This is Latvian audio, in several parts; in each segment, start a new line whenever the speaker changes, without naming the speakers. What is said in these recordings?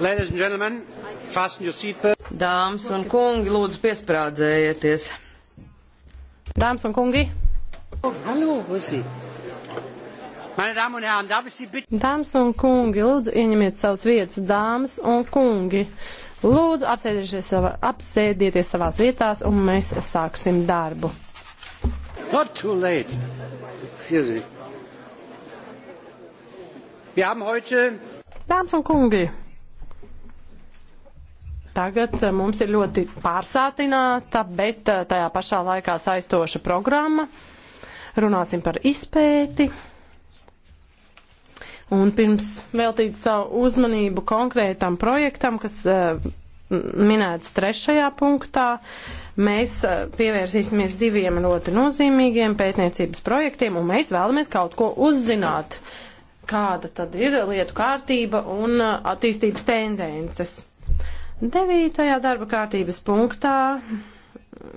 Dāmas un kungi, lūdzu piesprādzējieties.
Dāmas un kungi. Oh, dāmas un kungi, lūdzu ieņemiet savas vietas. Dāmas un kungi, lūdzu apsēdieties, sava, apsēdieties savās vietās un mēs sāksim darbu.
Not too late. Excuse me. Wir haben heute
Dāmas un kungi, Tagad eh, mums ir ļoti pārsātināta, bet eh, tajā pašā laikā saistoša programma. Runāsim par izpēti. Un pirms veltīt savu uzmanību konkrētam projektam, kas eh, minēts trešajā punktā, mēs pievērsīsimies diviem ļoti nozīmīgiem pētniecības projektiem, un mēs vēlamies kaut ko uzzināt, kāda tad ir lietu kārtība un attīstības tendences. Devītajā darba kārtības punktā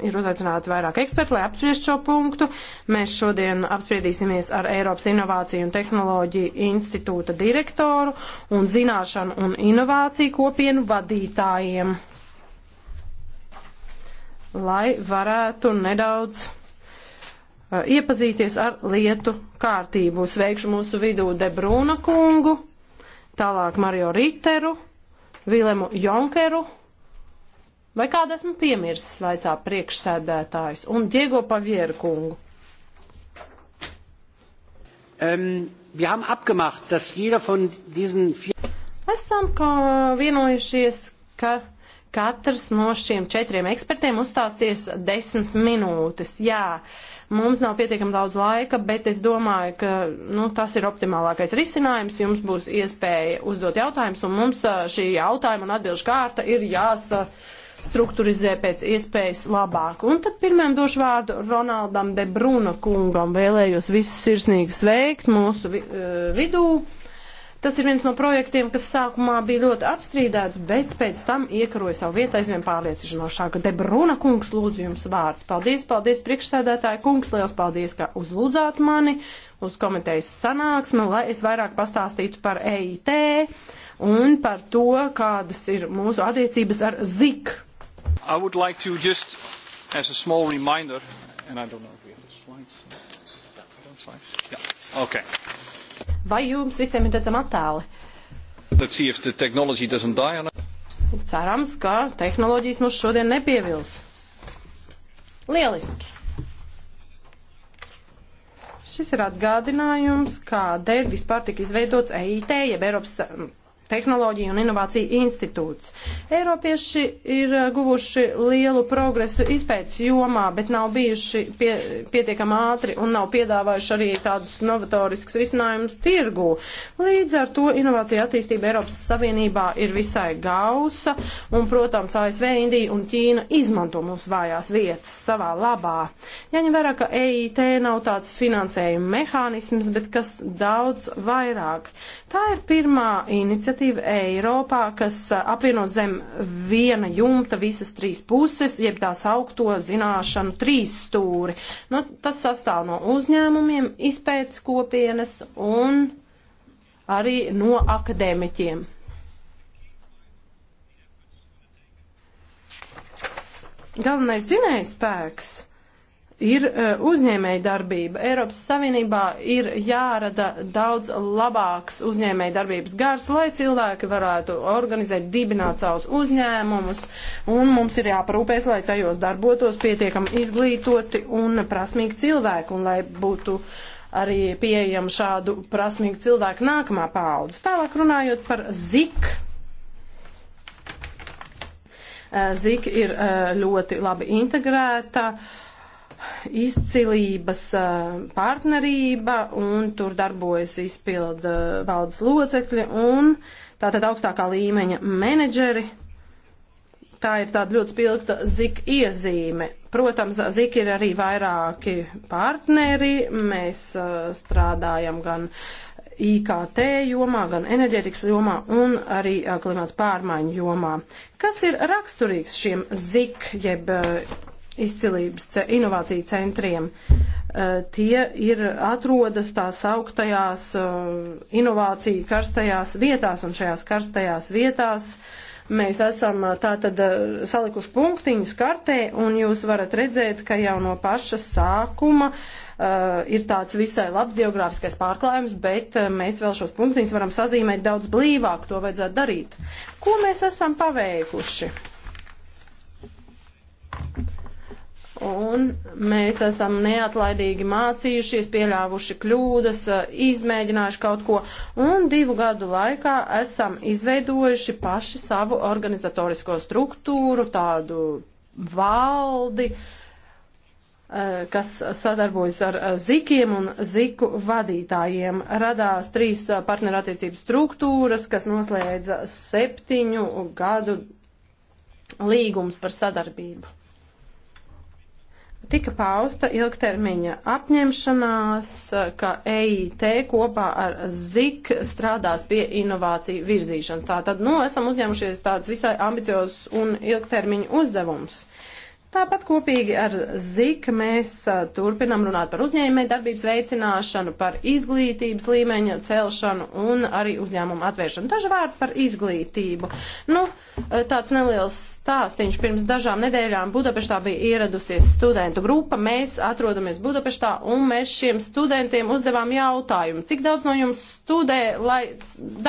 ir uzaicināti vairāk eksperti, lai apspriest šo punktu. Mēs šodien apspriedīsimies ar Eiropas Inovāciju un Tehnoloģiju institūta direktoru un zināšanu un inovāciju kopienu vadītājiem, lai varētu nedaudz uh, iepazīties ar lietu kārtību. Sveikšu mūsu vidū Debrūna kungu, tālāk Mario Riteru Vilemu Jonkeru, vai kādu esmu piemirsis, vaicā priekšsēdētājs, un Diego Pavieru kungu. Um, wir haben abgemacht, dass jeder von diesen vier. Esam ka vienojušies, ka Katrs no šiem četriem ekspertiem uzstāsies desmit minūtes. Jā, mums nav pietiekami daudz laika, bet es domāju, ka nu, tas ir optimālākais risinājums. Jums būs iespēja uzdot jautājumus, un mums šī jautājuma un atbilžu kārta ir jāsa strukturizē pēc iespējas labāk. Un tad pirmajam došu vārdu Ronaldam de Bruno kungam. Vēlējos visus sirsnīgi sveikt mūsu vi vidū. Uh, Tas ir viens no projektiem, kas sākumā bija ļoti apstrīdēts, bet pēc tam iekaroja savu vietu aizvien pārliecinošāk. Debruna kungs, lūdzu jums vārds. Paldies, paldies, priekšsēdētāji kungs, liels paldies, ka uzlūdzāt mani uz komitejas sanāksmi, lai es vairāk pastāstītu par EIT un par to, kādas ir mūsu attiecības ar ZIK.
I would like to just, as a small reminder, and I don't know if we have the slides. Yeah, slides. Yeah. Okay.
Vai jums visiem ir redzama attēli? Cerams, ka tehnoloģijas mums šodien nepievils. Lieliski! Šis ir atgādinājums, kādēļ vispār tika izveidots EIT, jeb Eiropas Tehnoloģija un inovācija institūts. Eiropieši ir eh, guvuši lielu progresu izpētes jomā, bet nav bijuši pie, pietiekami ātri un nav piedāvājuši arī tādus novatoriskus risinājumus tirgū. Līdz ar to inovācija attīstība Eiropas Savienībā ir visai gausa, un, protams, ASV, Indija un Ķīna izmanto mūsu vājās vietas savā labā. Jaņem vērā, ka EIT nav tāds finansējuma mehānisms, bet kas daudz vairāk. Tā ir pirmā iniciatīva iniciatīva Eiropā, kas apvieno zem viena jumta visas trīs puses, jeb tās augto zināšanu trīs stūri. Nu, tas sastāv no uzņēmumiem, izpētes kopienas un arī no akadēmiķiem. Galvenais dzinējspēks ir e, uzņēmēja darbība. Eiropas Savienībā ir jārada daudz labāks uzņēmēja darbības gars, lai cilvēki varētu organizēt, dibināt savus uzņēmumus, un mums ir jāparūpēs, lai tajos darbotos pietiekami izglītoti un prasmīgi cilvēki, un lai būtu arī pieejama šādu prasmīgu cilvēku nākamā paudze. Tālāk runājot par ZIK Zika ir e, ļoti labi integrēta izcilības partnerība un tur darbojas izpilda valdes locekļi un tātad augstākā līmeņa menedžeri. Tā ir tāda ļoti spilgta zika iezīme. Protams, zika ir arī vairāki partneri. Mēs uh, strādājam gan IKT jomā, gan enerģētikas jomā un arī uh, klimata pārmaiņu jomā. Kas ir raksturīgs šiem zik jeb uh, izcilības inovāciju centriem. Eh, tie ir atrodas tās augtajās eh, inovāciju karstajās vietās, un šajās karstajās vietās mēs esam eh, tātad salikuši punktiņus kartē, un jūs varat redzēt, ka jau no paša sākuma uh, ir tāds visai labs geogrāfiskais pārklājums, bet uh, mēs vēl šos punktiņus varam sazīmēt daudz blīvāk, to vajadzētu darīt. Ko mēs esam paveikuši? Un mēs esam neatlaidīgi mācījušies, pieļāvuši kļūdas, eh, izmēģinājuši kaut ko, un divu gadu laikā esam izveidojuši paši savu organizatorisko struktūru, tādu valdi, eh, kas sadarbojas ar eh, zikiem un ziku vadītājiem. Radās trīs partnerattiecības struktūras, kas noslēdza septiņu gadu līgums par sadarbību tika pausta ilgtermiņa apņemšanās, ka EIT kopā ar ZIK strādās pie inovāciju virzīšanas. Tātad, nu, esam uzņēmušies tāds visai ambiciozs un ilgtermiņa uzdevums. Uh, Tāpat kopīgi ar ZIK mēs turpinam runāt par uzņēmēju darbības veicināšanu, par izglītības līmeņa celšanu un arī uzņēmumu atvēršanu. Daži vārdi par izglītību. Nu, tāds neliels stāstīņš pirms dažām nedēļām Budapeštā bija ieradusies studentu grupa. Mēs atrodamies Budapeštā un mēs šiem studentiem uzdevām jautājumu, cik daudz no jums studē, lai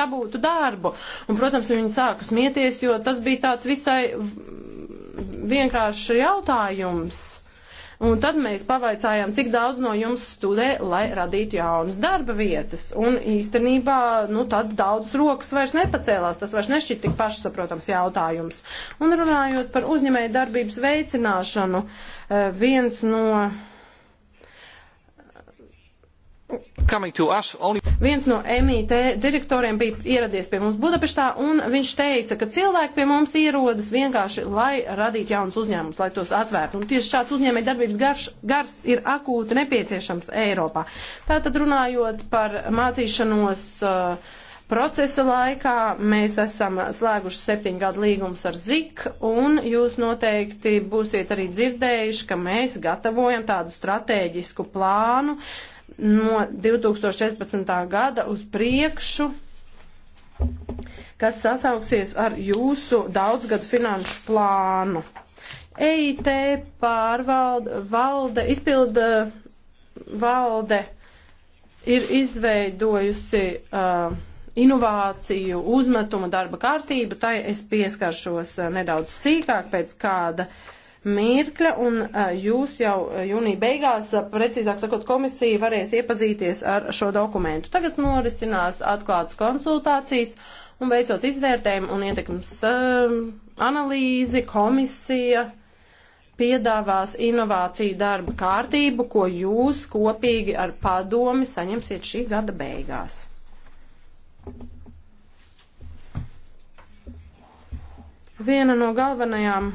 dabūtu darbu. Un, protams, viņi sāka smieties, jo tas bija tāds visai vienkāršs jautājums. Un tad mēs pavaicājām, cik daudz no jums studē, lai radītu jaunas darba vietas. Un īstenībā, nu, tad daudz rokas vairs nepacēlās. Tas vairs nešķiet tik pašsaprotams jautājums. Un runājot par uzņēmēju darbības veicināšanu, eh, viens no Only... Viens no MIT direktoriem bija ieradies pie mums Budapeštā, un viņš teica, ka cilvēki pie mums ierodas vienkārši, lai radītu jaunus uzņēmumus, lai tos atvērtu. Un tieši šāds uzņēmē darbības garš, gars ir akūti nepieciešams Eiropā. Tātad runājot par mācīšanos uh, procesa laikā, mēs esam slēguši septiņu gadu līgumus ar ZIK, un jūs noteikti būsiet arī dzirdējuši, ka mēs gatavojam tādu strateģisku plānu, uh, no 2014. gada uz priekšu, kas sasauksies ar jūsu daudzgadu finanšu plānu. EIT pārvalde, valde, izpilda valde ir izveidojusi uh, inovāciju uzmetuma darba kārtību, tai es pieskaršos uh, nedaudz sīkāk pēc kāda uh, mirkļa, un jūs jau jūnija beigās, precīzāk sakot, komisija varēs iepazīties ar šo dokumentu. Tagad norisinās atklātas konsultācijas, un veicot izvērtējumu un ietekmes uh, analīzi, komisija piedāvās inovāciju darba kārtību, ko jūs kopīgi ar padomi saņemsiet šī gada beigās. Viena no galvenajām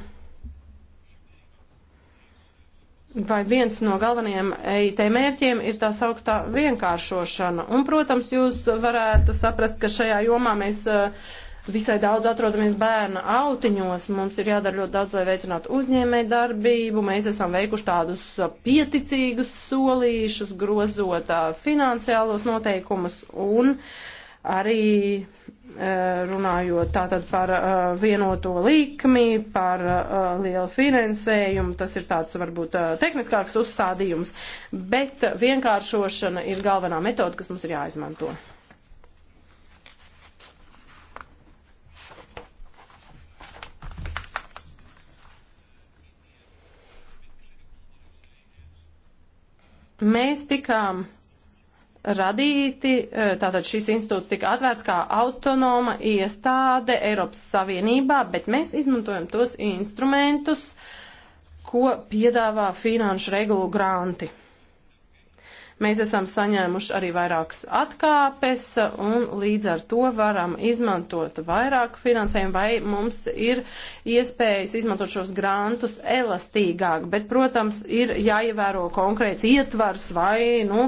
vai viens no galvenajiem EIT mērķiem ir tā sauktā vienkāršošana. Un, protams, jūs varētu saprast, ka šajā jomā mēs eh, visai daudz atrodamies bērna autiņos, mums ir jādara ļoti daudz, lai veicinātu uzņēmēju darbību, mēs esam veikuši tādus eh, pieticīgus solīšus, grozot eh, finansiālos noteikumus un arī Eh, runājot tātad par eh, vienoto likmi, par eh, lielu finansējumu, tas ir tāds varbūt tehniskāks uzstādījums, bet vienkāršošana ir galvenā metoda, kas mums ir jāizmanto. Mēs tikām radīti, eh, tātad šis institūts tika atvērts kā autonoma iestāde Eiropas Savienībā, bet mēs izmantojam tos instrumentus, ko piedāvā finanšu regulu granti. Mēs esam saņēmuši arī vairākas atkāpes un līdz ar to varam izmantot vairāk finansējumu vai mums ir iespējas izmantot šos grantus elastīgāk, bet, protams, ir jāievēro konkrēts ietvars vai, nu,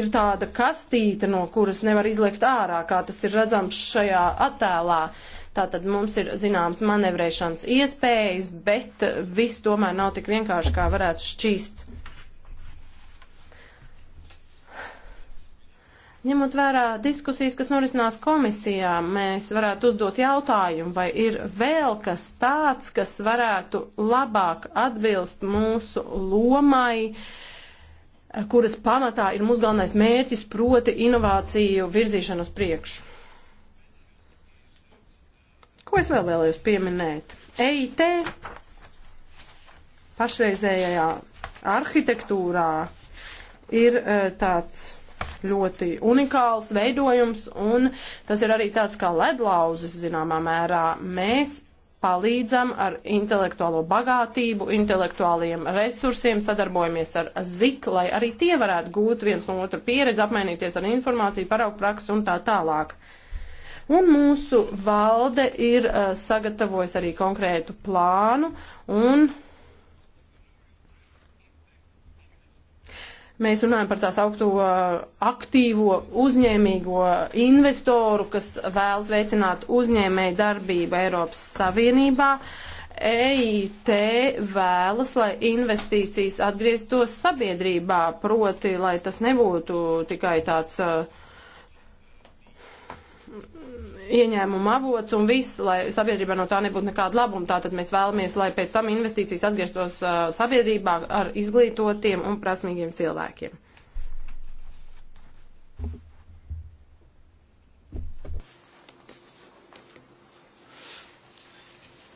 ir tāda kastīte, no kuras nevar izliekt ārā, kā tas ir redzams šajā attēlā. Tātad mums ir zināmas manevrēšanas iespējas, bet viss tomēr nav tik vienkārši, kā varētu šķīst. Ņemot vērā diskusijas, kas norisinās komisijā, mēs varētu uzdot jautājumu, vai ir vēl kas tāds, kas varētu labāk atbilst mūsu lomai, kuras pamatā ir mūsu galvenais mērķis, proti inovāciju virzīšanu uz priekšu. Ko es vēl vēlējos pieminēt? EIT pašreizējā arhitektūrā ir eh, tāds ļoti unikāls veidojums, un tas ir arī tāds kā ledlauzis, zināmā mērā. Mēs palīdzam ar intelektuālo bagātību, intelektuāliem resursiem, sadarbojamies ar ZIK, lai arī tie varētu gūt viens no otra pieredzi, apmainīties ar informāciju, paraugu praksu un tā tālāk. Un mūsu valde ir uh, sagatavojusi arī konkrētu plānu un Mēs runājam par tās augto uh, aktīvo uzņēmīgo investoru, kas vēlas veicināt uzņēmēju darbību Eiropas Savienībā. EIT vēlas, lai investīcijas atgrieztos sabiedrībā, proti, lai tas nebūtu tikai tāds uh, ieņēmuma avots un viss, lai sabiedrībā no tā nebūtu nekāda labuma. Tātad mēs vēlamies, lai pēc tam investīcijas atgrieztos uh, sabiedrībā ar izglītotiem un prasmīgiem cilvēkiem.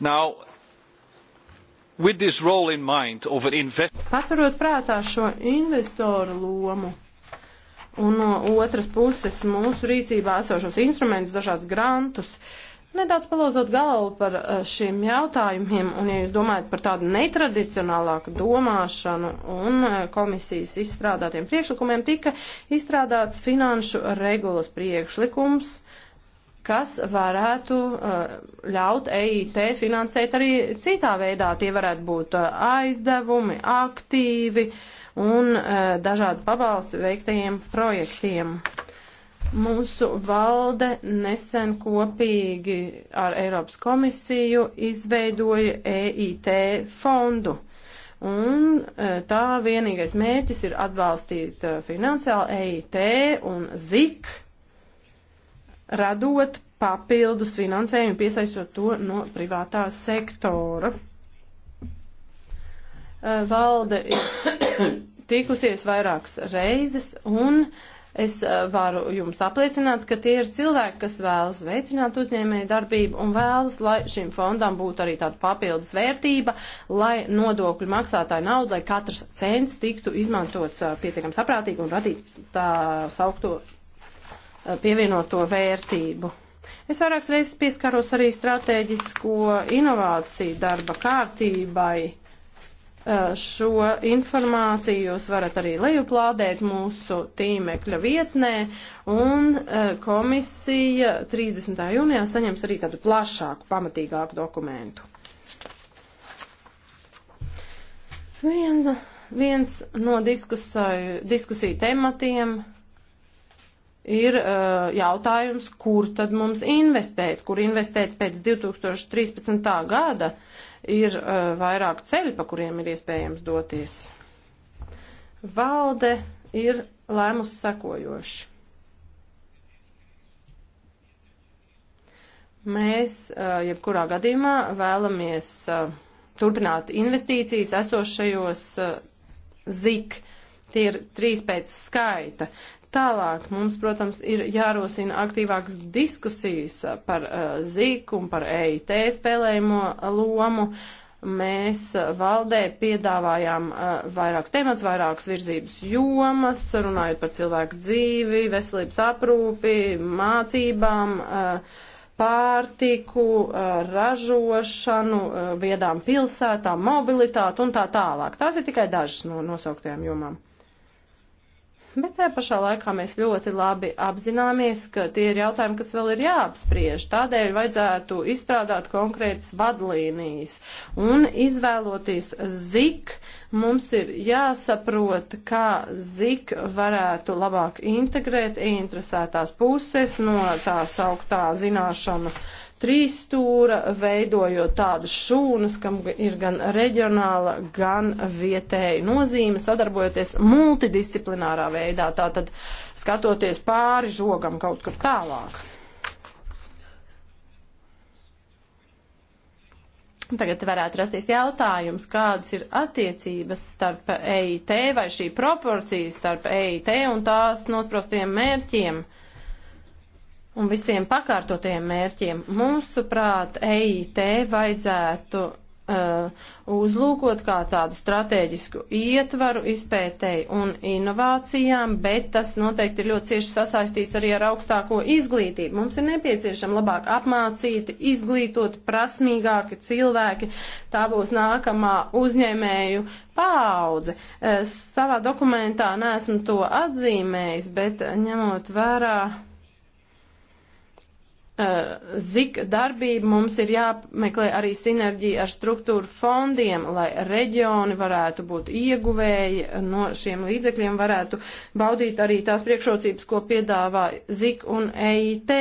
Now, with this role in mind of an investor.
Paturot prātā šo investoru lomu un no otras puses mūsu rīcībā esošos instrumentus, dažādas grantus. Nedaudz palauzot galvu par eh, šiem jautājumiem, un ja jūs domājat par tādu netradicionālāku domāšanu un eh, komisijas izstrādātiem priekšlikumiem, tika izstrādāts finanšu regulas priekšlikums, kas varētu eh, ļaut EIT finansēt arī citā veidā. Tie varētu būt aizdevumi, aktīvi, uh, un eh, dažādu pabalstu veiktajiem projektiem. Mūsu valde nesen kopīgi ar Eiropas komisiju izveidoja EIT fondu. Un eh, tā vienīgais mērķis ir atbalstīt eh, finansiāli EIT un ZIK, radot papildus finansējumu, piesaistot to no privātā sektora. Eh, valde ir tikusies vairākas reizes un es eh, varu jums apliecināt, ka tie ir cilvēki, kas vēlas veicināt uzņēmēju darbību un vēlas, lai šim fondam būtu arī tāda papildus vērtība, lai nodokļu maksātāju naudu, lai katrs cents tiktu izmantots eh, pietiekam saprātīgi un radīt tā saukto pievienoto vērtību. Es vairākas reizes pieskaros arī strateģisko inovāciju darba kārtībai Eh, šo informāciju jūs varat arī lejuplādēt mūsu tīmekļa vietnē, un eh, komisija 30. jūnijā saņems arī tādu plašāku, pamatīgāku dokumentu. Viena, viens no diskusai, diskusiju tematiem ir uh, jautājums, kur tad mums investēt, kur investēt pēc 2013. gada. Uh, ir uh, vairāk ceļu, pa kuriem ir iespējams doties. Valde ir lēmusi sekojoši. Mēs, uh, jebkurā gadījumā, vēlamies uh, turpināt investīcijas esošajos uh, zik. Tie ir trīs pēc skaita. Tālāk mums, protams, ir jārosina aktīvākas diskusijas par uh, zīku un par EIT spēlējumu lomu. Mēs uh, valdē piedāvājām uh, vairākas tēmats, vairākas virzības jomas, runājot par cilvēku dzīvi, veselības aprūpi, mācībām. Uh, pārtiku, uh, ražošanu, uh, viedām pilsētām, mobilitāti un tā tālāk. Tās ir tikai dažas no nosauktajām jomām. Bet tajā pašā laikā mēs ļoti labi apzināmies, ka tie ir jautājumi, kas vēl ir jāapspriež. Tādēļ vajadzētu izstrādāt konkrētas vadlīnijas. Un izvēloties zik, mums ir jāsaprot, kā zik varētu labāk integrēt interesētās puses no tā sauktā zināšanu. Uh, trīsstūra, veidojot tādas šūnas, kam ir gan reģionāla, gan vietēja nozīme, sadarbojoties multidisciplinārā veidā, tātad skatoties pāri žogam kaut kur tālāk. Tagad varētu rasties jautājums, kādas ir attiecības starp EIT vai šī proporcija starp EIT un tās nosprostiem mērķiem. Uh, un visiem pakārtotajiem mērķiem. Mūsuprāt, EIT vajadzētu uh, uzlūkot kā tādu strateģisku ietvaru izpētēji un inovācijām, bet tas noteikti ir ļoti cieši sasaistīts arī ar augstāko izglītību. Mums ir nepieciešama labāk apmācīti, izglītot, prasmīgāki cilvēki. Tā būs nākamā uzņēmēju paudze. Es savā dokumentā neesmu to atzīmējis, bet ņemot vērā. Eh, zika darbību mums ir jāmeklē arī sinerģija ar struktūru fondiem, lai reģioni varētu būt ieguvēji no šiem līdzekļiem, varētu baudīt arī tās priekšrocības, ko piedāvā zika un EIT.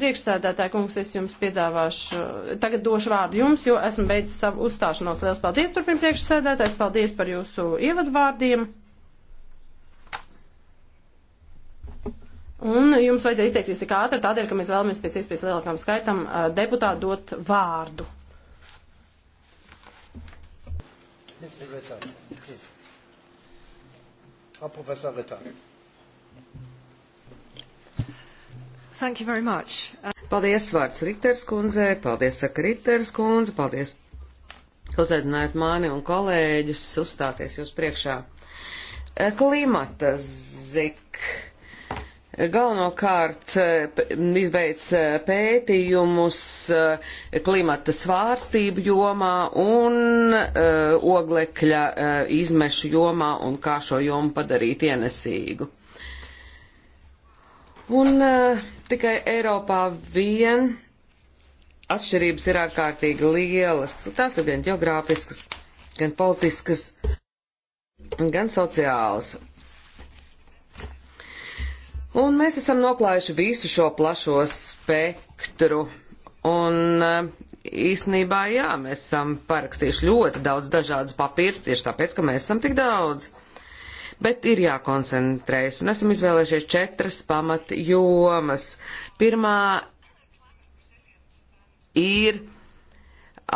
Priekšsēdētāji kungs, es jums piedāvāšu, tagad došu vārdu jums, jo esmu beidzis savu uzstāšanos. Liels paldies turpin priekšsēdētājs, paldies par jūsu ievadvārdiem. Un jums vajadzēja izteikties tik ātri, tādēļ, ka mēs vēlamies pēc iespējas lielākam skaitam deputātu dot
vārdu. Oh,
paldies vārds Ritters kundzē, paldies saka Ritters kundze, paldies, ka uzaicinājāt mani un kolēģus uzstāties jūs priekšā. Klimata zik galvenokārt eh, izveic eh, pētījumus eh, klimata svārstību jomā un oglekļa izmešu jomā un kā šo jomu padarīt ienesīgu. Un tikai Eiropā vien atšķirības ir ārkārtīgi lielas. Tās ir gan geogrāfiskas, gan politiskas, gan sociālas. Un mēs esam noklājuši visu šo plašo spektru. Un eh, īsnībā, jā, mēs esam parakstījuši ļoti daudz dažādas papīras, tieši tāpēc, ka mēs esam tik daudz. Bet ir jākoncentrējas, un esam izvēlējušies četras pamat jomas. Pirmā ir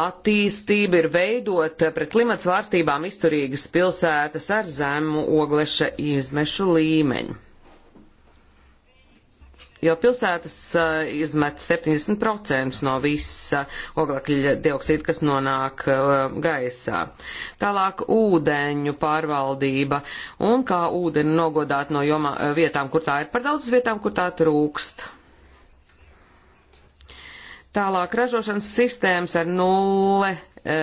attīstība ir veidot pret klimats vārstībām izturīgas pilsētas ar zemu ogleša izmešu līmeņu jo pilsētas eh, izmet 70% no visa oglekļa dioksīda, kas nonāk eh, gaisā. Tālāk ūdeņu pārvaldība un kā ūdeni nogodāt no jomā, eh, vietām, kur tā ir par daudz, vietām, kur tā trūkst. Tālāk ražošanas sistēmas ar nulle e,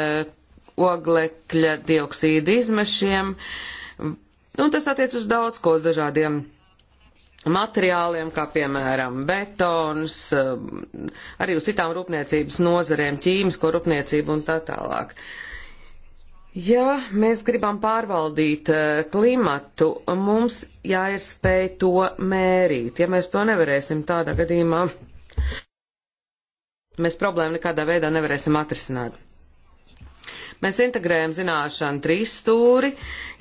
oglekļa dioksīda izmešiem. Un nu, tas attiec uz daudz ko uz dažādiem materiāliem, kā piemēram betons, eh, arī uz citām rūpniecības nozarēm, ķīmisko rūpniecību un tā tālāk. Ja mēs gribam pārvaldīt eh, klimatu, mums jāiespēj to mērīt. Ja mēs to nevarēsim tādā gadījumā, mēs problēmu nekādā veidā nevarēsim atrisināt. Mēs integrējam zināšanu trīs stūri,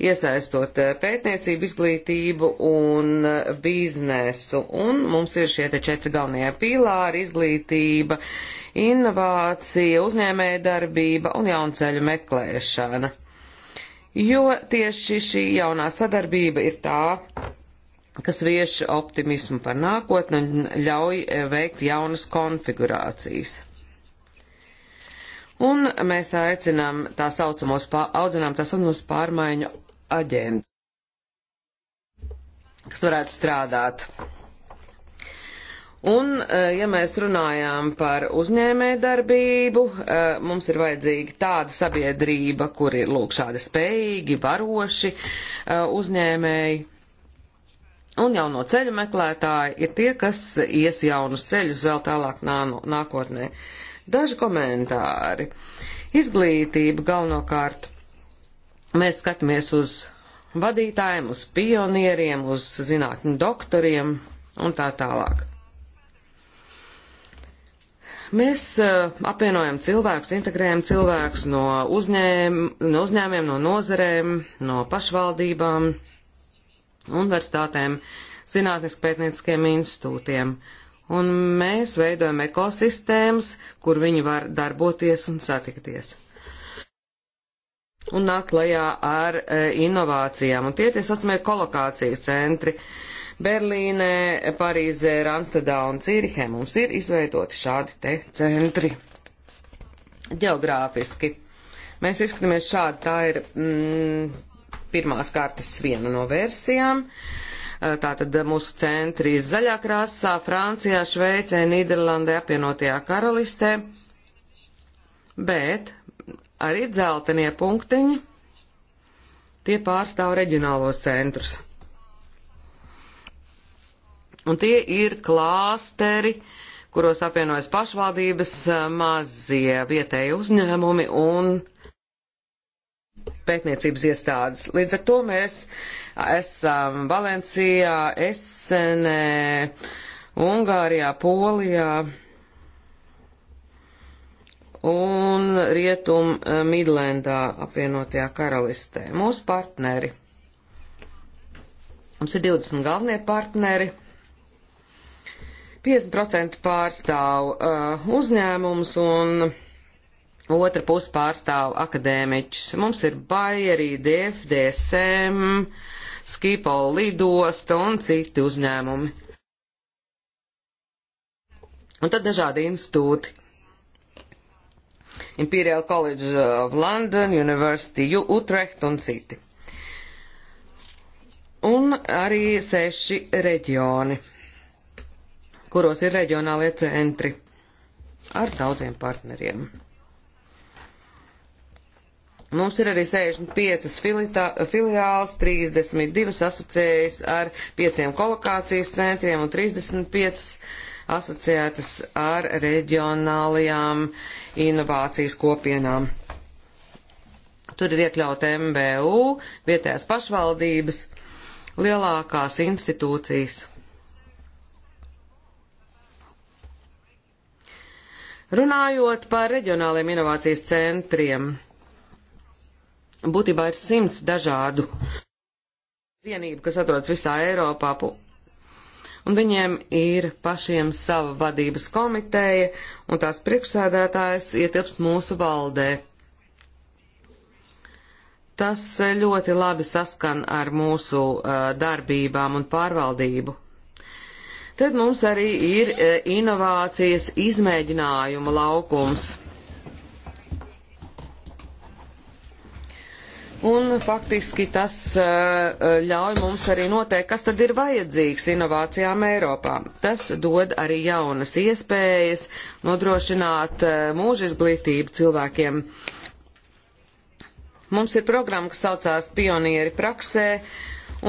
iesaistot eh, pētniecību, izglītību un eh, biznesu. Un mums ir šie te četri galvenie pīlāri - izglītība, inovācija, uzņēmēja darbība un jaunceļu meklēšana. Jo tieši šī jaunā sadarbība ir tā, kas vieš optimismu par nākotni un ļauj eh, veikt jaunas konfigurācijas un mēs aicinām tā saucamos, audzinām tā saucamos pārmaiņu aģentu, kas varētu strādāt. Un, eh, ja mēs runājām par uzņēmē darbību, eh, mums ir vajadzīga tāda sabiedrība, kur ir lūk šādi spējīgi, varoši eh, uzņēmēji. Un jau no ceļu meklētāji ir tie, kas ies jaunus ceļus vēl tālāk nā, nākotnē. Uh, Daži komentāri. Izglītība galvenokārt. Mēs skatāmies uz vadītājiem, uz pionieriem, uz zinātņu doktoriem un tā tālāk. Mēs uh, apvienojam cilvēkus, integrējam cilvēkus no, uzņēm, no uzņēmiem, no nozerēm, no pašvaldībām, universitātēm, zinātniski pētnieciskiem institūtiem. Uh, un mēs veidojam ekosistēmas, kur viņi var darboties un satikties. Un nāk klajā ar e, inovācijām, un tie tie saucamie kolokācijas centri. Berlīnē, Parīzē, Rāmstedā un Cīrihē mums ir izveidoti šādi te centri. Geogrāfiski. Mēs izskatāmies šādi, tā ir mm, pirmās kārtas viena no versijām. Uh, Eh, tātad eh, mūsu centri ir zaļā krāsā, Francijā, Šveicē, Nīderlandē, apvienotajā karalistē, bet arī dzeltenie punktiņi, tie pārstāv reģionālos centrus. Un tie ir klāsteri, kuros apvienojas pašvaldības eh, mazie vietēji uzņēmumi un pētniecības iestādes. Līdz ar to mēs esam Valencijā, Esenē, Ungārijā, Polijā un Rietum eh, Midlendā apvienotajā karalistē. Mūsu partneri. Mums ir 20 galvenie partneri. 50% pārstāv uh, uzņēmums un otra puse pārstāv akadēmiķus. Mums ir Baierī, DFDSM, uh, Skipol lidosta un citi uzņēmumi. Un tad dažādi institūti. Imperial College of London, University Utrecht un citi. Un arī seši reģioni, kuros ir reģionālie centri ar daudziem partneriem. Mums ir arī 65 filitā, filiāls, 32 asociējas ar 5 kolokācijas centriem un 35 asociētas ar reģionālajām inovācijas kopienām. Tur ir iekļauta MBU, vietējās pašvaldības, lielākās institūcijas. Runājot par reģionāliem inovācijas centriem būtībā ir simts dažādu vienību, kas atrodas visā Eiropā, un viņiem ir pašiem sava vadības komiteja, un tās priekšsēdētājs ietilpst mūsu valdē. Tas eh, ļoti labi saskan ar mūsu uh, darbībām un pārvaldību. Tad mums arī ir uh, inovācijas izmēģinājuma laukums. Un faktiski tas eh, eh, ļauj mums arī noteikt, kas tad ir vajadzīgs inovācijām Eiropā. Tas dod arī jaunas iespējas nodrošināt eh, mūža izglītību cilvēkiem. Mums ir programma, kas saucās Pionieri praksē,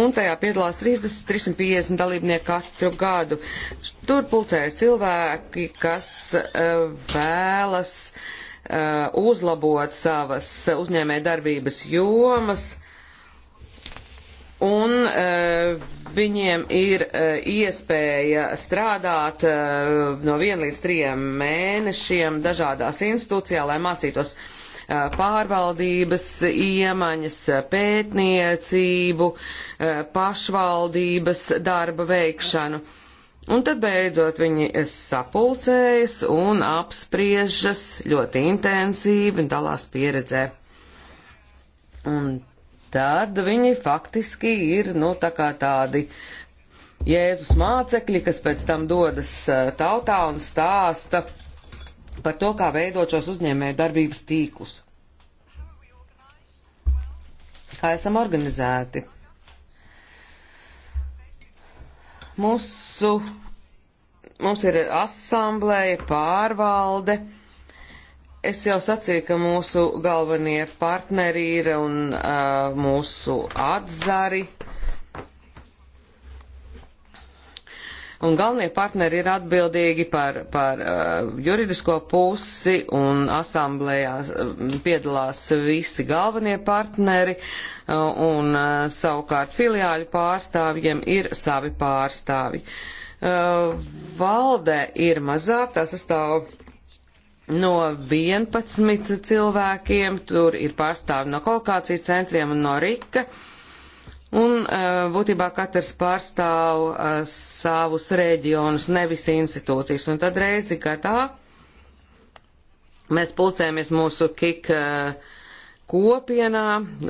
un tajā piedalās 30, 350 dalībnieki katru gadu. Tur pulcējas cilvēki, kas vēlas. Uh, Uh, uzlabot savas uzņēmē darbības jomas, un uh, viņiem ir uh, iespēja strādāt no viena līdz trijiem mēnešiem dažādās institūcijā, lai mācītos pārvaldības iemaņas, pētniecību, pašvaldības darba veikšanu. Un tad beidzot viņi sapulcējas un apspriežas ļoti intensīvi un dalās pieredzē. Un tad viņi faktiski ir, nu, tā kā tādi Jēzus mācekļi, kas pēc tam dodas eh, tautā un stāsta par to, kā veidot šos uzņēmēju darbības tīklus. Kā esam organizēti? Mūsu, mums ir asamblēja, pārvalde. Es jau sacīju, ka mūsu galvenie partneri ir un uh, mūsu atzari. Un galvenie partneri ir atbildīgi par, par uh, juridisko pusi un asamblējās uh, piedalās visi galvenie partneri. Uh, un eh, savukārt filiāļu pārstāvjiem ir savi pārstāvji. Eh, valdē ir mazāk, tā sastāv no 11 cilvēkiem, tur ir pārstāvi no kolokāciju centriem un no Rika. Un eh, būtībā katrs pārstāv savus reģionus, nevis institūcijas. Un tad reizi gadā mēs pulcējamies mūsu kik uh, kopienā.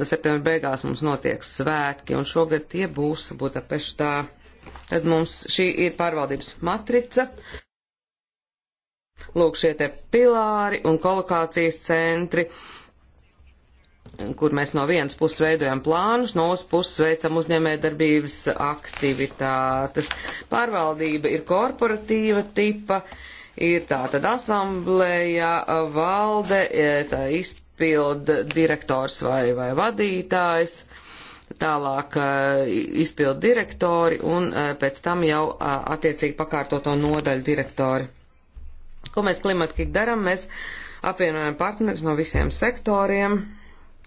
Septembra beigās mums notiek svētki, un šogad tie būs Budapeštā. Tad mums šī ir pārvaldības matrica. Lūk, šie te pilāri un kolokācijas centri, kur mēs no vienas puses veidojam plānus, no otras puses veicam uzņēmējdarbības aktivitātes. Pārvaldība ir korporatīva tipa, ir tā tad asamblēja, valde, e, tā izpildījuma izpild direktors vai, vai vadītājs, tālāk izpild direktori un pēc tam jau attiecīgi pakārtoto nodaļu direktori. Ko mēs klimatkīgi darām? Mēs apvienojam partnerus no visiem sektoriem,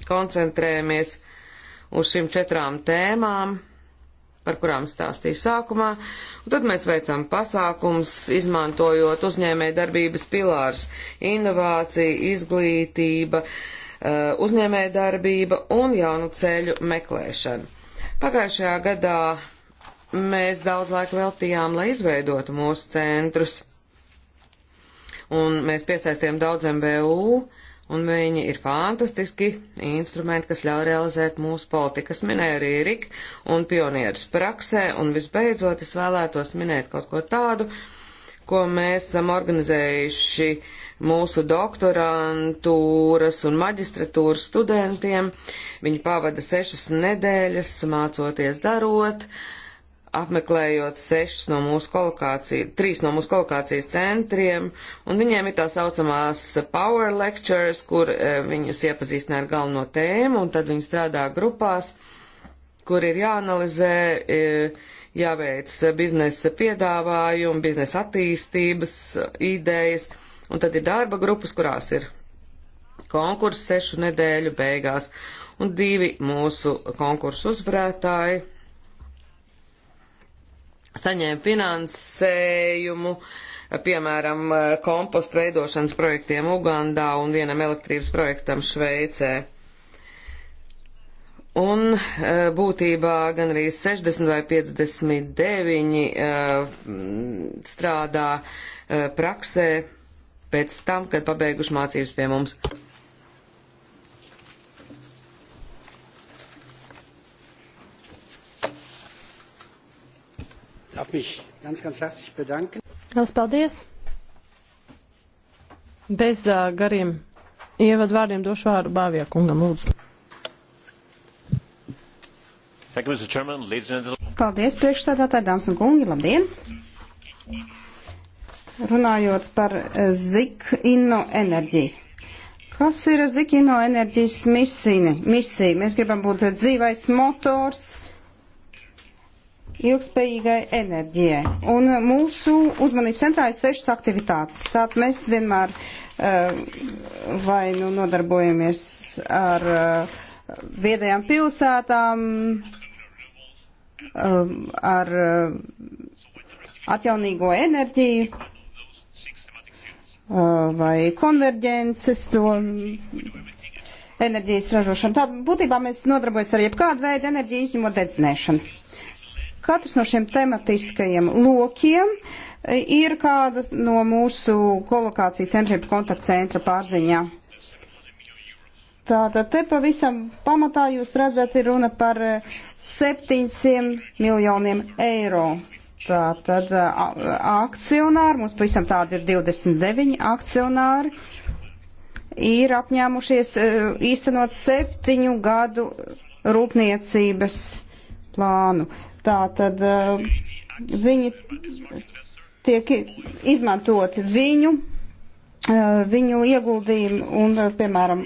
koncentrējamies uz šīm četrām tēmām par kurām stāstīju sākumā, un tad mēs veicam pasākums, izmantojot uzņēmē darbības pilārs - inovācija, izglītība, uh, uzņēmē darbība un jaunu ceļu meklēšana. Pagājušajā gadā mēs daudz laika veltījām, lai izveidotu mūsu centrus, un mēs piesaistījām daudz MBU, un viņi ir fantastiski instrumenti, kas ļauj realizēt mūsu politikas. Minēja arī Rik un pionieris praksē, un visbeidzot es vēlētos minēt kaut ko tādu, ko mēs esam organizējuši mūsu doktorantūras un maģistratūras studentiem. Viņi pavada sešas nedēļas mācoties darot, uh, apmeklējot sešas no mūsu kolokācijas, trīs no mūsu kolokācijas centriem, un viņiem ir tā saucamās power lectures, kur e, viņus iepazīstina ar galveno tēmu, un tad viņi strādā grupās, kur ir jāanalizē, e, jāveic biznesa piedāvājumi, biznesa attīstības idejas, un tad ir darba grupas, kurās ir konkurss sešu nedēļu beigās, un divi mūsu konkursu uzvarētāji saņēma finansējumu, piemēram, kompostu veidošanas projektiem Ugandā un vienam elektrības projektam Šveicē. Un e, būtībā gan arī 60 vai 59 e, strādā e, praksē pēc tam, kad pabeiguši mācības pie mums.
darf mich ganz, ganz herzlich bedanken.
Lielas paldies! Bez uh, gariem ievadvārdiem došu vārdu Bāvijā kungam lūdzu.
Thank you, Mr. Chairman, ladies and gentlemen.
Paldies, priekšstādātāji, dāmas un kungi, labdien! Runājot par uh, ZIK inno enerģiju. Kas ir Zikino enerģijas misija? misija? Mēs gribam būt dzīvais motors ilgspējīgai enerģijai. Un uh, mūsu uzmanības centrā ir sešas aktivitātes. Tātad mēs vienmēr uh, vai nu nodarbojamies ar uh, viedajām pilsētām, um, ar atjaunīgo enerģiju vai konverģences, to mm, enerģijas ražošanu. Tā būtībā mēs nodarbojamies ar jebkādu veidu enerģiju izņemot dedzinēšanu. Katrs no šiem tematiskajiem lokiem e, ir kādas no mūsu kolokācijas centriem kontaktcentra pārziņā. Tātad te pavisam pamatā jūs redzat ir runa par 700 e, miljoniem eiro. Tātad e, akcionāri, mums pavisam tādi ir 29 akcionāri, ir apņēmušies īstenot septiņu gadu rūpniecības plānu. Tā tad uh, viņi tiek izmantoti viņu, uh, viņu ieguldījumi un, uh, piemēram,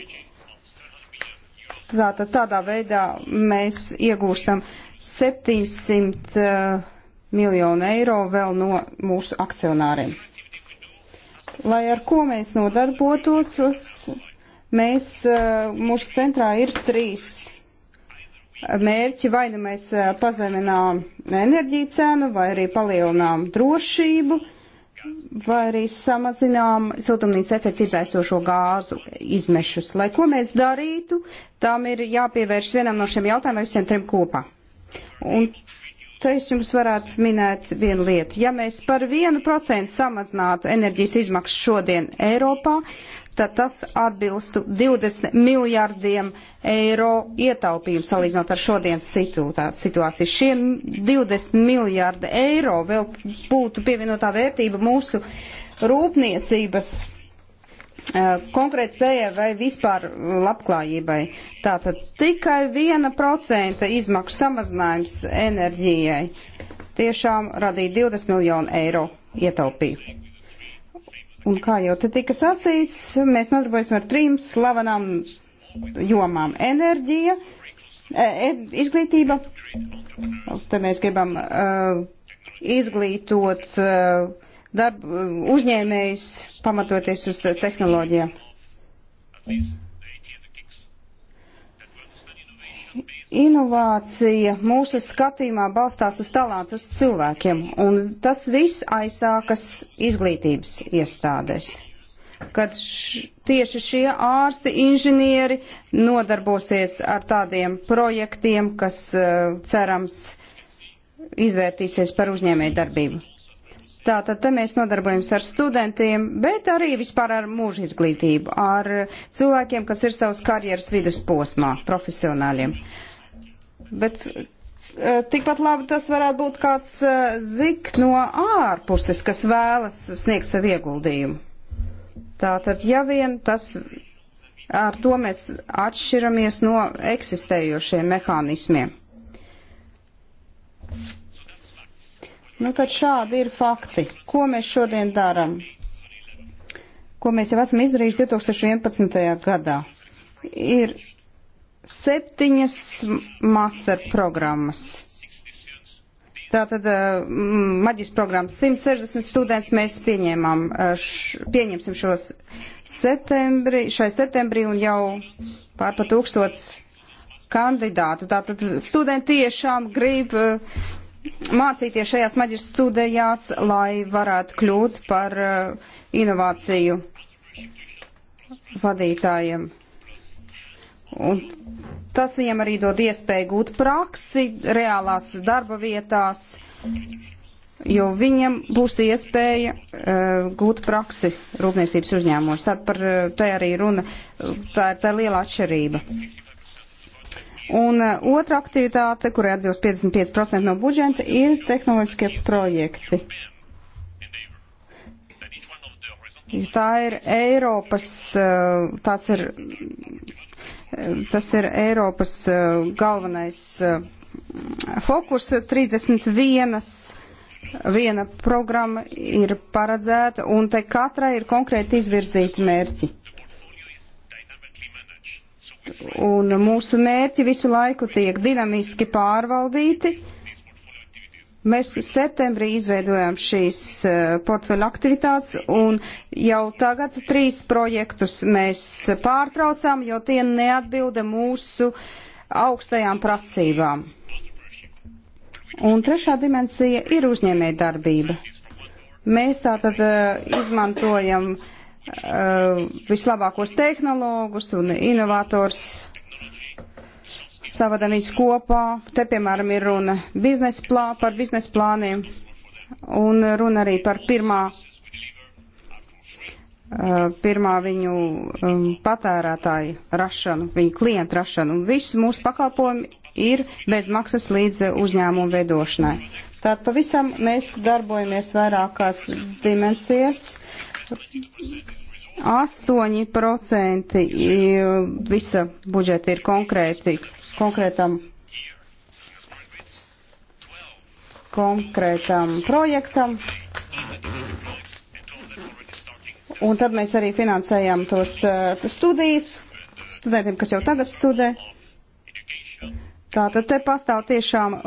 tā, tad tādā veidā mēs iegūstam 700 uh, miljonu eiro vēl no mūsu akcionāriem. Lai ar ko mēs nodarbotos, mēs, uh, mūsu centrā ir trīs mērķi vai nu mēs pazeminām enerģiju cenu, vai arī palielinām drošību, vai arī samazinām siltumnīca efektu izaisošo gāzu izmešus. Lai ko mēs darītu, tam ir jāpievērš vienam no šiem jautājumiem visiem trim kopā. Un Te es jums varētu minēt vienu lietu. Ja mēs par vienu procentu samazinātu enerģijas izmaksas šodien Eiropā, tad tas atbilstu 20 miljārdiem eiro ietaupījumu salīdzinot ar šodienas situāciju. Šiem 20 miljārdi eiro vēl būtu pievienotā vērtība mūsu rūpniecības Eh, konkrēti spējai vai vispār labklājībai. Tātad tikai viena procenta izmaksu samazinājums enerģijai tiešām radīja 20 miljonu eiro ietaupīju. Un kā jau te tika sacīts, mēs nodarbojamies ar trim slavenām jomām - enerģija, eh, e, izglītība. Te mēs gribam uh, izglītot uh, darba uzņēmējs pamatoties uz tehnoloģijām. Inovācija mūsu skatījumā balstās uz talantu, uz cilvēkiem, un tas viss aizsākas izglītības iestādēs. Kad š, tieši šie ārsti, inženieri nodarbosies ar tādiem projektiem, kas eh, cerams izvērtīsies par uzņēmēju darbību. Tātad te mēs nodarbojamies ar studentiem, bet arī vispār ar mūža izglītību, ar cilvēkiem, kas ir savas karjeras vidusposmā, profesionāļiem. Bet e, tikpat labi tas varētu būt kāds e, zik no ārpuses, kas vēlas sniegt savu ieguldījumu. Tātad, ja vien tas ar to mēs atšķiramies no eksistējošiem mehānismiem. Nu, tad šādi ir fakti. Ko mēs šodien darām? Ko mēs jau esam izdarījuši 2011. gadā? Ir septiņas master programmas. Tātad eh, maģis programmas 160 students mēs pieņēmām, eh, š, pieņemsim šos septembri, šai septembrī un jau pārpa tūkstot kandidātu. Tātad studenti tiešām grib uh, mācīties šajās maģis studijās, lai varētu kļūt par uh, inovāciju vadītājiem. Un tas viņam arī dod iespēju gūt praksi reālās darba vietās, jo viņam būs iespēja uh, gūt praksi rūpniecības uzņēmumos. Tad par uh, te arī runa, tā ir tā liela atšķirība. Uh, Un e, otra aktivitāte, kurai atbilst 55% no budžeta, ir tehnoloģiskie projekti. Tā ir Eiropas, e, tas ir, e, tas ir Eiropas galvenais fokus. 31 viena programma ir paredzēta, un te katrai ir konkrēti izvirzīti mērķi un mūsu mērķi visu laiku tiek dinamiski pārvaldīti. Mēs septembrī izveidojām šīs eh, portfeļa aktivitātes un jau tagad trīs projektus mēs pārtraucām, jo tie neatbilda mūsu augstajām prasībām. Un trešā dimensija ir uzņēmē darbība. Mēs tātad eh, izmantojam uh, Eh, vislabākos tehnologus un inovators savada viņus kopā. Te, piemēram, ir runa biznesa plā, par biznesa plāniem un runa arī par pirmā, eh, pirmā viņu um, patērētāju rašanu, viņu klientu rašanu. Un viss mūsu pakalpojumi ir bez maksas līdz uzņēmumu veidošanai. Tātad pavisam mēs darbojamies vairākās dimensijas 8% visa budžeta ir konkrēti, konkrētam, konkrētam projektam. Un tad mēs arī finansējam tos uh, studijas studentiem, kas jau tagad studē. Tātad te pastāv tiešām uh,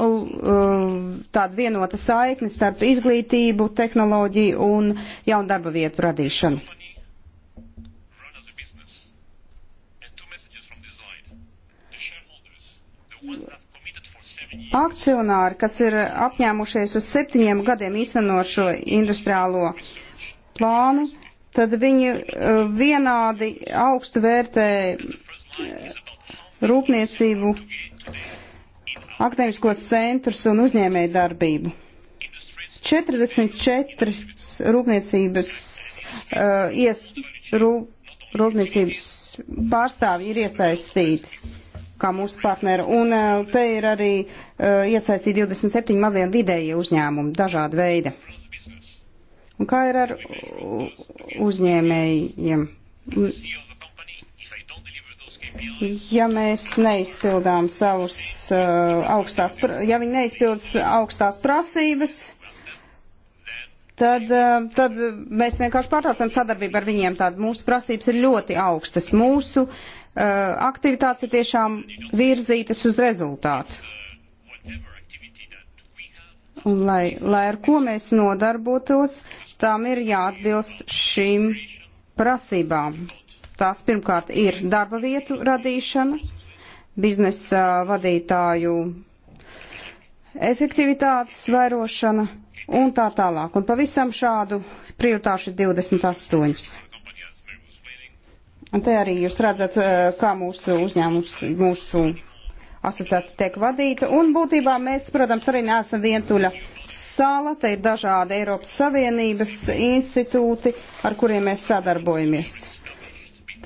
tāda vienota saikne starp izglītību, tehnoloģiju un jaunu darba vietu radīšanu. akcionāri, kas ir apņēmušies uz septiņiem gadiem īstenot šo industriālo plānu, tad viņi eh, vienādi augstu vērtē eh, rūpniecību, akadēmiskos centrus un uzņēmēju darbību. 44 rūpniecības, uh, ies, rūp, rūpniecības pārstāvji ir iesaistīti kā mūsu partneri. Un eh, te ir arī eh, iesaistīti 27 mazie vidēji uzņēmumi dažāda veida. Un kā ir ar uzņēmējiem? Ja mēs neizpildām savus uh, augstās, ja viņi neizpildas augstās prasības, tad, uh, tad mēs vienkārši pārtraucam sadarbību ar viņiem. Tāda mūsu prasības ir ļoti augstas. Mūsu uh, Uh, aktivitātes ir tiešām virzītas uz rezultātu. Un lai, lai ar ko mēs nodarbotos, tām ir jāatbilst šīm prasībām. Tās pirmkārt ir darba vietu radīšana, biznesa vadītāju efektivitātes vairošana un tā tālāk. Un pavisam šādu prioritāšu ir 28. Un te arī jūs redzat, eh, kā mūsu uzņēmums, mūsu asociēta tiek vadīta. Un būtībā mēs, protams, arī neesam vientuļa sala. Te ir dažādi Eiropas Savienības institūti, ar kuriem mēs sadarbojamies.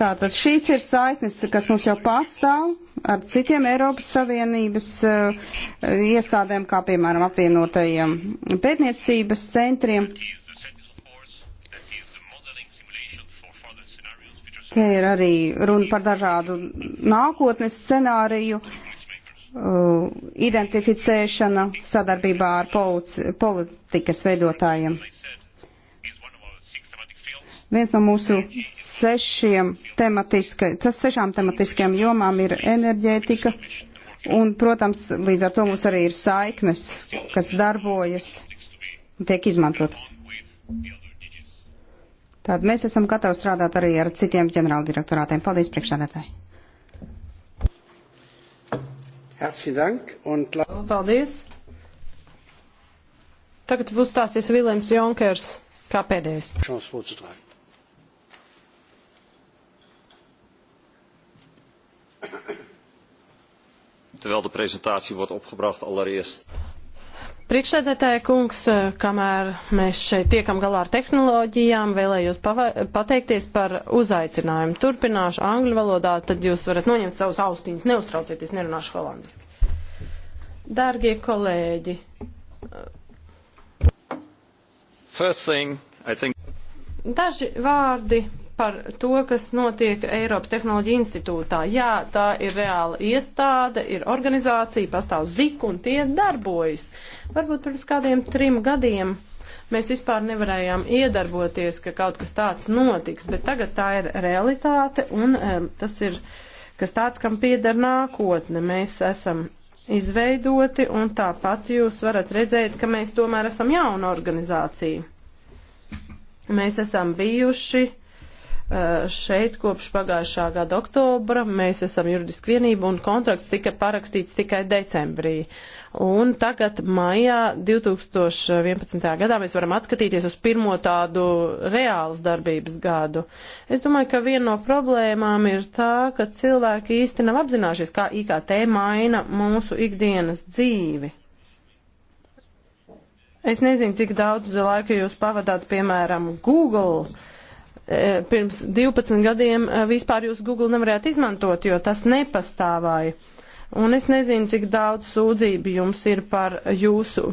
Tātad šīs ir saiknes, kas mums jau pastāv ar citiem Eiropas Savienības uh, iestādēm, kā piemēram apvienotajiem pētniecības centriem.
Uh, Te ir arī runa par
dažādu nākotnes scenāriju
uh,
identificēšana sadarbībā ar polici, politikas veidotājiem. Viens no mūsu sešiem tematiska, tas sešām tematiskajām jomām ir enerģētika, un, protams, līdz ar to mums arī ir saiknes, kas darbojas un tiek izmantotas. Tad mēs esam gatavi strādāt arī ar citiem ģenerāldirektorātiem. Paldies, priekšsēdētāji!
Paldies!
Tagad uzstāsies Viljams Jonkers kā pēdējais.
Terwijl de presentatie wordt opgebracht allereerst.
Priekšsēdētāja kungs, eh, kamēr mēs šeit tiekam galā ar tehnoloģijām, vēlējos pateikties par uzaicinājumu. Turpināšu angļu valodā, tad jūs varat noņemt savus austiņus. Neuztraucieties, nerunāšu holandiski. Dārgie kolēģi.
First thing, I think.
Daži vārdi par to, kas notiek Eiropas Tehnoloģija institūtā. Jā, tā ir reāla iestāde, ir organizācija, pastāv zik un tie darbojas. Varbūt pirms kādiem trim gadiem mēs vispār nevarējām iedarboties, ka kaut kas tāds notiks, bet tagad tā ir realitāte un tas ir kas tāds, kam pieder nākotne. Mēs esam izveidoti, un tāpat jūs varat redzēt, ka mēs tomēr esam jauna organizācija. Mēs esam bijuši Eh, šeit kopš pagājušā gada oktobra mēs esam juridiski vienība un kontrakts tika parakstīts tikai decembrī. Un tagad maijā 2011. gadā mēs varam atskatīties uz pirmo tādu reāls darbības gadu. Es domāju, ka viena no problēmām ir tā, ka cilvēki īsti nav apzinājušies, kā IKT maina mūsu ikdienas dzīvi. Es nezinu, cik daudz laika jūs pavadāt, piemēram, Google E, pirms 12 gadiem e, vispār jūs Google nevarētu izmantot, jo tas nepastāvāja. Un es nezinu, cik daudz sūdzību jums ir par jūsu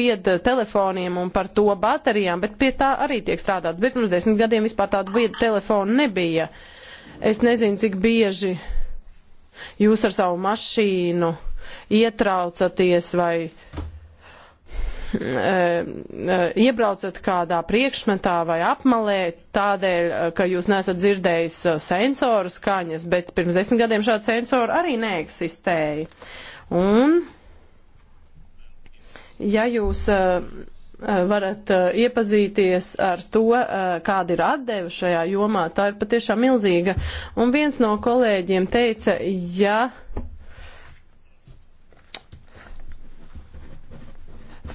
viedtelefoniem un par to baterijām, bet pie tā arī tiek strādāts. Bet pirms desmit gadiem vispār tādu viedtelefonu nebija. Es nezinu, cik bieži jūs ar savu mašīnu ietraucaties vai Eh, eh, iebraucat kādā priekšmetā vai apmalē tādēļ, eh, ka jūs nesat dzirdējis sensoru skaņas, bet pirms desmit gadiem šādi sensori arī neeksistēja. Un, ja jūs varat iepazīties ar to, kāda ir atdeve šajā jomā, tā ir patiešām milzīga. Un viens no kolēģiem teica, ja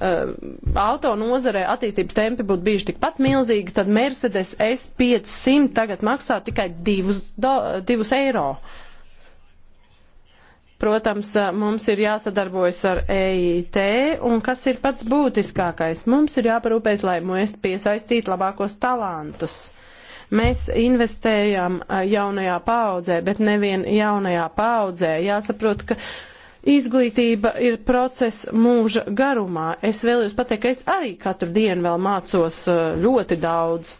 uh, eh, auto nozarē attīstības tempi būtu bijuši tikpat milzīgi, tad Mercedes S500 tagad maksā tikai 2 eiro. Protams, eh, mums ir jāsadarbojas ar EIT, un kas ir pats būtiskākais? Mums ir jāparūpēs, lai mēs piesaistītu labākos talantus. Mēs investējam eh, jaunajā paudzē, bet nevien jaunajā paudzē. Jāsaprot, ka Izglītība ir process mūža garumā. Es vēlos pateikt, ka es arī katru dienu vēl mācos eh, ļoti daudz.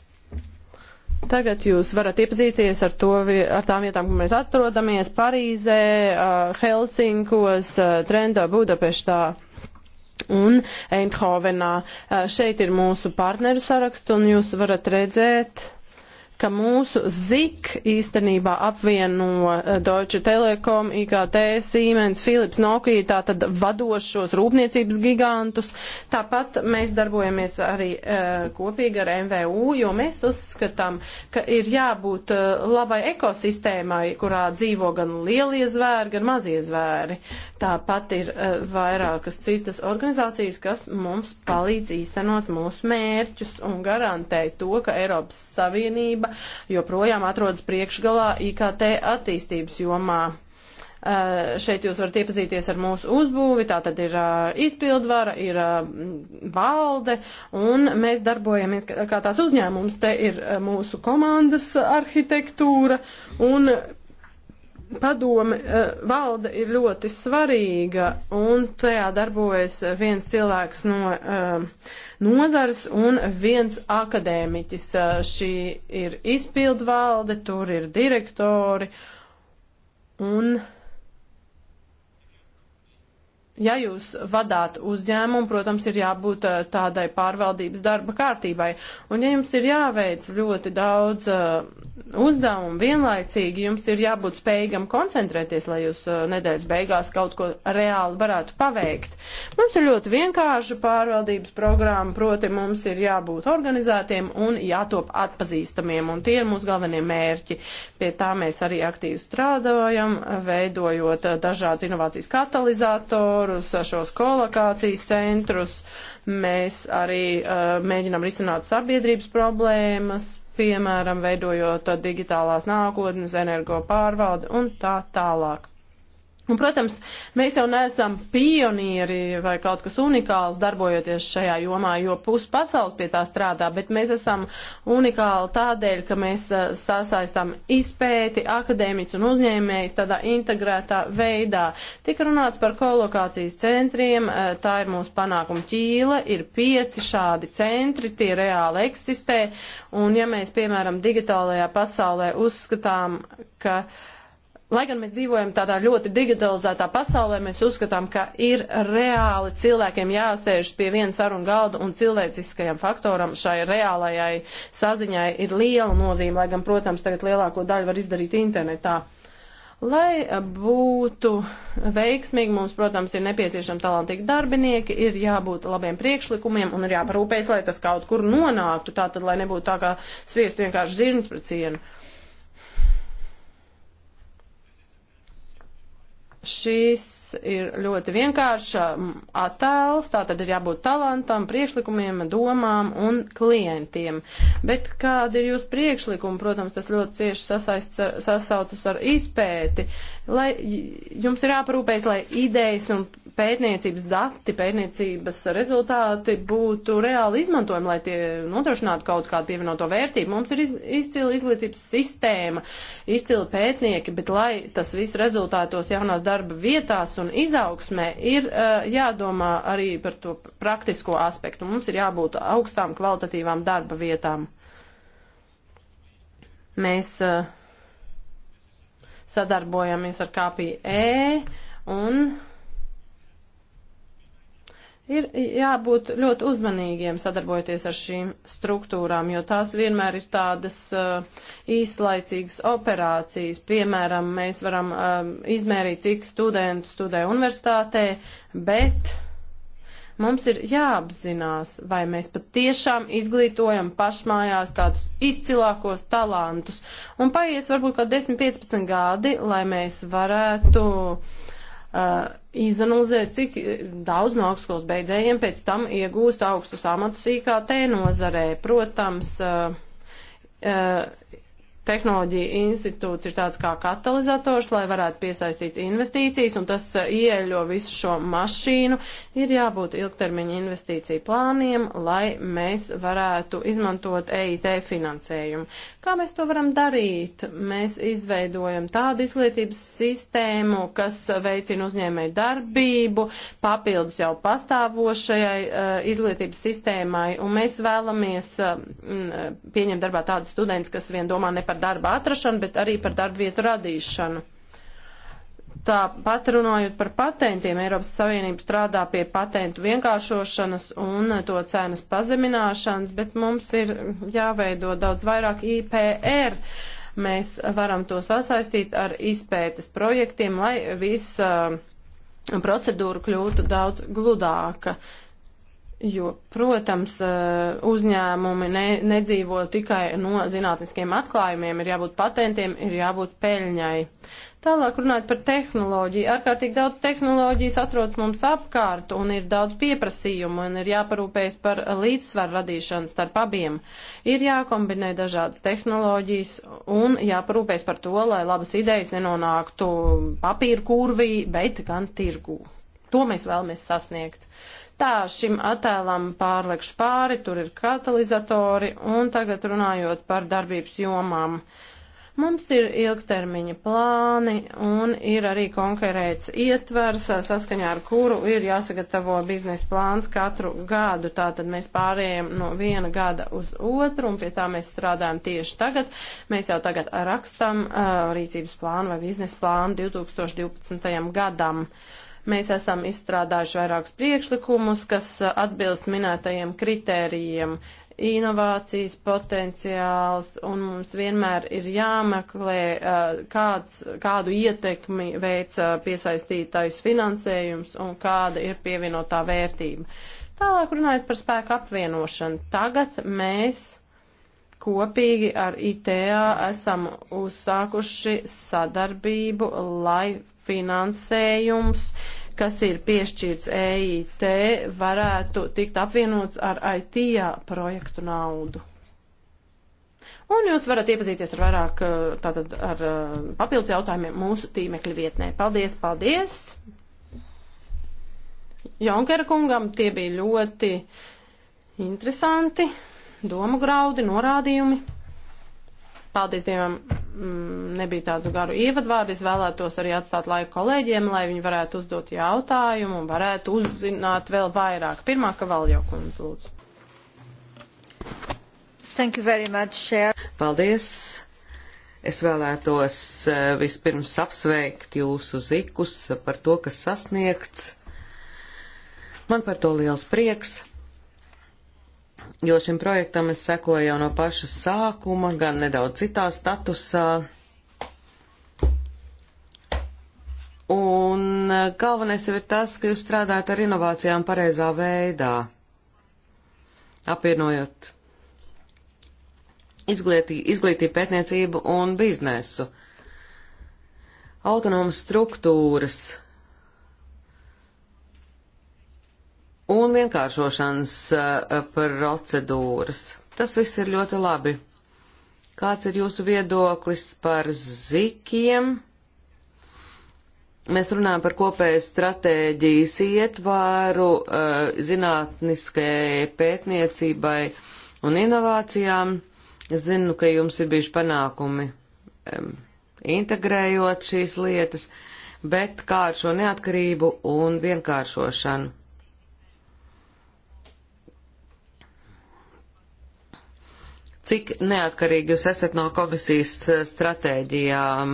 Tagad jūs varat iepazīties ar, to, ar tām vietām, kur mēs atrodamies - Parīzē, eh, Helsinkos, eh, Trento, Budapeštā un Eindhovenā. Šeit ir mūsu partneru saraksts, un jūs varat redzēt ka mūsu ZIK īstenībā apvieno eh, Deutsche Telekom, IKT, Siemens, Philips, Nokia, tātad vadošos rūpniecības gigantus. Tāpat mēs darbojamies arī uh, kopīgi ar MVU, jo mēs uzskatām, ka ir jābūt uh, labai ekosistēmai, kurā dzīvo gan lielie zvēri, gan mazie zvēri. Tāpat ir uh, vairākas citas organizācijas, kas mums palīdz īstenot mūsu mērķus un garantē to, ka Eiropas Savienība joprojām atrodas priekšgalā IKT attīstības jomā. Uh, šeit jūs varat iepazīties ar mūsu uzbūvi, tā tad ir uh, izpildvara, ir uh, valde, un mēs darbojamies kā tāds uzņēmums. Te ir mūsu komandas arhitektūra, un padome eh, valda ir ļoti svarīga un tajā darbojas viens cilvēks no eh, nozars un viens akadēmiķis. Eh, šī ir izpildvalde, tur ir direktori un. Ja jūs vadāt uzņēmumu, protams, ir jābūt eh, tādai pārvaldības darba kārtībai. Un ja jums ir jāveic ļoti daudz uh, uzdevumu vienlaicīgi, jums ir jābūt spējīgam koncentrēties, lai jūs uh, nedēļas beigās kaut ko reāli varētu paveikt. Mums ir ļoti vienkārša pārvaldības programma, proti mums ir jābūt organizētiem un jātop atpazīstamiem. Un tie ir mūsu galvenie mērķi. Pie tā mēs arī aktīvi strādājam, veidojot dažādas inovācijas katalizatoru centrus, šos kolokācijas centrus. Mēs arī uh, mēģinām risināt sabiedrības problēmas, piemēram, veidojot uh, digitālās nākotnes, energo pārvaldi un tā tālāk. Un, protams, mēs jau neesam pionieri vai kaut kas unikāls darbojoties šajā jomā, jo pus pasaules pie tā strādā, bet mēs esam unikāli tādēļ, ka mēs eh, sasaistām izpēti, akadēmiķus un uzņēmējus tādā integrētā veidā. Tik runāts par kolokācijas centriem, eh, tā ir mūsu panākuma ķīla, ir pieci šādi centri, tie reāli eksistē, un ja mēs, piemēram, digitālajā pasaulē uzskatām, ka uh, Lai gan mēs dzīvojam tādā ļoti digitalizētā pasaulē, mēs uzskatām, ka ir reāli cilvēkiem jāsēžas pie viena saruna galda un cilvēciskajam faktoram šai reālajai saziņai ir liela nozīme, lai gan, protams, tagad lielāko daļu var izdarīt internetā. Lai būtu veiksmīgi, mums, protams, ir nepieciešami talantīgi darbinieki, ir jābūt labiem priekšlikumiem un ir jāparūpējas, lai tas kaut kur nonāktu, tātad, lai nebūtu tā kā sviest vienkārši zirnis pret sienu. Uh, Šis ir ļoti vienkārša attēls, tā tad ir jābūt talantam, priekšlikumiem, domām un klientiem. Bet kāda ir jūsu priekšlikuma? Protams, tas ļoti cieši sasaucas ar izpēti lai jums ir jāparūpējas, lai idejas un pētniecības dati, pētniecības rezultāti būtu reāli izmantojami, lai tie nodrošinātu kaut kādu pievienoto vērtību. Mums ir iz, izcila izglītības sistēma, izcila pētnieki, bet lai tas viss rezultātos jaunās darba vietās un izaugsmē, ir uh, jādomā arī par to praktisko aspektu. Mums ir jābūt augstām kvalitatīvām darba vietām. Mēs uh, sadarbojamies ar KPE un ir jābūt ļoti uzmanīgiem sadarbojoties ar šīm struktūrām, jo tās vienmēr ir tādas uh, īslaicīgas operācijas. Piemēram, mēs varam uh, izmērīt, cik studentu studē universitātē, bet Mums ir jāapzinās, vai mēs patiešām izglītojam pašmājās tādus izcilākos talantus. Un paies varbūt kaut 10-15 gadi, lai mēs varētu uh, izanalizēt, cik eh, daudz no augstskolas beidzējiem pēc tam iegūst augstus amatus IKT nozarē. Protams, uh, uh, Tehnoloģija institūts ir tāds kā katalizators, lai varētu piesaistīt investīcijas, un tas uh, ieļo visu šo mašīnu. Ir jābūt ilgtermiņa investīciju plāniem, lai mēs varētu izmantot EIT finansējumu. Kā mēs to varam darīt? Mēs izveidojam tādu izglītības sistēmu, kas veicina uzņēmēju darbību, papildus jau pastāvošajai uh, izglītības sistēmai, un mēs vēlamies uh, uh pieņemt darbā tādus studentus, kas vien domā nepatīk par darba atrašanu, bet arī par darba vietu radīšanu. Tāpat runājot par patentiem, Eiropas Savienība strādā pie patentu vienkāršošanas un to cenas pazemināšanas, bet mums ir jāveido daudz vairāk IPR. Mēs varam to sasaistīt ar izpētes projektiem, lai visa uh, procedūra kļūtu daudz gludāka. Uh, Jo, protams, eh, uzņēmumi ne, nedzīvo tikai no zinātniskiem atklājumiem, ir jābūt patentiem, ir jābūt peļņai. Tālāk runājot par tehnoloģiju, ārkārtīgi daudz tehnoloģijas atrodas mums apkārt un ir daudz pieprasījumu un ir jāparūpējas par līdzsvaru radīšanu starp abiem. Ir jākombinē dažādas tehnoloģijas un jāparūpējas par to, lai labas idejas nenonāktu papīra kurvī, bet gan tirgū. To mēs vēlamies sasniegt tā šim attēlam pārlekšu pāri, tur ir katalizatori, un tagad runājot par darbības jomām. Mums ir ilgtermiņa plāni un ir arī konkrēts ietvers, saskaņā ar kuru ir jāsagatavo biznesa plāns katru gadu. Tātad mēs pārējām no viena gada uz otru un pie tā mēs strādājam tieši tagad. Mēs jau tagad rakstam uh, rīcības plānu vai biznesa plānu 2012. gadam. Uh, Mēs esam izstrādājuši vairākus priekšlikumus, kas atbilst minētajiem kritērijiem inovācijas potenciāls, un mums vienmēr ir jāmeklē, kāds, kādu ietekmi veic piesaistītais finansējums un kāda ir pievienotā vērtība. Tālāk runājot par spēku apvienošanu. Tagad mēs kopīgi ar ITA esam uzsākuši sadarbību, lai finansējums, kas ir piešķirts EIT, varētu tikt apvienots ar ITIA projektu naudu. Un jūs varat iepazīties ar vairāk eh, tātad, ar eh, papildus jautājumiem mūsu tīmekļa vietnē. Paldies, paldies! Jonkera kungam tie bija ļoti interesanti, domu graudi, norādījumi. Paldies Dievam, mm, nebija tādu garu ievadvārdu. Es vēlētos arī atstāt laiku kolēģiem, lai viņi varētu uzdot jautājumu un varētu uzzināt vēl vairāk. Pirmā kavaljo kundze, lūdzu.
Thank you very much, Chair. Paldies. Es vēlētos eh, vispirms apsveikt jūsu zikus par to, kas sasniegts. Man par to liels prieks jo šim projektam es sekoju jau no paša sākuma, gan nedaudz citā statusā. Un e, galvenais jau ir tas, ka jūs strādājat ar inovācijām pareizā veidā, apvienojot izglītību, izglītību pētniecību un biznesu. Autonomas struktūras un vienkāršošanas eh, procedūras. Tas viss ir ļoti labi. Kāds ir jūsu viedoklis par zikiem? Mēs runājam par kopēju stratēģijas ietvaru, eh, zinātniskajai pētniecībai un inovācijām. Es zinu, ka jums ir bijuši panākumi um, integrējot šīs lietas, bet kā ar šo neatkarību un vienkāršošanu? Cik neatkarīgi jūs esat no komisijas eh, stratēģijām?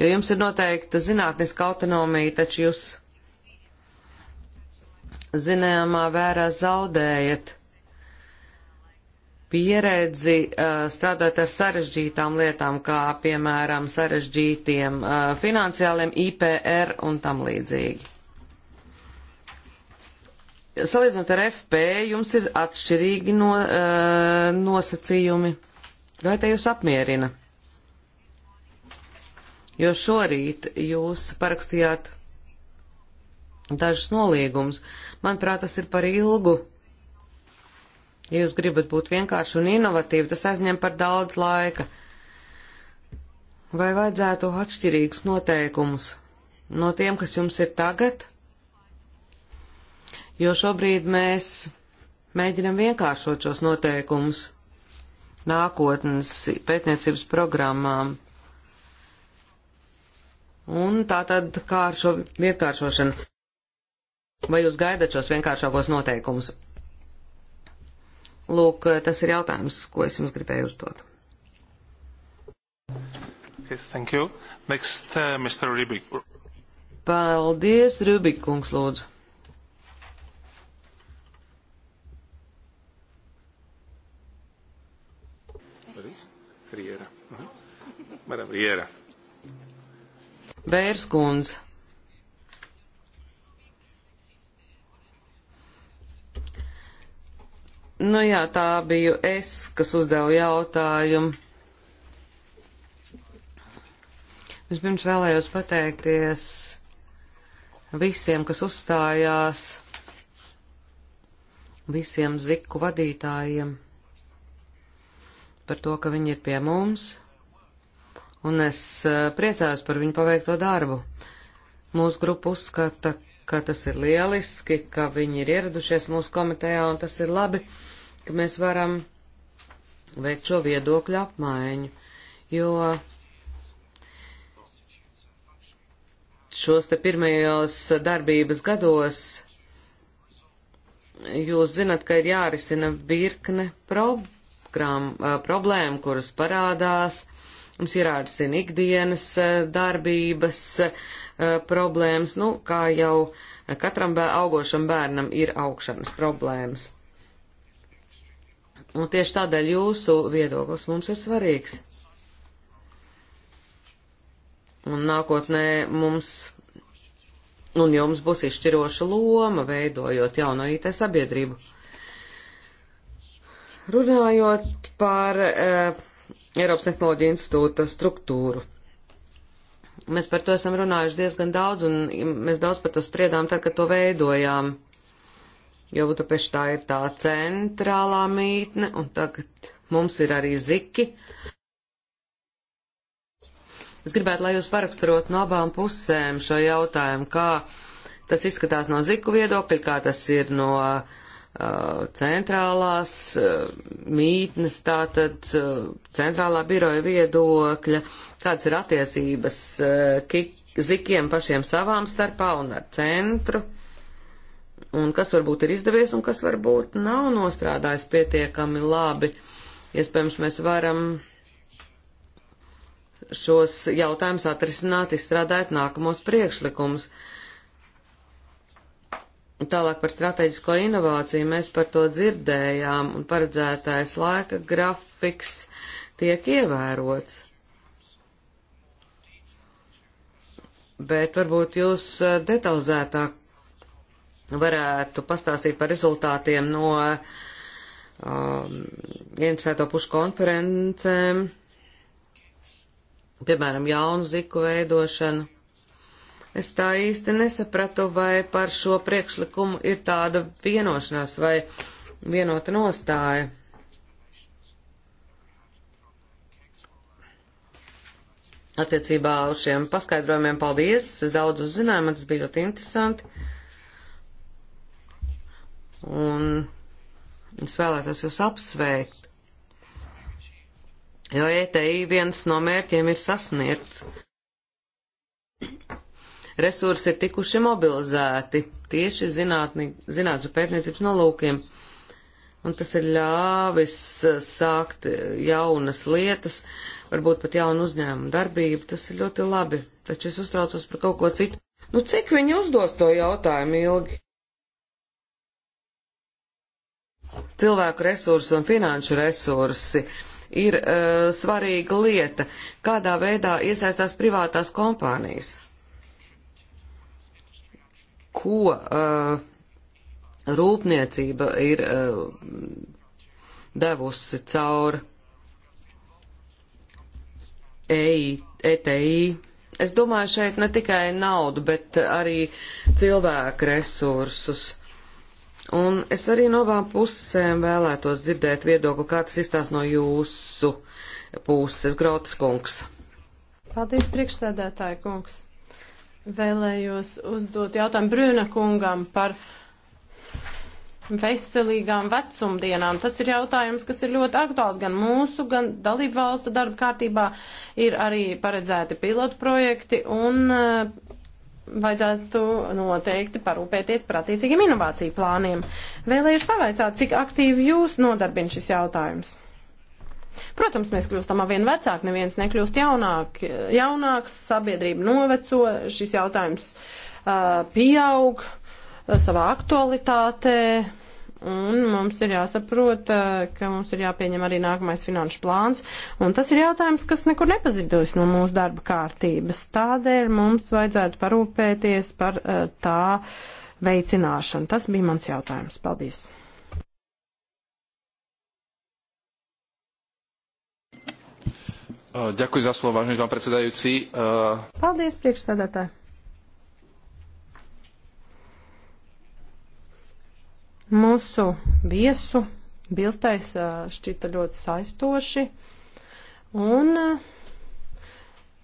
Jo jums ir noteikta zinātniska autonomija, taču jūs zināmā vērā zaudējat pieredzi eh, strādāt ar sarežģītām lietām, kā piemēram sarežģītiem eh, finansiāliem IPR un tam līdzīgi. Salīdzinot ar FP, jums ir atšķirīgi no, uh, nosacījumi. Vai te jūs apmierina? Jo šorīt jūs parakstījāt dažus noliegumus. Manuprāt, tas ir par ilgu. Ja jūs gribat būt vienkārši un inovatīvi, tas aizņem par daudz laika. Vai vajadzētu atšķirīgus noteikumus no tiem, kas jums ir tagad? jo šobrīd mēs mēģinam vienkāršot šos noteikumus nākotnes pētniecības programmām. Un tā tad kā ar šo vienkāršošanu? Vai jūs gaidat šos vienkāršākos noteikumus? Lūk, tas ir jautājums, ko es jums gribēju uzdot. Yes, thank you. Next, uh, Mr. Rubik. Paldies, Rubikungs, lūdzu.
Riera. Madam Riera.
Bērskundze. Nu jā, tā biju es, kas uzdevu jautājumu. Vispirms vēlējos pateikties visiem, kas uzstājās, visiem ziku vadītājiem par to, ka viņi ir pie mums, un es eh, priecājos par viņu paveikto darbu. Mūsu grupa uzskata, ka tas ir lieliski, ka viņi ir ieradušies mūsu komitejā, un tas ir labi, ka mēs varam veikt šo viedokļu apmaiņu, jo šos te pirmajos darbības gados jūs zinat, ka ir jārisina virkne problēma krām problēmu, kuras parādās. Mums jārāda ikdienas darbības problēmas, nu, kā jau katram bēr, augošam bērnam ir augšanas problēmas. Un tieši tādēļ jūsu viedoklis mums ir svarīgs. Un nākotnē mums un jums būs izšķiroša loma veidojot jauno IT sabiedrību. Runājot par uh, Eiropas Tehnoloģija institūta struktūru. Mēs par to esam runājuši diezgan daudz, un mēs daudz par to spriedām tad, kad to veidojām. Jo Budapeštā ir tā centrālā mītne, un tagad mums ir arī ziki. Es gribētu, lai jūs paraksturot no abām pusēm šo jautājumu, kā tas izskatās no ziku viedokļa, kā tas ir no uh, Uh, centrālās uh, mītnes, tātad uh, centrālā biroja viedokļa, kādas ir attiecības kik, zikiem pašiem savām starpā un ar centru, un kas varbūt ir izdevies un kas varbūt nav nostrādājis pietiekami labi. Iespējams, mēs varam šos jautājumus atrisināt, izstrādājot nākamos priekšlikumus. Uh, Tālāk par strateģisko inovāciju mēs par to dzirdējām un paredzētais laika grafiks tiek ievērots. Bet varbūt jūs eh, detalizētāk varētu pastāstīt par rezultātiem no um, interesēto pušu konferencēm, piemēram, jaunu ziku veidošanu. Es tā īsti nesapratu, vai par šo priekšlikumu ir tāda vienošanās vai vienota nostāja. Attiecībā uz šiem paskaidrojumiem paldies, es daudz uzzināju, man tas bija ļoti interesanti. Un es vēlētos jūs apsveikt, jo ETI viens no mērķiem ir sasniegts resursi ir tikuši mobilizēti tieši zinātņu pētniecības nolūkiem. Un tas ir ļāvis eh, sākt eh, jaunas lietas, varbūt pat jaunu uzņēmumu darbību. Tas ir ļoti labi, taču es uztraucos par kaut ko citu. Nu, cik viņi uzdos to jautājumu ilgi? Cilvēku resursi un finanšu resursi ir uh, svarīga lieta, kādā veidā iesaistās privātās kompānijas ko uh, rūpniecība ir uh, devusi cauri EI, ETI. Es domāju šeit ne tikai naudu, bet arī cilvēku resursus. Un es arī no abām pusēm vēlētos dzirdēt viedokli, kā tas izstās no jūsu puses, Grotas kungs.
Paldies, priekšstādētāji kungs. Vēlējos uzdot jautājumu Brūna kungam par veselīgām vecumdienām. Tas ir jautājums, kas ir ļoti aktuāls gan mūsu, gan dalību valstu darba kārtībā. Ir arī paredzēti pilotu projekti un eh, vajadzētu noteikti parūpēties par attiecīgiem inovāciju plāniem. Vēlējos pavaicāt, cik aktīvi jūs nodarbina šis jautājums. Protams, mēs kļūstam arvien vecāki, neviens nekļūst jaunāk, jaunāks, sabiedrība noveco, šis jautājums uh, pieaug uh, savā aktualitātē. Un mums ir jāsaprot, ka mums ir jāpieņem arī nākamais finanšu plāns, un tas ir jautājums, kas nekur nepazidīs no mūsu darba kārtības. Tādēļ mums vajadzētu parūpēties par tā veicināšanu. Tas bija mans jautājums. Paldies!
Eh, ďakujem za slovo, vážený pán predsedajúci. Eh,
Paldies, priekšsēdētāji.
Mūsu viesu bilstais eh, šķita ļoti saistoši, un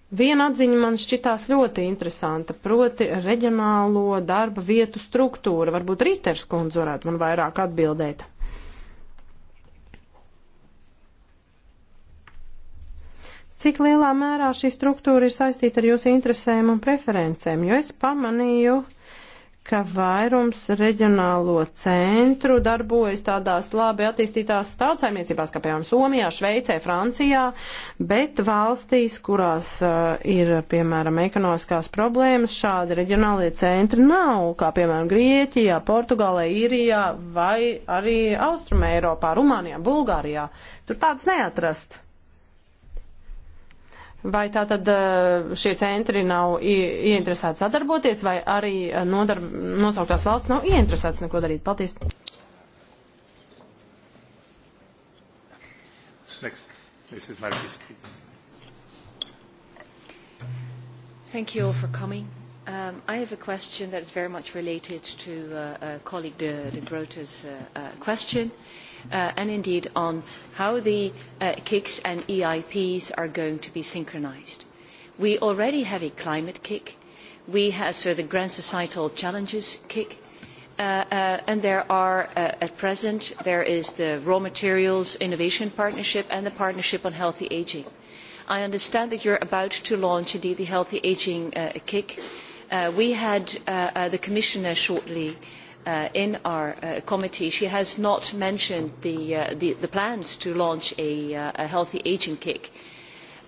viena atziņa man šķitās ļoti interesanta, proti reģionālo darba vietu struktūra. Varbūt Rīters kundze varētu man vairāk atbildēt. cik lielā mērā šī struktūra ir saistīta ar jūsu interesēm un preferencēm, jo es pamanīju, ka vairums reģionālo centru darbojas tādās labi attīstītās tautsaimniecībās, kā piemēram Somijā, Šveicē, Francijā, bet valstīs, kurās uh, ir, piemēram, ekonomiskās problēmas, šādi reģionālie centri nav, kā piemēram Grieķijā, Portugālē, Īrijā vai arī Austrumē Eiropā, Rumānijā, Bulgārijā. Tur tāds neatrast. Vai tā tad eh, šie centri nav ieinteresēti sadarboties, vai arī eh, nodarb, nosauktās valsts nav ieinteresētas neko darīt? Paldies!
Next. This is Marcus, please.
Thank you all for coming. Um, I have a question that is very much related to uh, uh, colleague De, De Grote's uh, uh, question. Uh, uh, and indeed on how the uh, KICs and EIPs are going to be synchronized. We already have a climate kick, we have, so the Grand Societal Challenges kick, uh, uh, and there are, uh, at present, there is the Raw Materials Innovation Partnership and the Partnership on Healthy Aging. I understand that you're about to launch, indeed, the Healthy Aging uh, kick. Uh, we had uh, uh, the Commissioner shortly uh, uh, in our uh, committee, she has not mentioned the, uh, the, the plans to launch a, uh, a healthy aging kick.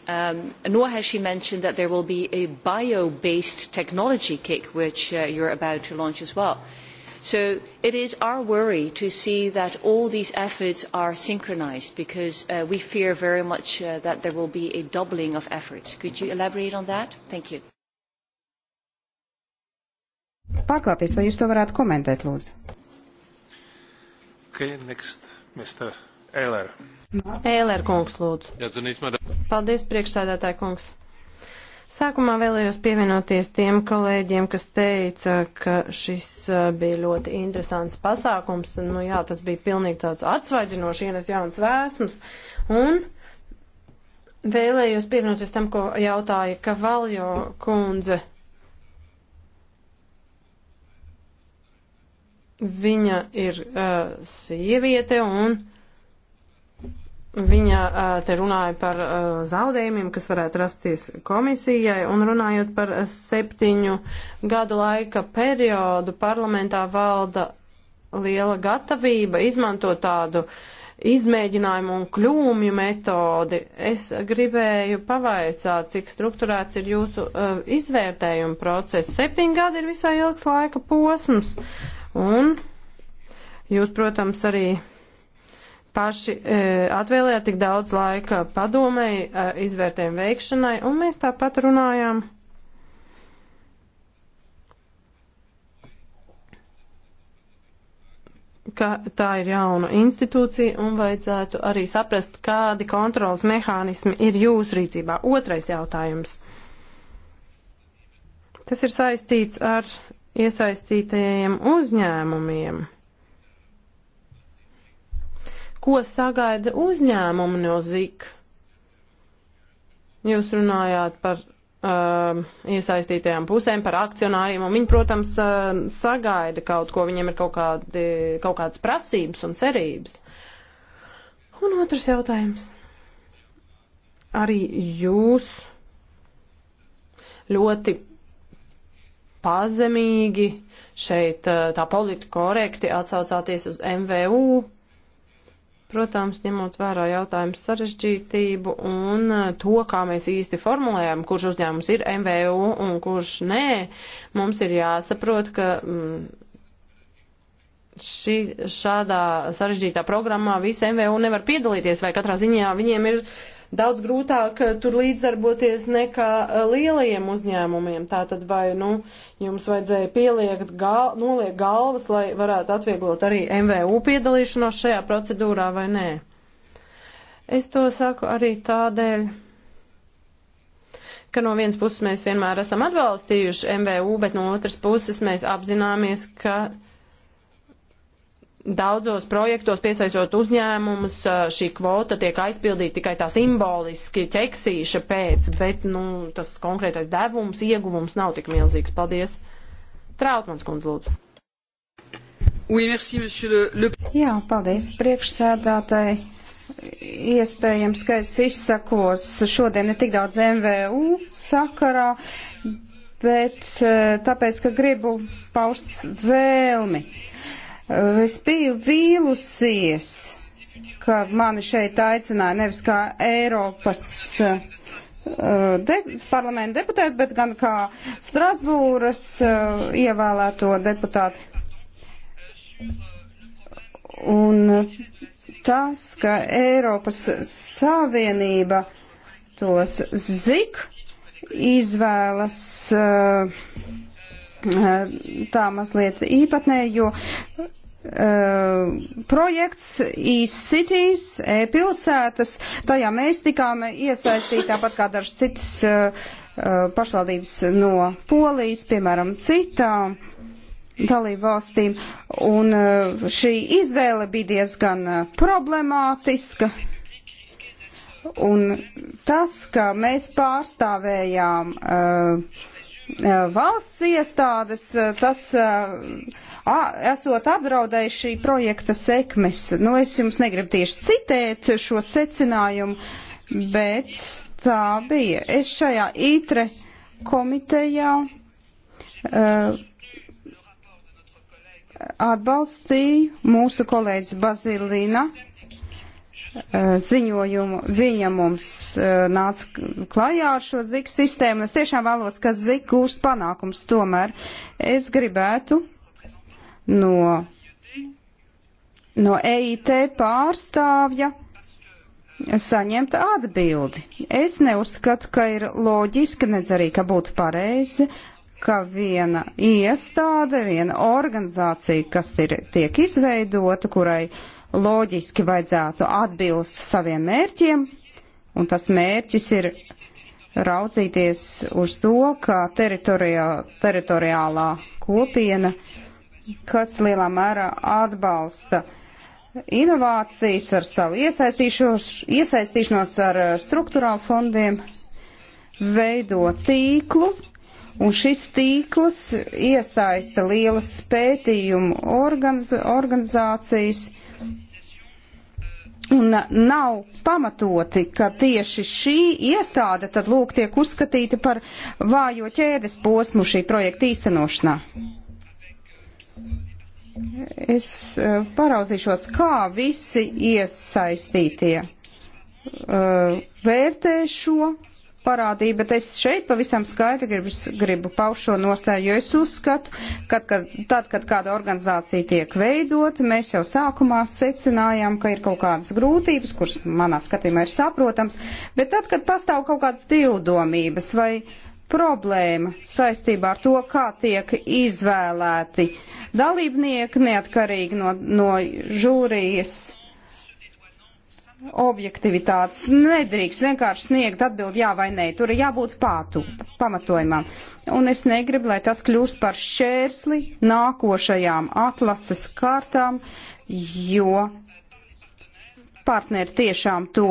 Um, nor has she mentioned that there will be a bio-based technology kick, which uh, you're about to launch as well. So it is our worry to see that all these efforts are synchronized, because uh, we fear very much uh, that there will be a doubling of efforts. Could you elaborate on that? Thank you.
Pārklāties, vai jūs to varētu komentēt, lūdzu?
Okay, next, Mr. Eller.
Eller kungs, lūdzu.
Jā, zinīs, madam.
Paldies, priekšsēdētāji kungs. Sākumā vēlējos pievienoties tiem kolēģiem, kas teica, ka šis uh, bija ļoti interesants pasākums. Nu jā, tas bija pilnīgi tāds atsvaidzinošs, ienes jauns vēsmas. Un vēlējos pievienoties tam, ko jautāja Kavaljo kundze. Viņa ir uh, sieviete un viņa uh, te runāja par uh, zaudējumiem, kas varētu rasties komisijai un runājot par septiņu gadu laika periodu parlamentā valda liela gatavība izmantot tādu izmēģinājumu un kļūmju metodi. Es gribēju pavaicāt, cik strukturēts ir jūsu uh, izvērtējuma process. Septiņi gadi ir visai ilgs laika posms. Uh, Un jūs, protams, arī paši e, atvēlējāt tik daudz laika padomēji, e, izvērtējumu veikšanai, un mēs tāpat runājām. ka tā ir jauna institūcija un vajadzētu arī saprast, kādi kontrolas mehānismi ir jūsu rīcībā. Otrais jautājums. Tas ir saistīts ar iesaistītajiem uzņēmumiem. Ko sagaida uzņēmumi no ZIK? Jūs runājāt par uh, iesaistītajām pusēm, par akcionāriem, un viņi, protams, uh, sagaida kaut ko, viņiem ir kaut, kādi, kaut kādas prasības un cerības. Un otrs jautājums. Arī jūs ļoti pazemīgi, šeit eh, tā politika korekti atsaucāties uz MVU. Protams, ņemot vērā jautājumu sarežģītību un eh, to, kā mēs īsti formulējam, kurš uzņēmums ir MVU un kurš nē, mums ir jāsaprot, ka mm, šī, šādā sarežģītā programmā visi MVU nevar piedalīties, vai katrā ziņā viņiem ir uh, daudz grūtāk eh, tur līdzdarboties nekā eh, lielajiem uzņēmumiem. Tātad vai nu, jums vajadzēja pieliekt gal, noliek galvas, lai varētu atvieglot arī MVU piedalīšanos šajā procedūrā vai nē? Es to saku arī tādēļ ka no vienas puses mēs vienmēr esam atbalstījuši MVU, bet no otras puses mēs apzināmies, ka uh, daudzos projektos piesaistot uzņēmumus, šī kvota tiek aizpildīta tikai tā simboliski ķeksīša pēc, bet nu, tas konkrētais devums, ieguvums nav tik milzīgs. Paldies! Trautmans kundz lūdzu.
Oui, merci, le, le...
Jā, paldies priekšsēdātāji. Iespējams, ka es izsakos šodien ne tik daudz MVU sakarā, bet tāpēc, ka gribu paust vēlmi. Uh, Eh, es biju vīlusies, ka mani šeit aicināja nevis kā Eiropas eh, de, parlamenta deputāti, bet gan kā Strasbūras eh, ievēlēto deputātu. Un tas, ka Eiropas Savienība tos zik izvēlas uh, tā mazliet īpatnē, jo Uh, projekts e-cities, e-pilsētas, tajā mēs tikām iesaistīti tāpat kā dažas citas uh, pašvaldības no Polijas, piemēram, citām dalību valstīm. Un uh, šī izvēle bija diezgan problemātiska. Un tas, ka mēs pārstāvējām uh, Eh, valsts iestādes, eh, tas eh, a, esot apdraudējuši šī projekta sekmes. Nu, es jums negribu tieši citēt šo secinājumu, bet tā bija. Es šajā ITRE komitejā uh, atbalstīju mūsu kolēģis Bazilina Eh, ziņojumu. Viņa mums eh, nāca klajā ar šo ziku sistēmu. Es tiešām vēlos, ka zika gūst panākums. Tomēr es gribētu no, no EIT pārstāvja saņemt atbildi. Es neuzskatu, ka ir loģiski, nedz arī, ka būtu pareizi, ka viena iestāde, viena organizācija, kas ir, tiek izveidota, kurai uh, loģiski vajadzētu atbilst saviem mērķiem, un tas mērķis ir raudzīties uz to, ka teritoriālā kopiena, kas lielā mērā atbalsta inovācijas ar savu iesaistīšanos ar struktūrālu fondiem, veido tīklu, un šis tīkls iesaista lielas pētījumu organiz organizācijas, Un nav pamatoti, ka tieši šī iestāde tad lūk tiek uzskatīta par vājo ķēdes posmu šī projekta īstenošanā. Es eh, paraudzīšos, kā visi iesaistītie eh, vērtē šo parādība, bet es šeit pavisam skaidri gribu, gribu paust šo nostāju, jo es uzskatu, ka kad, tad, kad kāda organizācija tiek veidota, mēs jau sākumā secinājām, ka ir kaut kādas grūtības, kuras manā skatījumā ir saprotams, bet tad, kad pastāv kaut kādas divdomības vai problēma saistībā ar to, kā tiek izvēlēti dalībnieki neatkarīgi no, no žūrijas objektivitātes nedrīkst vienkārši sniegt atbildi jā vai nē. Tur ir jābūt pātu pamatojumam. Un es negribu, lai tas kļūst par šērsli nākošajām atlases kārtām, jo partneri tiešām to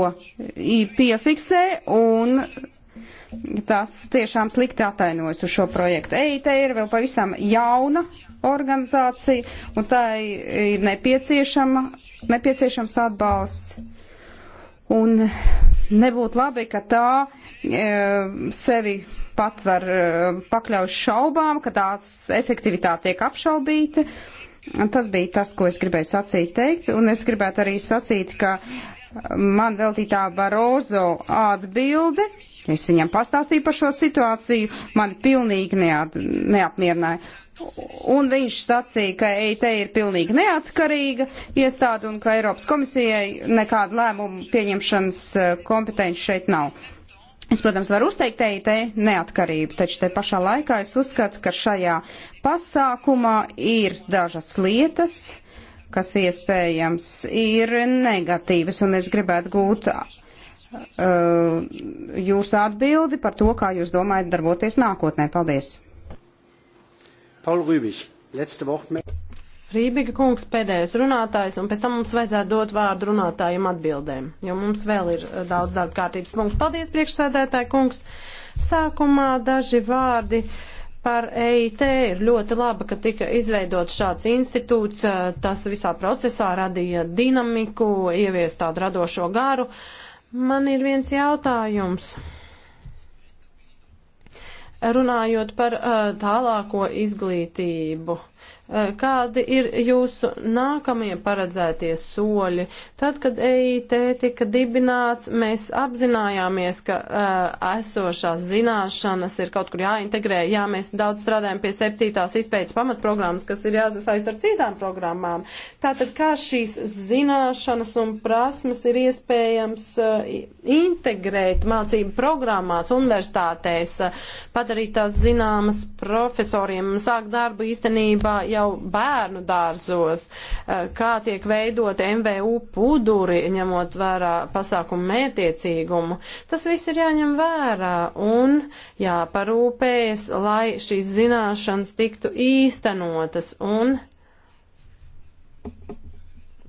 piefiksē un tas tiešām slikti atainojas uz šo projektu. EIT ir vēl pavisam jauna organizācija un tā ir nepieciešama, nepieciešams atbalsts Un nebūtu labi, ka tā e, sevi patver, e, pakļauj šaubām, ka tās efektivitāte tiek apšaubīta. Tas bija tas, ko es gribēju sacīt teikt, un es gribētu arī sacīt, ka man veltītā Barozo atbilde, es viņam pastāstīju par šo situāciju, man pilnīgi neat, neapmierināja. Un viņš sacīja, ka EIT ir pilnīgi neatkarīga iestāde un ka Eiropas komisijai nekāda lēmuma pieņemšanas e, kompetenci šeit nav. Es, protams, varu uzteikt EIT neatkarību, taču te pašā laikā es uzskatu, ka šajā pasākumā ir dažas lietas, kas iespējams ir negatīvas, un es gribētu gūt uh, jūsu atbildi par to, kā jūs domājat darboties nākotnē. Paldies!
Paul Rübig, letzte Wort.
Rībiga kungs pēdējais runātājs, un pēc tam mums vajadzētu dot vārdu runātājiem atbildēm, jo mums vēl ir eh, daudz darba kārtības punktu. Paldies, priekšsēdētāji kungs. Sākumā daži vārdi par EIT ir ļoti laba, ka tika izveidots šāds institūts. Eh, tas visā procesā radīja dinamiku, ievies tādu radošo garu. Man ir viens jautājums. Runājot par uh, tālāko izglītību. Eh, kādi ir jūsu nākamie paredzētie soļi? Tad, kad EIT tika dibināts, mēs apzinājāmies, ka uh, esošās zināšanas ir kaut kur jāintegrē. Jā, mēs daudz strādājam pie septītās izpējas pamatprogrammas, kas ir jāsasaist ar citām programmām. Tātad, kā šīs zināšanas un prasmes ir iespējams uh, integrēt mācību programmās, universitātēs, uh, padarīt tās zināmas profesoriem, sākt darbu īstenībā jau bērnu dārzos, eh, kā tiek veidot MVU puduri, ņemot vērā pasākumu mētiecīgumu. Tas viss ir jāņem vērā un jāparūpējas, lai šīs zināšanas tiktu īstenotas un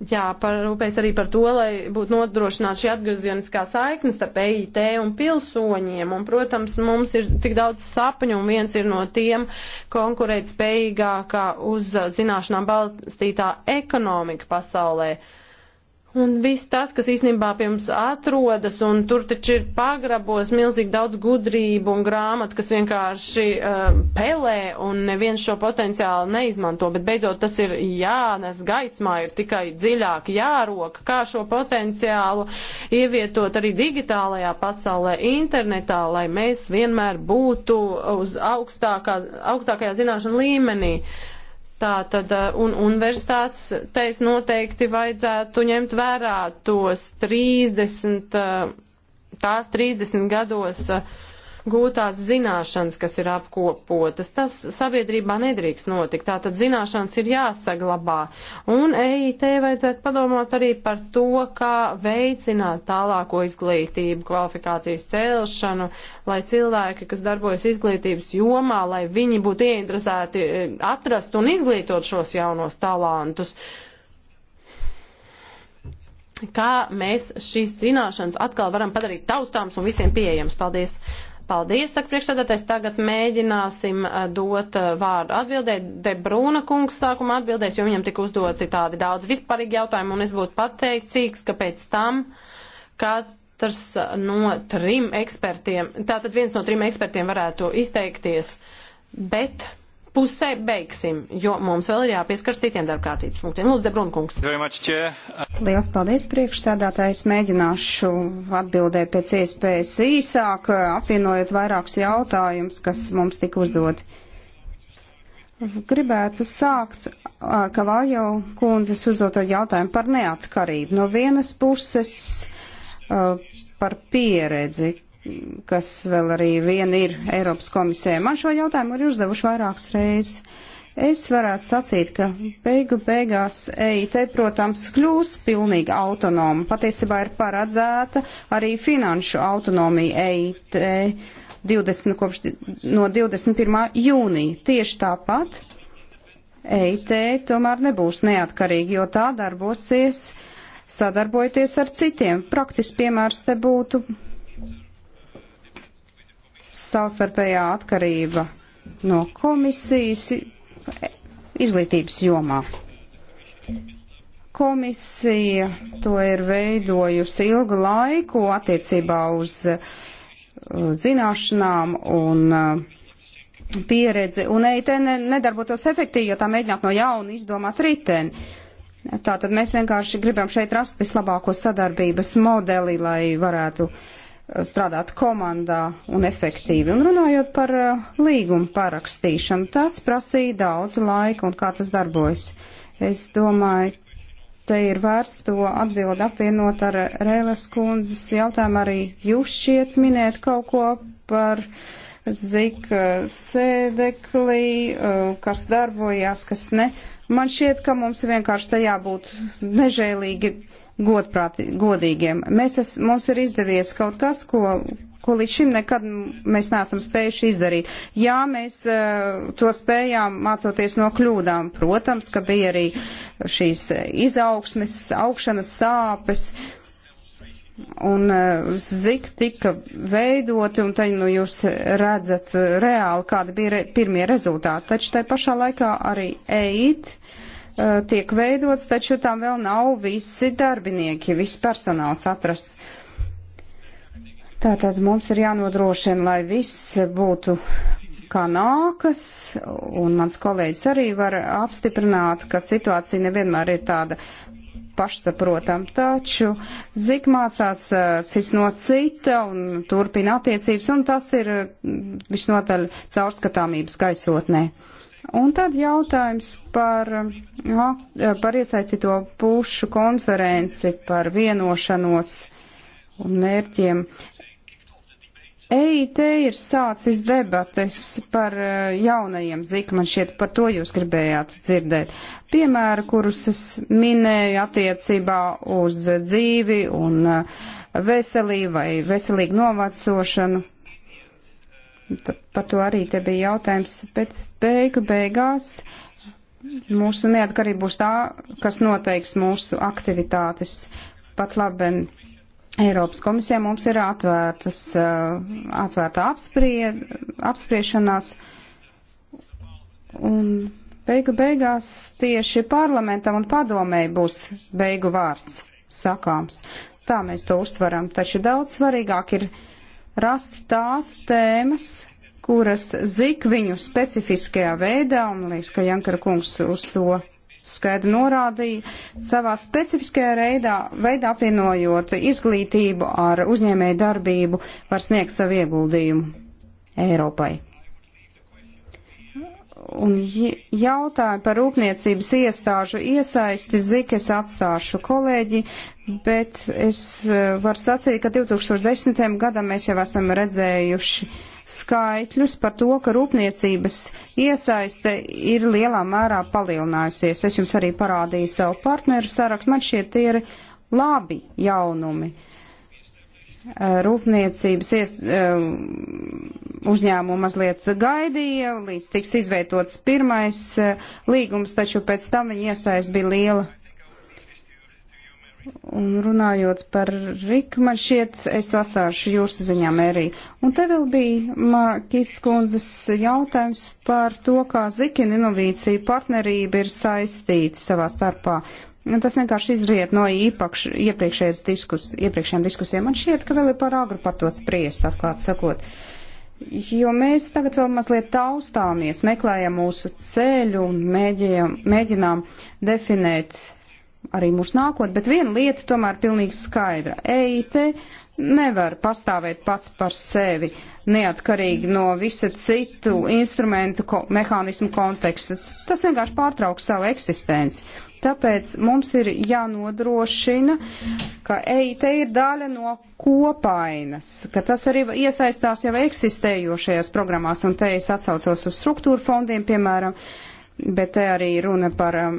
jāparūpēs arī par to, lai būtu nodrošināta šī atgriezieniskā saikne starp EIT un pilsoņiem. Un, protams, mums ir tik daudz sapņu, un viens ir no tiem konkurēt spējīgākā uz zināšanām balstītā ekonomika pasaulē. Uh, Un viss tas, kas īstenībā pie mums atrodas, un tur taču ir pagrabos milzīgi daudz gudrību un grāmatu, kas vienkārši uh, pelē, un neviens šo potenciālu neizmanto, bet beidzot tas ir jānes gaismā, ir tikai dziļāk jāroka, kā šo potenciālu ievietot arī digitālajā pasaulē, internetā, lai mēs vienmēr būtu uz augstākā, augstākajā zināšanu līmenī. Uh, Tā tad eh, un universitātes teiks noteikti vajadzētu ņemt vērā tos 30, eh, tās 30 gados, uh, gūtās zināšanas, kas ir apkopotas. Tas sabiedrībā nedrīkst notikt. Tātad zināšanas ir jāsaglabā. Un EIT vajadzētu padomāt arī par to, kā veicināt tālāko izglītību, kvalifikācijas celšanu, lai cilvēki, kas darbojas izglītības jomā, lai viņi būtu ieinteresēti e, atrast un izglītot šos jaunos talantus kā mēs šīs zināšanas atkal varam padarīt taustāms un visiem pieejams. Paldies! Paldies, saka priekšsēdētājs. Tagad mēģināsim eh, dot eh, vārdu atbildēt. De Brūna kungs sākumā atbildēs, jo viņam tika uzdoti tādi daudz vispārīgi jautājumi, un es būtu pateicīgs, ka pēc tam katrs no trim ekspertiem, tātad viens no trim ekspertiem varētu izteikties, bet pusē beigsim, jo mums vēl ir jāpieskars citiem darbkārtības punktiem. Lūdzu, Debrunkungs.
Liels paldies, priekšsēdātājs. Mēģināšu atbildēt pēc iespējas īsāk, apvienojot vairākus jautājumus, kas mums tika uzdot. Gribētu sākt ar Kavaljo kundzes uzdoto jautājumu par neatkarību. No vienas puses uh, par pieredzi, kas vēl arī viena ir Eiropas komisē. Man šo jautājumu ir uzdevuši vairākas reizes. Es varētu sacīt, ka beigu beigās EIT, protams, kļūs pilnīgi autonoma. Patiesībā ir paredzēta arī finanšu autonomija EIT 20, kopš, no 21. jūnija. Tieši tāpat EIT tomēr nebūs neatkarīgi, jo tā darbosies sadarbojoties ar citiem. Praktis piemērs te būtu savstarpējā atkarība no komisijas izglītības jomā. Komisija to ir veidojusi ilgu laiku attiecībā uz uh, zināšanām un uh, pieredzi, un EIT nedarbotos efektīvi, jo tā mēģinātu no jauna izdomāt riteni. Tātad mēs vienkārši gribam šeit rast vislabāko sadarbības modeli, lai varētu uh, strādāt komandā un efektīvi. Un runājot par eh, līgumu parakstīšanu, tas prasīja daudz laika un kā tas darbojas. Es domāju, te ir vērts to atbildi apvienot ar Rēles kundzes jautājumu. Arī jūs šiet minēt kaut ko par zika eh, sēdeklī, eh, kas darbojās, kas ne. Man šķiet, ka mums vienkārši tajā būtu nežēlīgi godprāti, godīgiem. Mēs es, mums ir izdevies kaut kas, ko, ko līdz šim nekad mēs neesam spējuši izdarīt. Jā, mēs uh, to spējām mācoties no kļūdām. Protams, ka bija arī šīs izaugsmes, augšanas sāpes. Uh, un e, zik tika veidoti, un tad nu, jūs redzat e, reāli, kāda bija re pirmie rezultāti. Taču tai pašā laikā arī EIT uh, tiek veidots, taču tam vēl nav visi darbinieki, viss personāls atrasts. Tātad mums ir jānodrošina, lai viss būtu kā nākas, un mans kolēģis arī var apstiprināt, ka situācija nevienmēr ir tāda pašsaprotam, taču Zik mācās cits no cita un turpina attiecības, un tas ir mm, visnotaļ caurskatāmības gaisotnē. Un tad jautājums par, jā, par iesaistīto pušu konferenci, par vienošanos un mērķiem. EIT ir sācis debates par eh, jaunajiem zika, man šķiet, par to jūs gribējāt dzirdēt. Piemēra, kurus es minēju attiecībā uz dzīvi un eh, veselību vai veselīgu novacošanu. Par to arī te bija jautājums, bet beigu beigās mūsu neatkarība būs tā, kas noteiks mūsu aktivitātes pat labi Eiropas komisija mums ir atvērtas, eh, atvērta apsprie, apspriešanās, un beigu beigās tieši parlamentam un padomēji būs beigu vārds sakāms. Tā mēs to uztveram, taču daudz svarīgāk ir rast tās tēmas, kuras zik viņu specifiskajā veidā, un liekas, ka Jankara kungs uz to skaidri norādīja, savā specifiskajā reidā, veidā apvienojot izglītību ar uzņēmēju darbību, var sniegt savu ieguldījumu Eiropai. Un jautāju par rūpniecības iestāžu iesaisti, zik es atstāšu kolēģi, bet es eh, varu sacīt, ka 2010. gadam mēs jau esam redzējuši uh, skaitļus par to, ka rūpniecības iesaiste ir lielā mērā palielinājusies. Es jums arī parādīju savu partneru sarakstu. Man šie tie ir labi jaunumi. Eh, rūpniecības ies, eh, uzņēmumu mazliet gaidīja, līdz tiks izveidots pirmais eh, līgums, taču pēc tam viņa iesaist bija liela Un runājot par Riku, man šiet, es to atstāšu jūsu ziņā, Mērī. Un te vēl bija Markīs kundzes jautājums par to, kā zikina inovīcija partnerība ir saistīta savā starpā. Un tas vienkārši izriet no īpakš, iepriekšējās diskus, iepriekšējām diskusijām. Man šiet, ka vēl ir par agru par to spriest, atklāt sakot. Jo mēs tagad vēl mazliet taustāmies, meklējam mūsu ceļu un mēģinām, mēģinām definēt arī mūsu nākotnē, bet viena lieta tomēr pilnīgi skaidra. EIT nevar pastāvēt pats par sevi, neatkarīgi no visa citu instrumentu ko, mehānismu konteksta. Tas vienkārši pārtrauks savu eksistenci. Tāpēc mums ir jānodrošina, ka EIT ir daļa no kopainas, ka tas arī iesaistās jau eksistējošajās programmās, un te es atsaucos uz struktūru fondiem, piemēram, uh, bet te arī runa par um,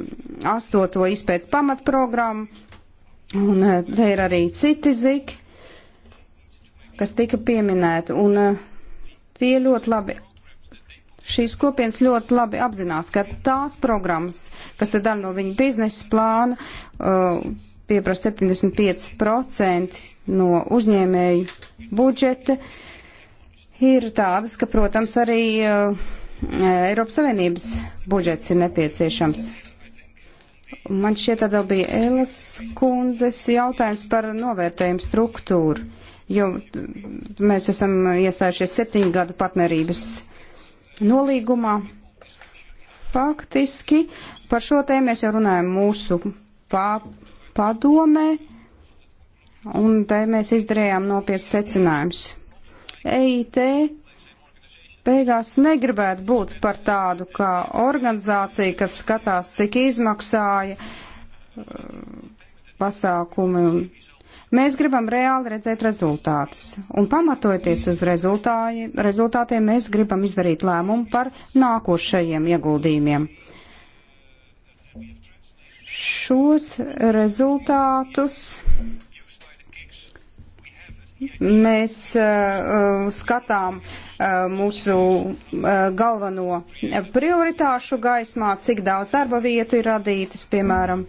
astoto izpēc pamatprogrammu, un uh, te ir arī citi ziki, kas tika pieminēti, un uh, tie ļoti labi šīs kopienas ļoti labi apzinās, ka tās programmas, kas ir daļa no viņa biznesa plāna, uh, pieprasa 75% no uzņēmēju budžeta, ir tādas, ka, protams, arī Eiropas Savienības budžets ir nepieciešams. Man šķiet, tad vēl bija Elas kundzes jautājums par novērtējumu struktūru, jo mēs esam iestājušies septiņu gadu partnerības nolīgumā. Faktiski par šo tēmu mēs jau runājam mūsu pā, padomē, un te mēs izdarījām nopietnas secinājumus. EIT beigās negribētu būt par tādu kā organizāciju, kas skatās, cik izmaksāja uh, pasākumi. Mēs gribam reāli redzēt rezultātus, un pamatojoties uz rezultātiem, mēs gribam izdarīt lēmumu par nākošajiem ieguldījumiem. Šos rezultātus mēs uh, uh, skatām uh, mūsu uh, galveno prioritāšu gaismā, cik daudz darba vietu ir radītas, piemēram,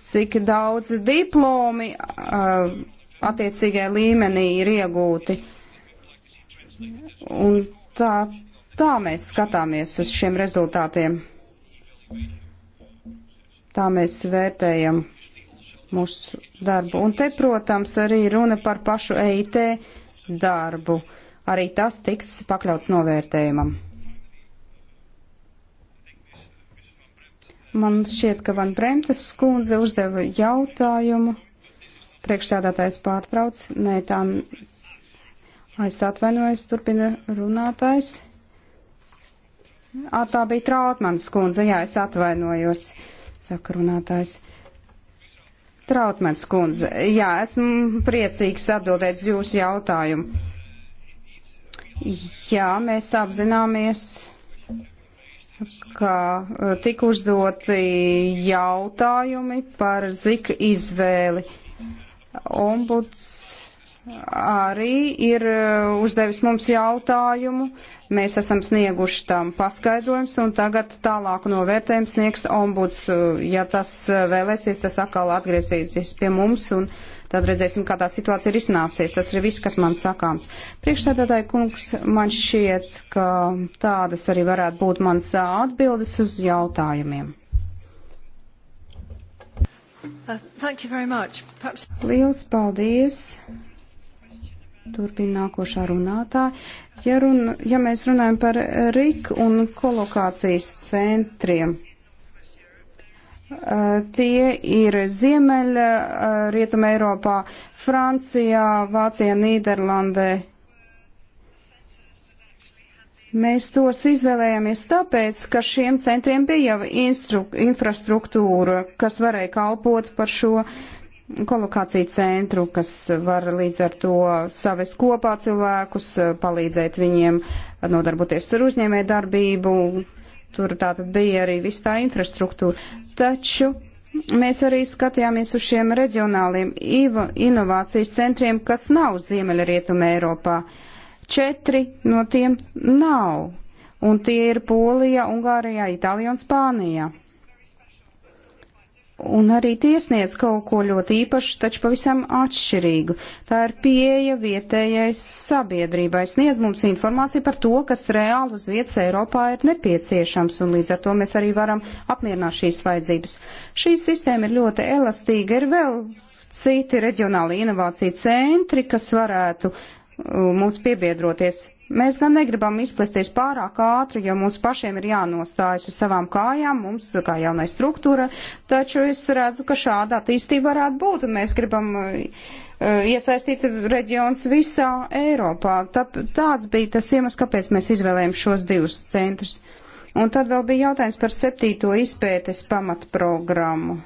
cik daudz diplomi uh, attiecīgai līmenī ir iegūti. Un tā, tā mēs skatāmies uz šiem rezultātiem. Tā mēs vērtējam mūsu darbu. Un te, protams, arī runa par pašu EIT darbu. Arī tas tiks pakļauts novērtējumam. Man šķiet, ka Van Bremtes skundze uzdeva jautājumu. Priekšstādātājs pārtrauc. Nē, tā aiz atvainojas, turpina runātājs. Ā, tā bija Trautmanas skundze, jā, es atvainojos, saka runātājs. Trautmans kundze, jā, esmu priecīgs atbildēt uz jūsu jautājumu. Jā, mēs apzināmies, ka e, tika uzdoti jautājumi par zika izvēli. Ombuds arī ir uh, uzdevis mums jautājumu. Mēs esam snieguši tam paskaidrojums, un tagad tālāk novērtējumu sniegs ombuds. Uh, ja tas uh, vēlēsies, tas atkal atgriezīsies pie mums, un tad redzēsim, kā tā situācija ir iznāsies. Tas ir viss, kas man sakāms. Priekšsēdētāji kungs, man šķiet, ka tādas arī varētu būt manas atbildes uz jautājumiem.
Uh, Perhaps...
Liels paldies! Turpina nākošā runātāja. Ja, run, ja mēs runājam par RIK un kolokācijas centriem, eh, tie ir Ziemeļa, eh, Rietuma Eiropā, Francijā, Vācijā, Nīderlandē. Mēs tos izvēlējāmies tāpēc, ka šiem centriem bija jau infrastruktūra, kas varēja kalpot par šo kolokāciju centru, kas var līdz ar to savest kopā cilvēkus, palīdzēt viņiem nodarboties ar uzņēmē darbību. Tur tātad bija arī viss tā infrastruktūra. Taču mēs arī skatījāmies uz šiem reģionāliem inovācijas centriem, kas nav Ziemeļrietuma Eiropā. Četri no tiem nav, un tie ir Polija, Ungārijā, Itālijā un Spānijā. Un arī tiesniec kaut ko ļoti īpašu, taču pavisam atšķirīgu. Tā ir pieeja vietējai sabiedrībai. Sniedz mums informāciju par to, kas reāli uz vietas Eiropā ir nepieciešams, un līdz ar to mēs arī varam apmierināt šīs vajadzības. Šī sistēma ir ļoti elastīga, ir vēl citi reģionāli inovāciju centri, kas varētu uh, mums piebiedroties Mēs gan negribam izplesties pārāk ātri, jo mums pašiem ir jānostājas uz savām kājām, mums kā jaunai struktūra, taču es redzu, ka šāda attīstība varētu būt, un mēs gribam eh, iesaistīt reģions visā Eiropā. Tā, tāds bija tas iemesls, kāpēc mēs izvēlējām šos divus centrus. Un tad vēl bija jautājums par septīto izpētes pamatprogrammu.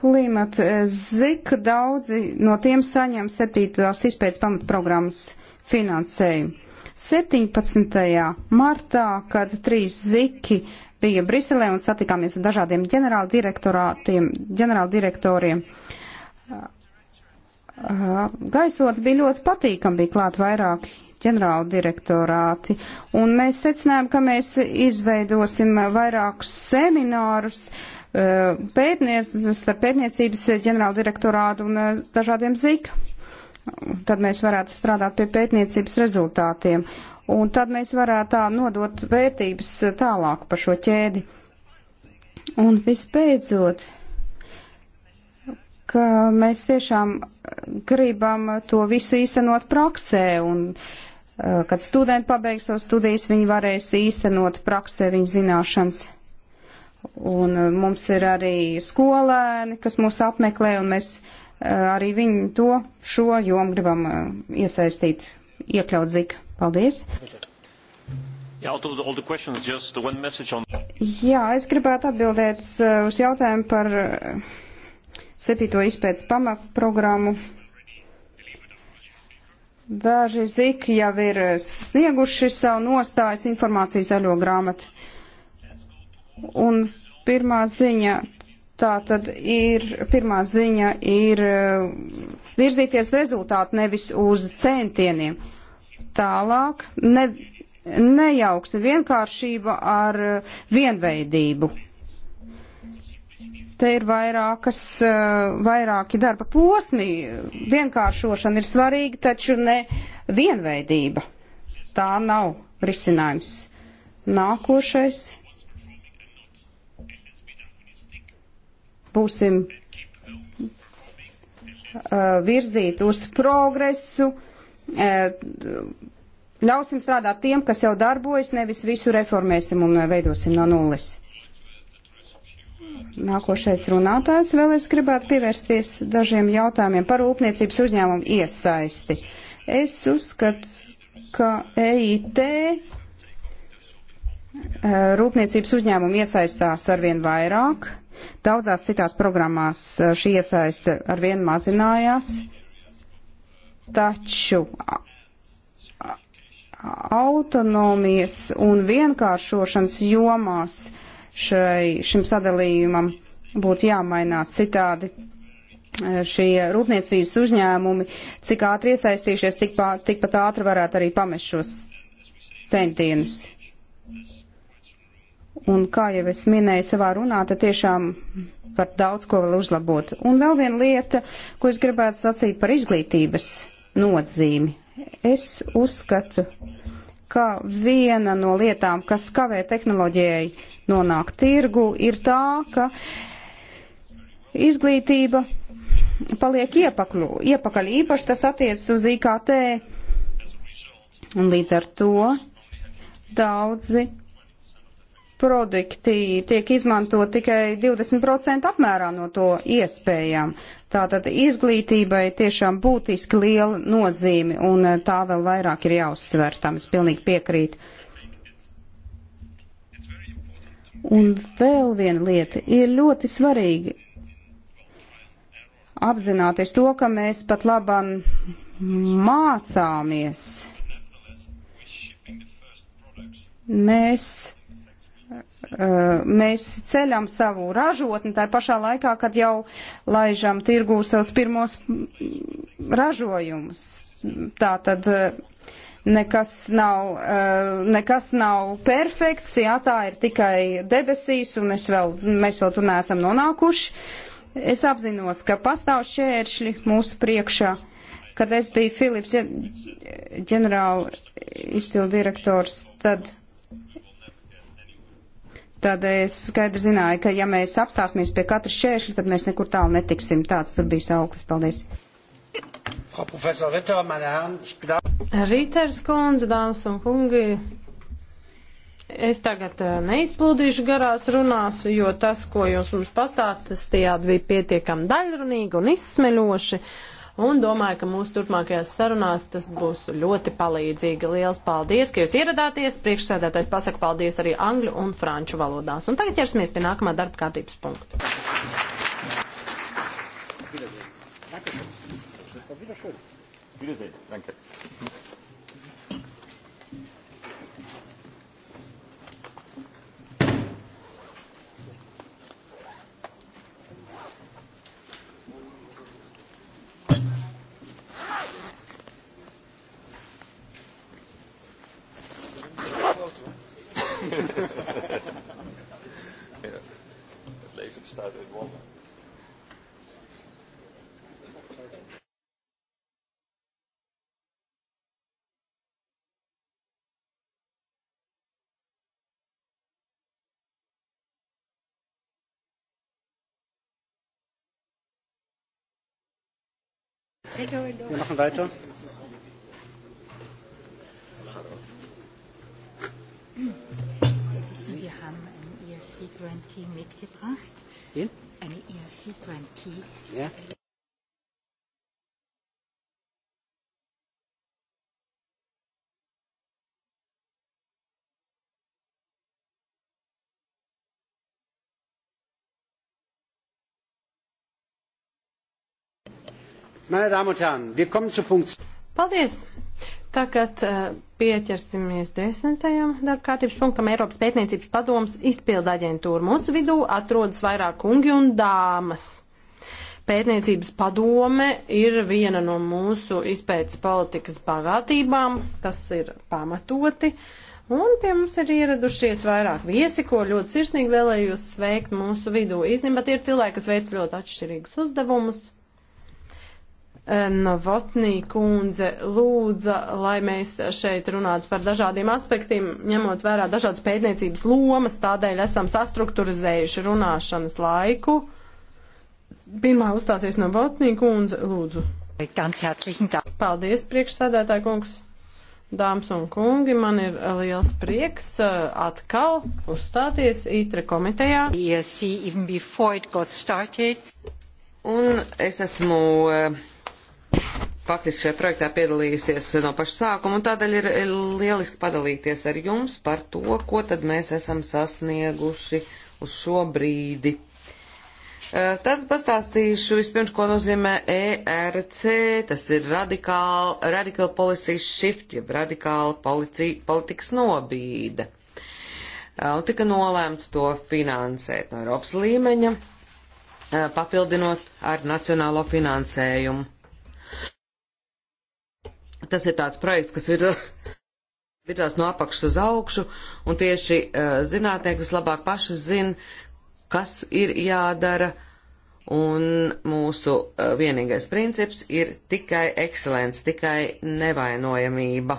klimatu, cik daudzi no tiem saņem 7. izpētes pamatprogrammas finansējumu. 17. martā, kad trīs ziki bija Briselē un satikāmies ar dažādiem ģenerāldirektoriem, gaisot bija ļoti patīkami, bija klāt vairāki ģenerāla direktorāti. Un mēs secinājām, ka mēs izveidosim vairākus seminārus, uh, pētniec, starp pētniecības ģenerāla direktorātu un eh, dažādiem zik. Tad mēs varētu strādāt pie pētniecības rezultātiem. Un tad mēs varētu tā nodot vērtības tālāk par šo ķēdi. Un visbeidzot, ka mēs tiešām gribam to visu īstenot praksē un kad studenti pabeigs savu studijas, viņi varēs īstenot praksē viņu zināšanas. Un eh, mums ir arī skolēni, kas mūs apmeklē, un mēs eh, arī viņu to šo jomu gribam eh, iesaistīt, iekļaut zika. Paldies!
Jā,
es gribētu atbildēt uz jautājumu par septīto izpētes pamatprogrammu. Daži ziki jau ir snieguši savu nostājas informāciju zaļo grāmatu. Un pirmā ziņa, tā tad ir, pirmā ziņa ir uh, virzīties rezultātu nevis uz centieniem. Tālāk ne, nejauks vienkāršība ar uh, vienveidību. Te ir vairākas, uh, vairāki darba posmi. Vienkāršošana ir svarīga, taču ne vienveidība. Tā nav risinājums. Nākošais būsim uh, virzīt uz progresu, uh, ļausim strādāt tiem, kas jau darbojas, nevis visu reformēsim un uh, veidosim no nulles. Nākošais runātājs vēl es gribētu pievērsties dažiem jautājumiem par rūpniecības uzņēmumu iesaisti. Es uzskatu, ka EIT rūpniecības uzņēmumu iesaistās arvien vairāk Daudzās citās programmās eh, šī iesaiste arvien mazinājās, taču autonomijas un vienkāršošanas jomās šai, šim sadalījumam būtu jāmainās citādi. Eh, šie rūpniecības uzņēmumi, cik ātri iesaistījušies, tikpat tik ātri varētu arī pamest šos centienus. Un kā jau es minēju savā runā, tad tiešām var daudz ko vēl uzlabot. Un vēl viena lieta, ko es gribētu sacīt par izglītības nozīmi. Es uzskatu, ka viena no lietām, kas kavē tehnoloģijai nonākt tirgu, ir tā, ka izglītība paliek iepakļu, iepakaļ. Īpaši tas attiecas uz IKT. Un līdz ar to daudzi produkti tiek izmantot tikai 20% apmērā no to iespējām. Tātad izglītībai tiešām būtiski liela nozīme, un eh, tā vēl vairāk ir jāuzsver, tam es pilnīgi piekrītu. Un vēl viena lieta ir ļoti svarīgi apzināties to, ka mēs pat labam mācāmies. Mēs mēs ceļam savu ražotni, tā pašā laikā, kad jau laižam tirgū savus pirmos ražojumus. Tā tad eh, nekas nav, eh, nekas nav perfekts, jā, tā ir tikai debesīs, un vēl, mēs vēl tur neesam nonākuši. Es apzinos, ka pastāv šķēršļi mūsu priekšā. Kad es biju Filips ģenerāla izpildirektors, tad tad es skaidri zināju, ka ja mēs apstāsimies pie katra šķēršļa, tad mēs nekur tālu netiksim. Tāds tur bija sauklis. Paldies! Rīters kundze, dāmas un kungi, Es tagad eh,
neizplūdīšu garās runās, jo tas, ko jūs mums pastāstījāt, bija pietiekami daļrunīgi un izsmeļoši. Uh, un domāju, ka mūsu turpmākajās sarunās tas būs ļoti palīdzīgi. Liels paldies, ka jūs ieradāties. Priekšsēdētājs pasaka paldies arī angļu un franču valodās. Un tagad ķersimies pie nākamā darba kārtības punkta.
Wiedersehen. Danke.
ja. Het leven bestaat uit wonderen. Wir machen weiter. ERC20 mitgebracht. Wen? Eine ERC20. Ja.
Meine Damen und Herren, wir kommen zu Punkt
Paldies!
Tagad uh, pieķersimies desmitajam darbkārtības punktam Eiropas pētniecības padomas izpilda aģentūra. Mūsu vidū atrodas vairāk kungi un dāmas. Pētniecības padome ir viena no mūsu izpētes politikas bagātībām, tas ir pamatoti. Un pie mums ir ieradušies vairāk viesi, ko ļoti sirsnīgi vēlējos sveikt mūsu vidū. Īstenībā tie ir cilvēki, kas veic ļoti atšķirīgus uzdevumus. Novotnī kundze lūdza, lai mēs šeit runātu par dažādiem aspektiem, ņemot vērā dažādas pētniecības lomas, tādēļ esam sastruktūrizējuši runāšanas laiku. Pirmā uzstāsies Novotnī kundze, lūdzu. Paldies, priekšsēdētāji kungs. Dāmas un kungi, man ir liels prieks uh, atkal uzstāties ITRE komitejā.
Un es esmu uh, faktiski šajā projektā piedalījusies no paša sākuma, un tādēļ ir lieliski padalīties ar jums par to, ko tad mēs esam sasnieguši uz šo brīdi. E, tad pastāstīšu vispirms, ko nozīmē ERC, tas ir radikāla, radical policy shift, jeb radikāla policija, politikas nobīde. E, un tika nolēmts to finansēt no Eiropas līmeņa, e, papildinot ar nacionālo finansējumu tas ir tāds projekts, kas ir virzās no apakšas uz augšu, un tieši uh, zinātnieki vislabāk paši zina, kas ir jādara, un mūsu uh, vienīgais princips ir tikai ekscelence, tikai nevainojamība.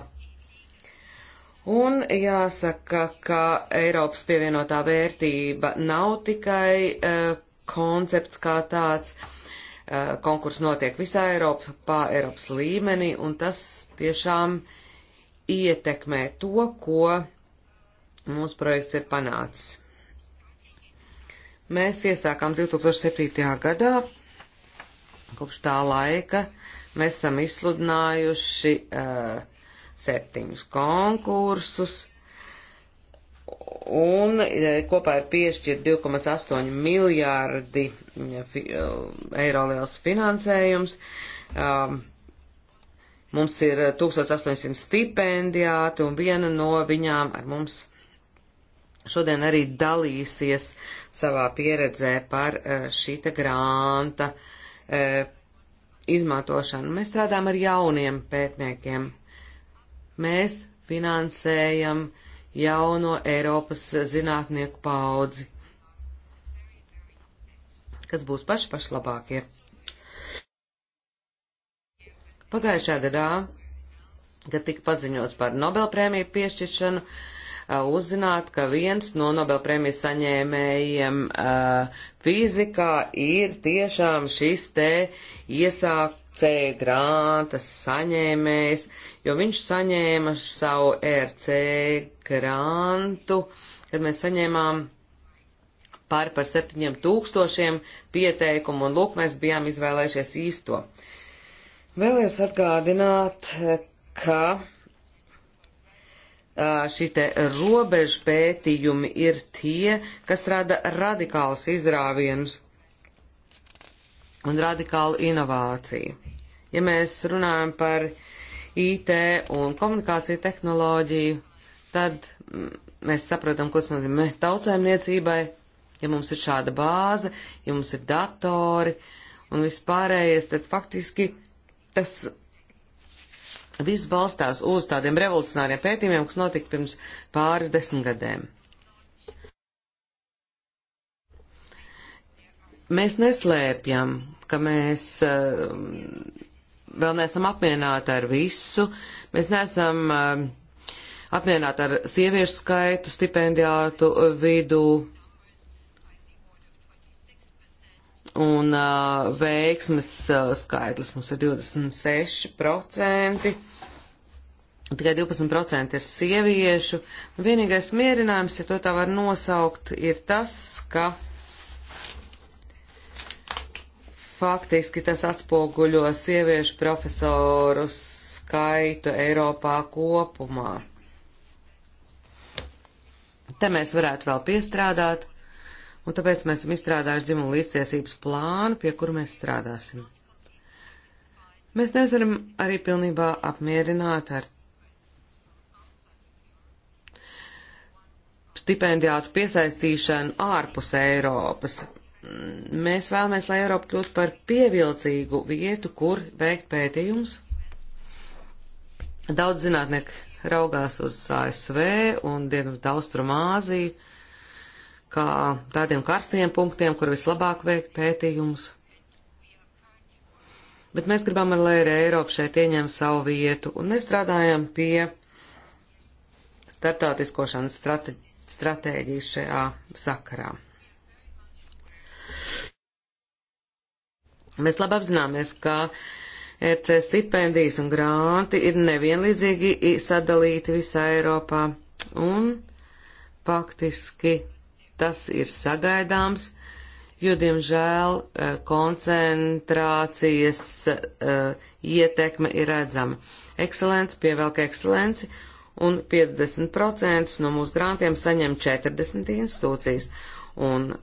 Un jāsaka, ka Eiropas pievienotā vērtība nav tikai uh, koncepts kā tāds, uh, Eh, konkurss notiek visā Eiropā, Eiropas līmenī, un tas tiešām ietekmē to, ko mūsu projekts ir panācis. Mēs iesākām 2007. gadā, kopš tā laika mēs esam izsludinājuši uh, septiņus konkursus, un e, kopā ir piešķirt 2,8 miljārdi e, eiro liels finansējums. Um, mums ir 1800 e, stipendijāti un viena no viņām ar mums šodien arī dalīsies savā pieredzē par šīta grānta izmantošanu. Mēs strādājam ar jauniem pētniekiem. Mēs finansējam uh, jauno Eiropas zinātnieku paudzi, kas būs paši pašlabākie. Pagājušā gadā, kad tika paziņots par Nobelprēmiju piešķiršanu, uzzināt, ka viens no Nobelprēmijas saņēmējiem fizikā ir tiešām šis te iesāk C grāta saņēmējs, jo viņš saņēma savu RC grantu, kad mēs saņēmām pāri par septiņiem tūkstošiem pieteikumu, un lūk, mēs bijām izvēlējušies īsto. Vēlējos atgādināt, ka šī te robežu pētījumi ir tie, kas rada radikālus izrāvienus un radikālu inovāciju. Ja mēs runājam par IT un komunikāciju tehnoloģiju, tad mm, mēs saprotam, ko tas nozīmē tautsēmniecībai, ja mums ir šāda bāze, ja mums ir datori un vispārējais, tad faktiski tas viss balstās uz tādiem revolucionāriem pētījumiem, kas notika pirms pāris desmitgadēm. Mēs neslēpjam, ka mēs uh, vēl neesam apmierināti ar visu. Mēs neesam um, apmierināti ar sieviešu skaitu stipendiātu vidū. Un uh, veiksmes uh, skaitlis mums ir 26%, tikai 12% ir sieviešu. Un vienīgais mierinājums, ja to tā var nosaukt, ir tas, ka uh, faktiski tas atspoguļo sieviešu profesoru skaitu Eiropā kopumā. Te mēs varētu vēl piestrādāt, un tāpēc mēs esam izstrādājuši dzimumu līdztiesības plānu, pie kura mēs strādāsim. Mēs nevaram arī pilnībā apmierināt ar stipendijātu piesaistīšanu ārpus Eiropas. Mēs vēlamies, lai Eiropa kļūst par pievilcīgu vietu, kur veikt pētījumus. Daudz zinātnieku raugās uz ASV un Dienvidu Austrumu Āziju kā tādiem karstiem punktiem, kur vislabāk veikt pētījumus. Bet mēs gribam, lai arī Eiropa šeit ieņem savu vietu, un mēs strādājam pie startautiskošanas stratēģijas šajā sakarā. Mēs labi apzināmies, ka EC stipendijas un grānti ir nevienlīdzīgi sadalīti visā Eiropā, un faktiski tas ir sagaidāms, jo, diemžēl, e, koncentrācijas e, ietekme ir redzama. Ekscelents pievelk ekscelenci, un 50% no mūsu grāntiem saņem 40 institūcijas, un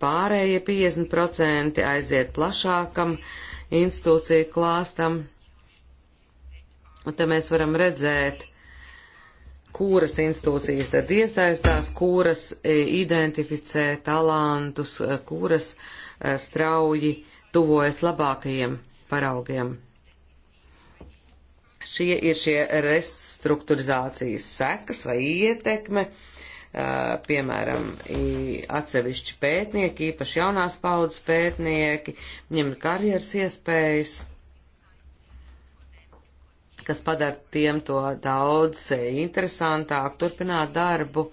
pārējie 50% aiziet plašākam institūciju klāstam. Un te mēs varam redzēt, kuras institūcijas tad iesaistās, kuras e, identificē talantus, e, kuras e, strauji tuvojas labākajiem paraugiem. Šie ir šie restruktūrizācijas sekas vai ietekme. Uh, piemēram, atsevišķi pētnieki, īpaši jaunās paudzes pētnieki, viņiem ir karjeras iespējas, kas padara tiem to daudz e, interesantāk turpināt darbu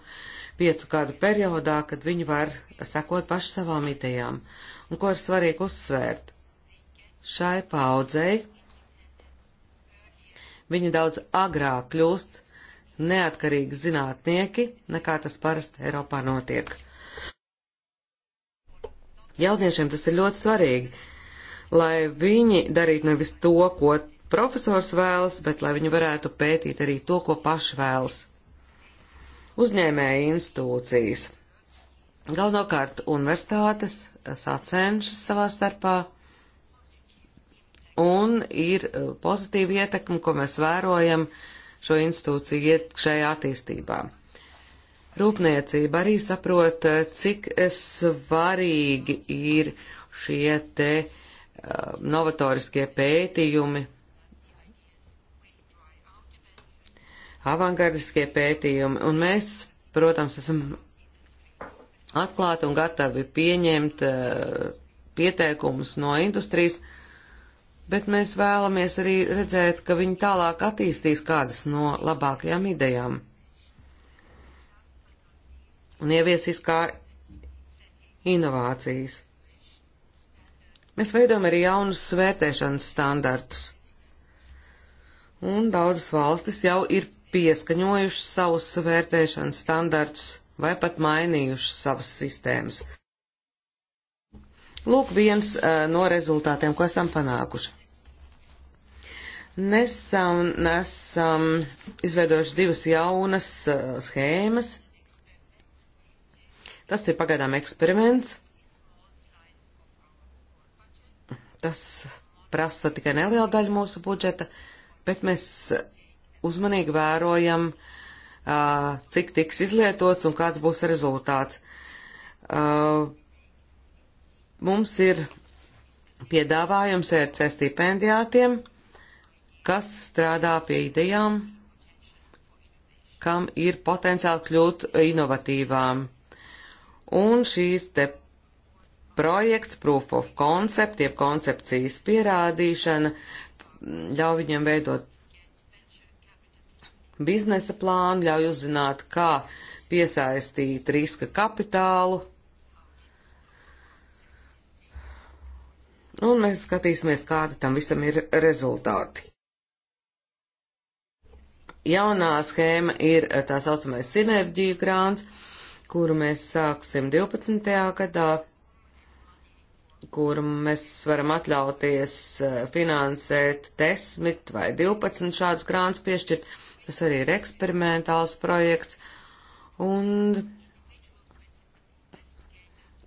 piecu gadu periodā, kad viņi var sekot paši savām idejām. Un ko ir svarīgi uzsvērt? Šai paudzei viņi daudz agrāk kļūst neatkarīgi zinātnieki, nekā tas parasti Eiropā notiek. Jauniešiem tas ir ļoti svarīgi, lai viņi darītu nevis to, ko profesors vēlas, bet lai viņi varētu pētīt arī to, ko paši vēlas. Uzņēmēja institūcijas. Galvenokārt universitātes sacenšas savā starpā un ir eh, pozitīva ietekme, ko mēs vērojam uh, šo institūciju iekšējā attīstībā. Rūpniecība arī saprot, eh, cik svarīgi ir šie te uh, novatoriskie pētījumi, avangardiskie pētījumi, un mēs, protams, esam atklāti un gatavi pieņemt uh, pieteikumus no industrijas, uh, bet mēs vēlamies arī redzēt, ka viņi tālāk attīstīs kādas no labākajām idejām un ieviesīs kā inovācijas. Mēs veidojam arī jaunus svērtēšanas standartus, un daudzas valstis jau ir pieskaņojušas savus svērtēšanas standartus vai pat mainījušas savas sistēmas. Lūk viens no rezultātiem, ko esam panākuši. Nesam, nesam izveidojuši divas jaunas schēmas. Tas ir pagaidām eksperiments. Tas prasa tikai nelielu daļu mūsu budžeta, bet mēs uzmanīgi vērojam, cik tiks izlietots un kāds būs rezultāts mums ir piedāvājums ERC stipendijātiem, kas strādā pie idejām, kam ir potenciāli kļūt inovatīvām. Un šīs te projekts Proof of Concept, jeb koncepcijas pierādīšana, ļauj viņiem veidot biznesa plānu, ļauj uzzināt, kā piesaistīt riska kapitālu un mēs skatīsimies, kādi tam visam ir rezultāti. Jaunā schēma ir tā saucamais sinerģiju grāns, kuru mēs sāksim 12. gadā, kuru mēs varam atļauties eh, finansēt 10 vai 12 šādus grāns piešķirt. Tas arī ir eksperimentāls projekts. Un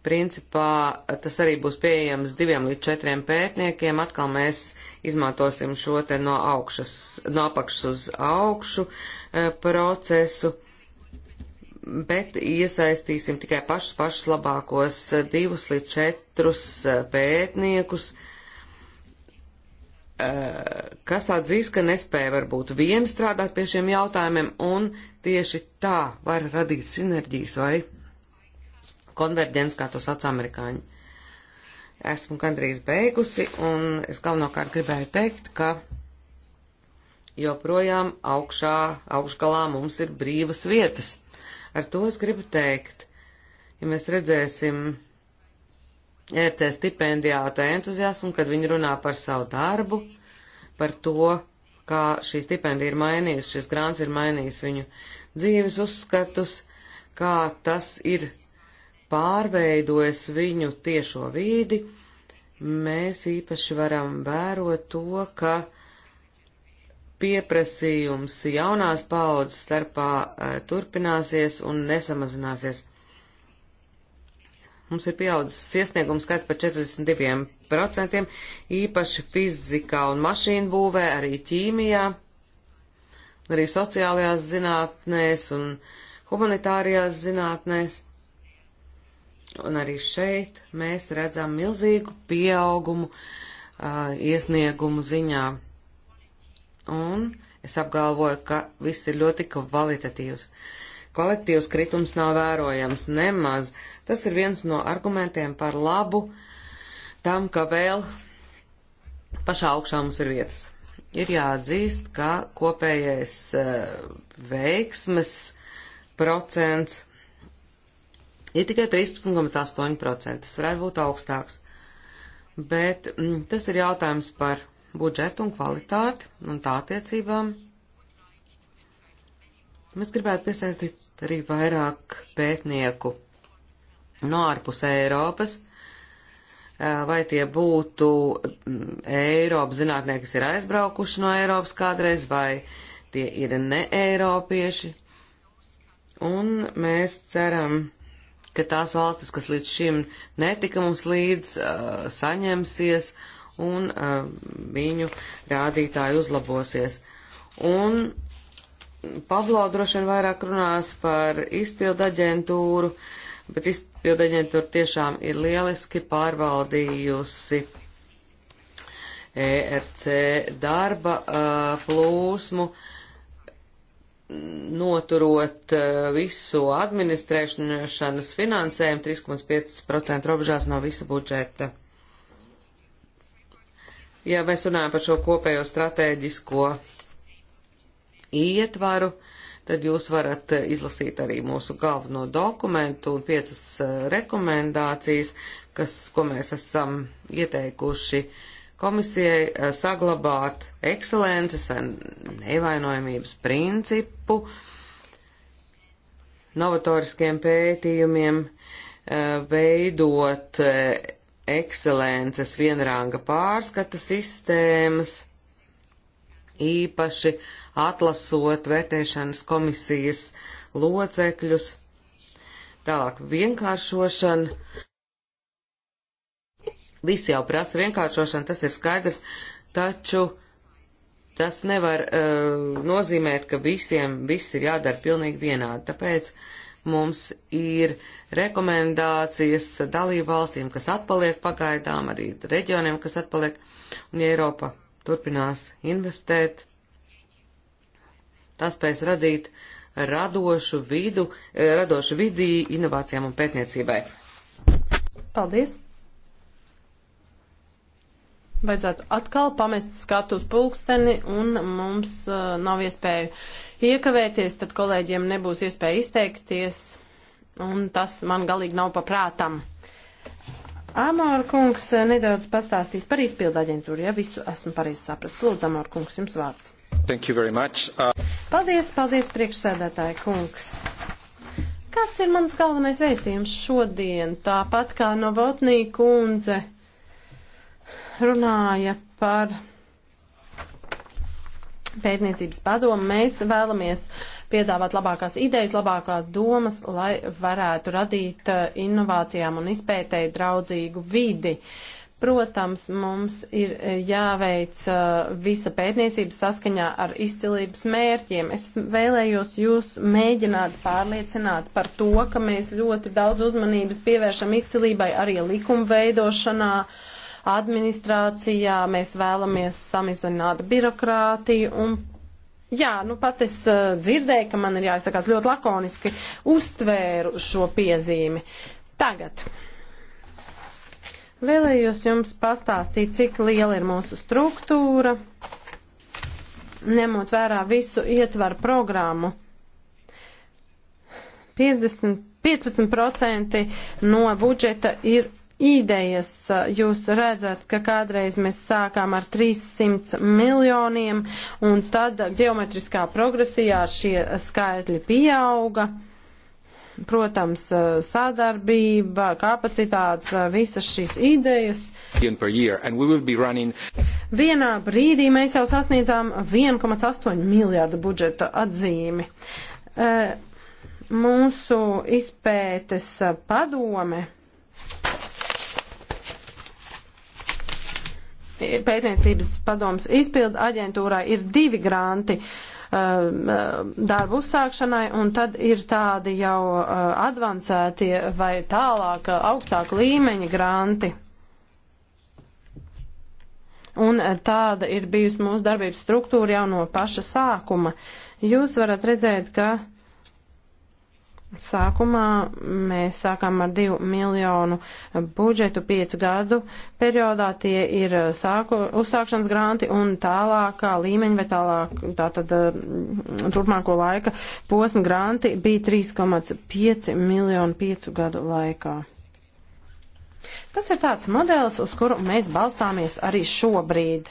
Principā eh, tas arī būs pieejams diviem līdz četriem pētniekiem. Atkal mēs izmantosim šo te no, augšas, no apakšas uz augšu eh, procesu, bet iesaistīsim tikai pašus pašus labākos eh, divus līdz četrus pētniekus kas atzīst, ka nespēja varbūt vien strādāt pie šiem jautājumiem, un tieši tā var radīt sinerģijas vai konverģents, kā to sauc amerikāņi. Esmu gandrīz beigusi, un es galvenokārt gribēju teikt, ka joprojām augšā, augšgalā mums ir brīvas vietas. Ar to es gribu teikt, ja mēs redzēsim RT stipendijāta entuziasmu, kad viņi runā par savu darbu, par to, kā šī stipendija ir mainījusi, šis grāns ir mainījis viņu dzīves uzskatus, kā tas ir pārveidojas viņu tiešo vīdi, mēs īpaši varam vērot to, ka pieprasījums jaunās paaudzes starpā e, turpināsies un nesamazināsies. Mums ir pieaudzis iesniegums skaits par 42%, īpaši fizikā un mašīnu būvē, arī ķīmijā, arī sociālajās zinātnēs un humanitārajās zinātnēs. Un arī šeit mēs redzam milzīgu pieaugumu uh, iesniegumu ziņā. Un es apgalvoju, ka viss ir ļoti kvalitatīvs. Kolektīvs kritums nav vērojams nemaz. Tas ir viens no argumentiem par labu tam, ka vēl pašā augšā mums ir vietas. Ir jāatzīst, ka kopējais uh, veiksmes procents ir tikai 13,8%. Tas varētu būt augstāks. Bet mm, tas ir jautājums par budžetu un kvalitāti un tā attiecībām. Mēs gribētu piesaistīt arī vairāk pētnieku no ārpus Eiropas, vai tie būtu mm, Eiropas zinātnieki, kas ir aizbraukuši no Eiropas kādreiz, vai tie ir ne Eiropieši. Un mēs ceram, ka tās valstis, kas līdz šim netika mums līdz, uh, saņemsies un uh, viņu rādītāji uzlabosies. Un Pablo droši vien vairāk runās par izpildu aģentūru, bet izpildu aģentūra tiešām ir lieliski pārvaldījusi ERC darba uh, plūsmu. Uh, noturot eh, visu administrēšanas finansējumu 3,5% robežās no visa budžeta. Ja mēs runājam par šo kopējo stratēģisko ietvaru, tad jūs varat izlasīt arī mūsu galveno dokumentu un piecas eh, rekomendācijas, kas, ko mēs esam ieteikuši uh, komisijai eh, saglabāt ekscelences un nevainojamības principu novatoriskiem pētījumiem, eh, veidot eh, ekscelences vienranga pārskata sistēmas, īpaši atlasot vērtēšanas komisijas locekļus, tālāk vienkāršošana. Visi jau prasa vienkāršošanu, tas ir skaidrs, taču tas nevar uh, nozīmēt, ka visiem viss ir jādara pilnīgi vienādi. Tāpēc mums ir rekomendācijas dalību valstīm, kas atpaliek pagaidām, arī reģioniem, kas atpaliek, un ja Eiropa turpinās investēt, tas spēs radīt radošu vidu, eh, radošu vidī inovācijām un pētniecībai. Paldies!
vajadzētu atkal pamest skatu uz pulksteni un mums uh, nav iespēju iekavēties, tad kolēģiem nebūs iespēja izteikties un tas man galīgi nav paprātam. Amor kungs uh, nedaudz pastāstīs par izpildu aģentūru, ja visu esmu pareizi sapratis. Lūdzu, Amor kungs, jums vārds.
Thank you very much. Uh...
Paldies, paldies, priekšsēdētāji kungs. Kāds ir mans galvenais vēstījums šodien? Tāpat kā Novotnī kundze. Uh, runāja par pētniecības padomu. Mēs vēlamies piedāvāt labākās idejas, labākās domas, lai varētu radīt eh, inovācijām un izpētēji draudzīgu vidi. Protams, mums ir eh, jāveic eh, visa pētniecība saskaņā ar izcilības mērķiem. Es vēlējos jūs mēģināt pārliecināt par to, ka mēs ļoti daudz uzmanības pievēršam izcilībai arī likumveidošanā. veidošanā administrācijā, mēs vēlamies samazināt birokrātiju un Jā, nu pat es uh, dzirdēju, ka man ir jāizsakās ļoti lakoniski uztvēru šo piezīmi. Tagad vēlējos jums pastāstīt, cik liela ir mūsu struktūra, ņemot vērā visu ietvaru programmu. 50, 15% no budžeta ir idejas. Jūs redzat, ka kādreiz mēs sākām ar 300 miljoniem, un tad geometriskā progresijā šie skaitļi pieauga protams, sadarbība, kapacitātes, visas šīs idejas. Vienā brīdī mēs jau sasniedzām 1,8 miljārdu budžeta atzīmi. Eh, mūsu izpētes padome pētniecības padomas izpildu aģentūrai ir divi granti uh, uh, darbu uzsākšanai, un tad ir tādi jau uh, advancētie vai tālāk augstāka līmeņa granti. Un tāda ir bijusi mūsu darbības struktūra jau no paša sākuma. Jūs varat redzēt, ka uh, Sākumā mēs sākām ar 2 miljonu budžetu piecu gadu periodā. Tie ir sāku, uzsākšanas granti un tālākā līmeņa vai tālāk, tātad mm, turpmāko laika posmu granti bija 3,5 miljonu piecu gadu laikā. Tas ir tāds modelis, uz kuru mēs balstāmies arī šobrīd.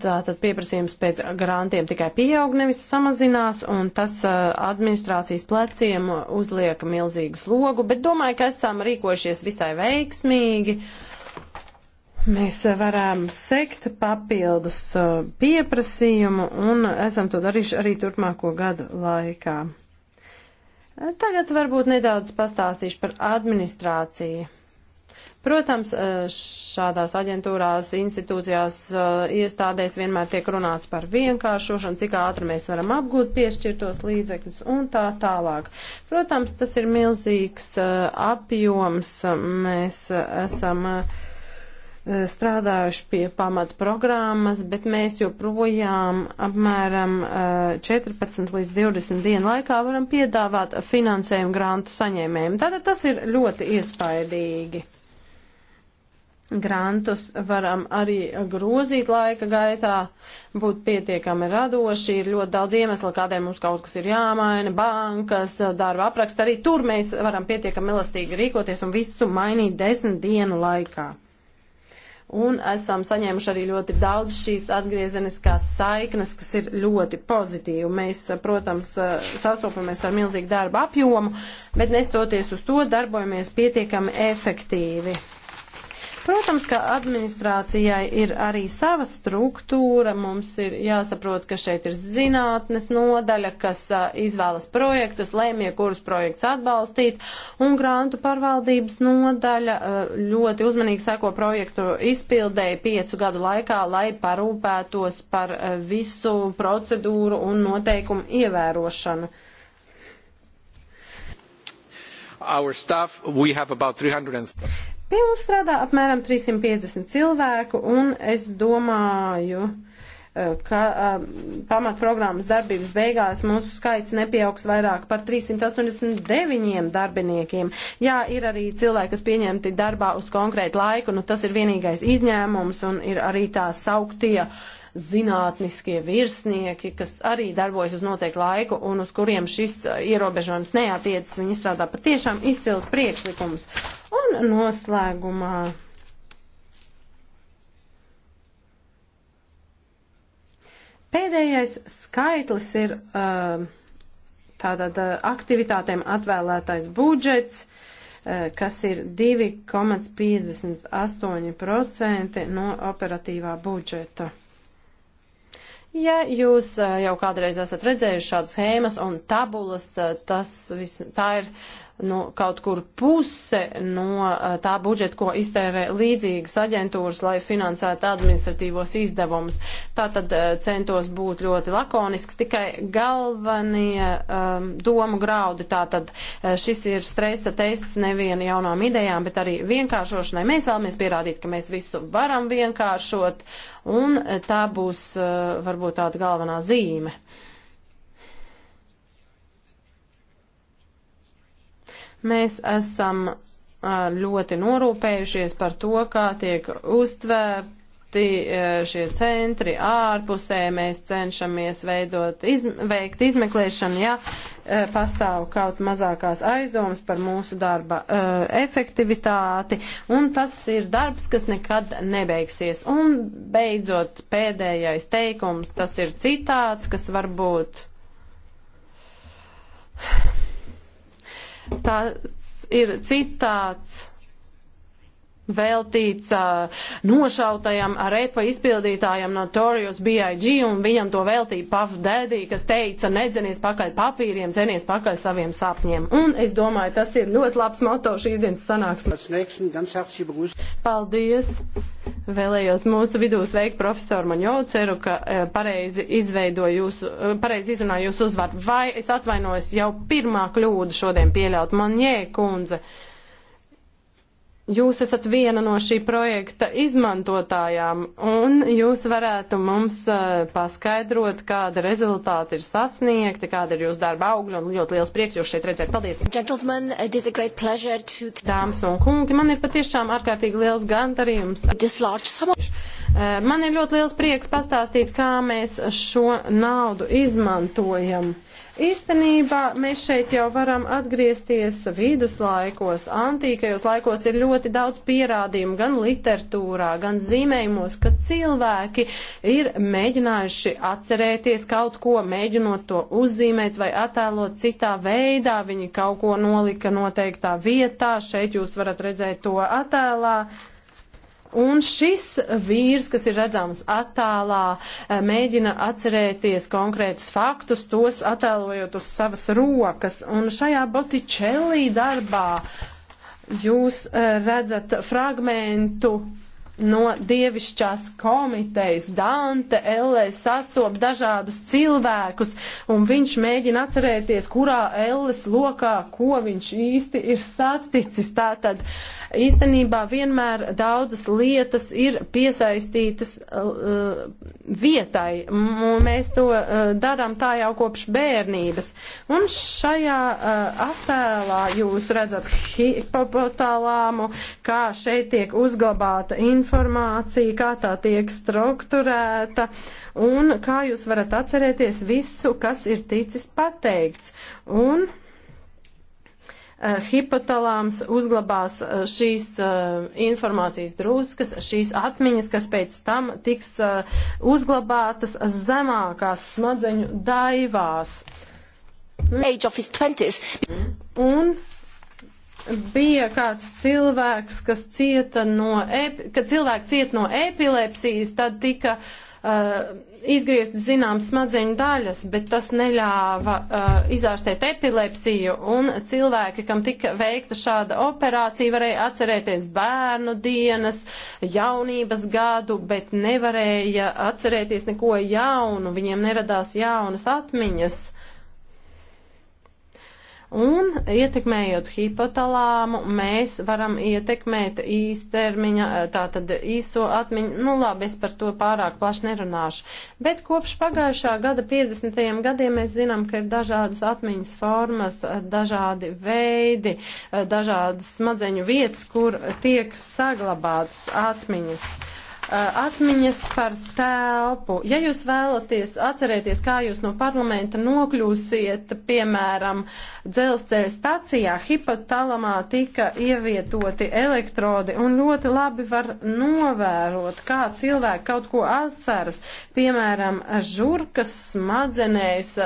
Tātad pieprasījums pēc grantiem tikai pieaug, nevis samazinās, un tas administrācijas pleciem uzliek milzīgu slogu, bet domāju, ka esam rīkojušies visai veiksmīgi. Mēs varam sekt papildus pieprasījumu un esam to darījuši arī turpmāko gadu laikā. Tagad varbūt nedaudz pastāstīšu par administrāciju. Protams, eh, šādās aģentūrās, institūcijās, eh, iestādēs vienmēr tiek runāts par vienkāršošanu, cik ātri mēs varam apgūt piešķirtos līdzekļus un tā tālāk. Protams, tas ir milzīgs eh, apjoms. Mēs esam strādājuši pie pamata programmas, bet mēs joprojām apmēram 14 līdz 20 dienu laikā varam piedāvāt finansējumu grantu saņēmējiem. Tātad tas ir ļoti iespaidīgi. Grantus varam arī grozīt laika gaitā, būt pietiekami radoši, ir ļoti daudz iemeslu, kādēļ mums kaut kas ir jāmaina, bankas, darba apraksts, arī tur mēs varam pietiekami elastīgi rīkoties un visu mainīt desmit dienu laikā un esam saņēmuši arī ļoti daudz šīs atgriezeniskās saiknes, kas ir ļoti pozitīvi. Mēs, protams, sastopamies ar milzīgu darba apjomu, bet nestoties uz to, darbojamies pietiekami efektīvi. Protams, ka administrācijai ir arī sava struktūra, mums ir jāsaprot, ka šeit ir zinātnes nodaļa, kas uh, izvēlas projektus, lēmie, kurus projekts atbalstīt, un grantu pārvaldības nodaļa uh, ļoti uzmanīgi seko projektu izpildēji piecu gadu laikā, lai parūpētos par uh, visu procedūru un noteikumu ievērošanu
our staff we have about 300 and
Pie mums strādā apmēram 350 cilvēku, un es domāju, eh, ka eh, pamatprogrammas darbības beigās mūsu skaits nepieaugs vairāk par 389 darbiniekiem. Jā, ir arī cilvēki, kas pieņemti darbā uz konkrētu laiku, nu tas ir vienīgais izņēmums, un ir arī tā sauktie. Uh, zinātniskie virsnieki, kas arī darbojas uz noteiktu laiku un uz kuriem šis uh, ierobežojums neatiecas. Viņi strādā patiešām izcils priekšlikums. Un noslēgumā. Pēdējais skaitlis ir uh, tātad uh, aktivitātēm atvēlētais budžets, uh, kas ir 2,58% no operatīvā budžeta. Ja jūs eh, jau kādreiz esat redzējuši šādas schēmas un tabulas, eh, tas vis, tā ir nu, kaut kur puse no tā budžeta, ko iztērē līdzīgas aģentūras, lai finansētu administratīvos izdevumus. Tātad centos būt ļoti lakonisks, tikai galvenie um, domu graudi. Tātad šis ir stresa tests neviena jaunām idejām, bet arī vienkāršošanai. Mēs vēlamies pierādīt, ka mēs visu varam vienkāršot, un tā būs uh, varbūt tāda galvenā zīme. Uh, Mēs esam ļoti norūpējušies par to, kā tiek uztvērt citi šie centri ārpusē, mēs cenšamies veidot, izm veikt izmeklēšanu, ja pastāv kaut mazākās aizdomas par mūsu darba uh, efektivitāti, un tas ir darbs, kas nekad nebeigsies. Un beidzot pēdējais teikums, tas ir citāts, kas varbūt Tas ir citāts veltīts uh, nošautajam repa izpildītājam Notorious B.I.G. un viņam to veltīja Puff Daddy, kas teica, nedzenies pakaļ papīriem, dzenies pakaļ saviem sapņiem. Un es domāju, tas ir ļoti labs moto šīs dienas sanāksmes. Paldies! Vēlējos mūsu vidū sveikt profesoru Maņo, ceru, ka uh, pareizi izveidoju jūsu, uh, pareizi izrunāju jūsu uzvaru. Vai es atvainojos jau pirmā kļūda šodien pieļaut Maņē kundze? jūs esat viena no šī projekta izmantotājām, un jūs varētu mums uh, paskaidrot, kāda rezultāti ir sasniegti, kāda ir jūsu darba augļa, un ļoti liels prieks jūs šeit redzēt. Paldies! To... Dāmas un kungi, man ir patiešām ārkārtīgi liels gandarījums. Uh, man ir ļoti liels prieks pastāstīt, kā mēs šo naudu izmantojam. Īstenībā mēs šeit jau varam atgriezties viduslaikos, antīkajos laikos ir ļoti daudz pierādījumu gan literatūrā, gan zīmējumos, ka cilvēki ir mēģinājuši atcerēties kaut ko, mēģinot to uzzīmēt vai attēlot citā veidā. Viņi kaut ko nolika noteiktā vietā, šeit jūs varat redzēt to attēlā. Un šis vīrs, kas ir redzams attālā, eh, mēģina atcerēties konkrētus faktus, tos attēlojot uz savas rokas. Un šajā Botičellī darbā jūs eh, redzat fragmentu no dievišķās komitejas. Dante Ellē sastop dažādus cilvēkus, un viņš mēģina atcerēties, kurā Elles lokā, ko viņš īsti ir saticis. Tātad, uh, Īstenībā vienmēr daudzas lietas ir piesaistītas uh, uh, vietai. M mēs to uh, darām tā jau kopš bērnības. Un šajā uh, attēlā jūs redzat hipopotālāmu, kā šeit tiek uzglabāta informācija, kā tā tiek strukturēta un kā jūs varat atcerēties visu, kas ir ticis pateikts. Un Eh, hipotalāms uzglabās eh, šīs eh, informācijas druskas, šīs atmiņas, kas pēc tam tiks uzglabātas zemākās smadzeņu daivās. Age of his 20s. Un bija kāds cilvēks, kas cieta no, ka cilvēki cieta no epilepsijas, tad tika uh, uh, izgriezt zināmas smadzeņu daļas, bet tas neļāva uh, izārstēt epilepsiju, un cilvēki, kam tika veikta šāda operācija, varēja atcerēties bērnu dienas, jaunības gadu, bet nevarēja atcerēties neko jaunu, viņiem neradās jaunas atmiņas. Uh, Un ietekmējot hipotalāmu, mēs varam ietekmēt īstermiņa, eh, tātad īso atmiņu. Nu labi, es par to pārāk plaši nerunāšu. Bet kopš pagājušā gada 50. gadiem mēs zinām, ka ir dažādas atmiņas formas, eh, dažādi veidi, eh, dažādas smadzeņu vietas, kur tiek saglabātas atmiņas atmiņas par telpu. Ja jūs vēlaties atcerēties, kā jūs no parlamenta nokļūsiet, piemēram, dzelzceļa stacijā, hipotalamā tika ievietoti elektrodi un ļoti labi var novērot, kā cilvēki kaut ko atceras. Piemēram, žurkas smadzenēs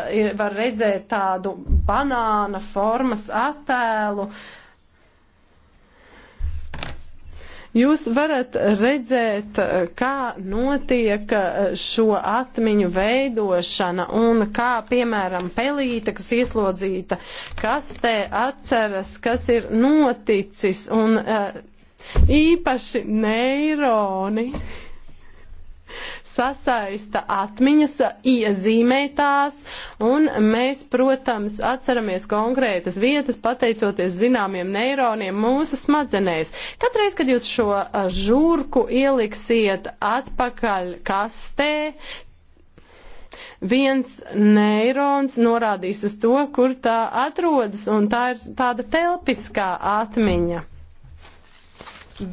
var redzēt tādu banāna formas attēlu. Uh, Jūs varat redzēt, kā notiek eh, šo atmiņu veidošana un kā, piemēram, pelīte, kas ieslodzīta, kas te atceras, kas ir noticis un eh, īpaši neironi sasaista atmiņas, iezīmē tās, un mēs, protams, atceramies konkrētas vietas, pateicoties zināmiem neironiem mūsu smadzenēs. Katreiz, kad jūs šo žurku ieliksiet atpakaļ kastē, viens neirons norādīs uz to, kur tā atrodas, un tā ir tāda telpiskā atmiņa.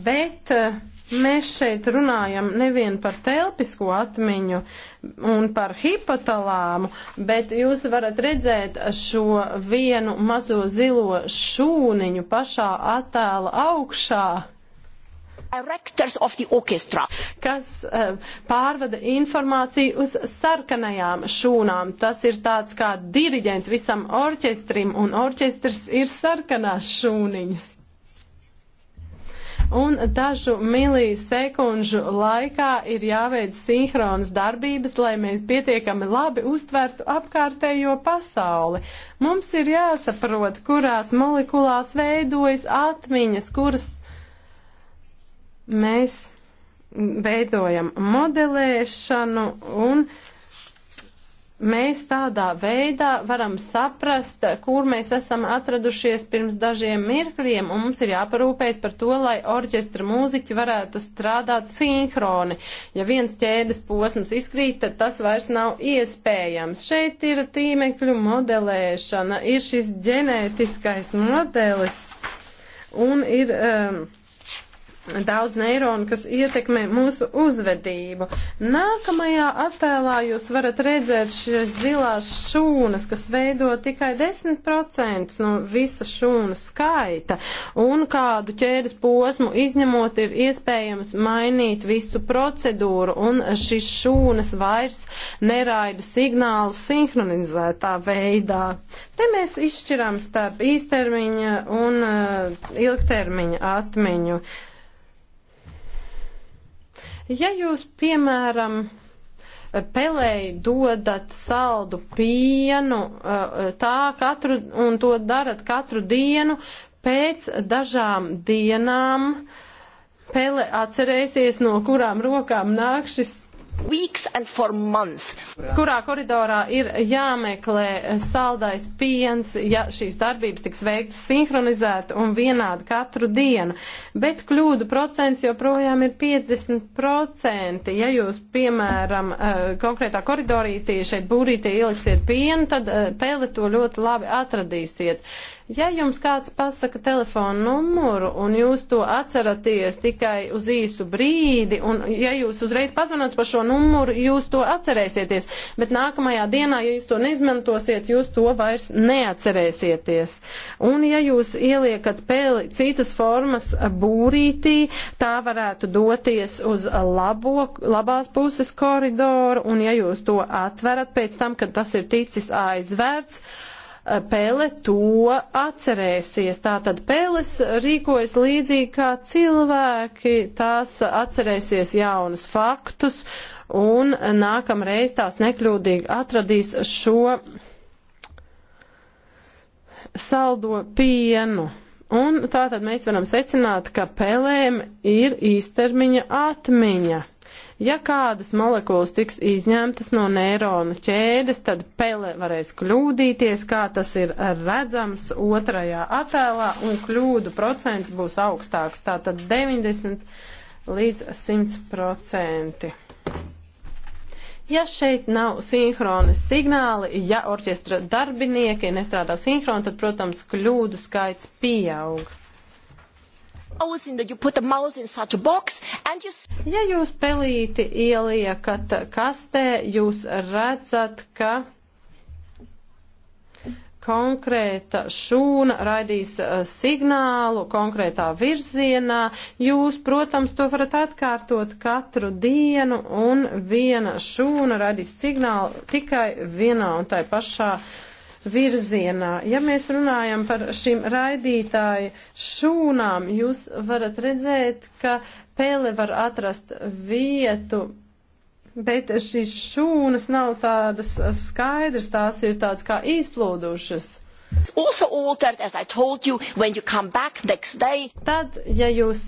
Bet uh, Mēs šeit runājam nevien par telpisko atmiņu un par hipotalāmu, bet jūs varat redzēt šo vienu mazo zilo šūniņu pašā attēla augšā
directors of the
orchestra. Kas uh, pārvada informāciju uz sarkanajām šūnām. Tas ir tāds kā diriģents visam orķestrim, un orķestrs ir sarkanās šūniņas un dažu milisekundžu laikā ir jāveic sinhronas darbības, lai mēs pietiekami labi uztvertu apkārtējo pasauli. Mums ir jāsaprot, kurās molekulās veidojas atmiņas, kuras mēs veidojam modelēšanu un uh, Mēs tādā veidā varam saprast, kur mēs esam atradušies pirms dažiem mirkļiem, un mums ir jāparūpējas par to, lai orķestra mūziķi varētu strādāt sinhroni. Ja viens ķēdes posms izkrīt, tad tas vairs nav iespējams. Šeit ir tīmekļu modelēšana, ir šis ģenētiskais modelis, un ir. Um, daudz neironu, kas ietekmē mūsu uzvedību. Nākamajā attēlā jūs varat redzēt šīs zilās šūnas, kas veido tikai 10% no visa šūnu skaita, un kādu ķēdes posmu izņemot ir iespējams mainīt visu procedūru, un šīs šūnas vairs neraida signālu sinhronizētā veidā. Te mēs izšķirām starp īstermiņa un uh, ilgtermiņa atmiņu. Uh, Ja jūs, piemēram, pelēji dodat saldu pienu eh, tā katru un to darat katru dienu, pēc dažām dienām pele atcerēsies, no kurām rokām nāk šis kurā koridorā ir jāmeklē saldais piens, ja šīs darbības tiks veikts sinhronizēti un vienādi katru dienu. Bet kļūdu procents joprojām ir 50%. Ja jūs, piemēram, eh, konkrētā koridorītī šeit būrītī ieliksiet pienu, tad tele eh, to ļoti labi atradīsiet. Ja jums kāds pasaka telefonu numuru un jūs to atceraties tikai uz īsu brīdi, un ja jūs uzreiz pazvanat pa šo numuru, jūs to atcerēsieties, bet nākamajā dienā, ja jūs to neizmantosiet, jūs to vairs neatcerēsieties. Un ja jūs ieliekat pēli citas formas būrītī, tā varētu doties uz labo, labās puses koridoru, un ja jūs to atverat pēc tam, kad tas ir ticis aizvērts, Pēle to atcerēsies. Tātad pēles rīkojas līdzīgi kā cilvēki, tās atcerēsies jaunus faktus un nākamreiz tās nekļūdīgi atradīs šo saldo pienu. Un tātad mēs varam secināt, ka pelēm ir īstermiņa atmiņa. Ja kādas molekulas tiks izņemtas no neironu ķēdes, tad pele varēs kļūdīties, kā tas ir redzams otrajā attēlā, un kļūdu procents būs augstāks, tātad 90 līdz 100 procenti ja šeit nav sinhroni signāli, ja orķestra darbinieki nestrādā sinhroni, tad, protams, kļūdu skaits pieaug.
Ja jūs
pelīti ieliekat kastē, jūs redzat, ka konkrēta šūna raidīs eh, signālu konkrētā virzienā. Jūs, protams, to varat atkārtot katru dienu, un viena šūna raidīs signālu tikai vienā un tai pašā uh, virzienā. Ja mēs runājam par šīm raidītāju šūnām, jūs varat redzēt, ka pele var atrast vietu. Bet šīs šūnas nav tādas skaidras, tās ir tādas kā izplūdušas. Altered, you, you Tad, ja jūs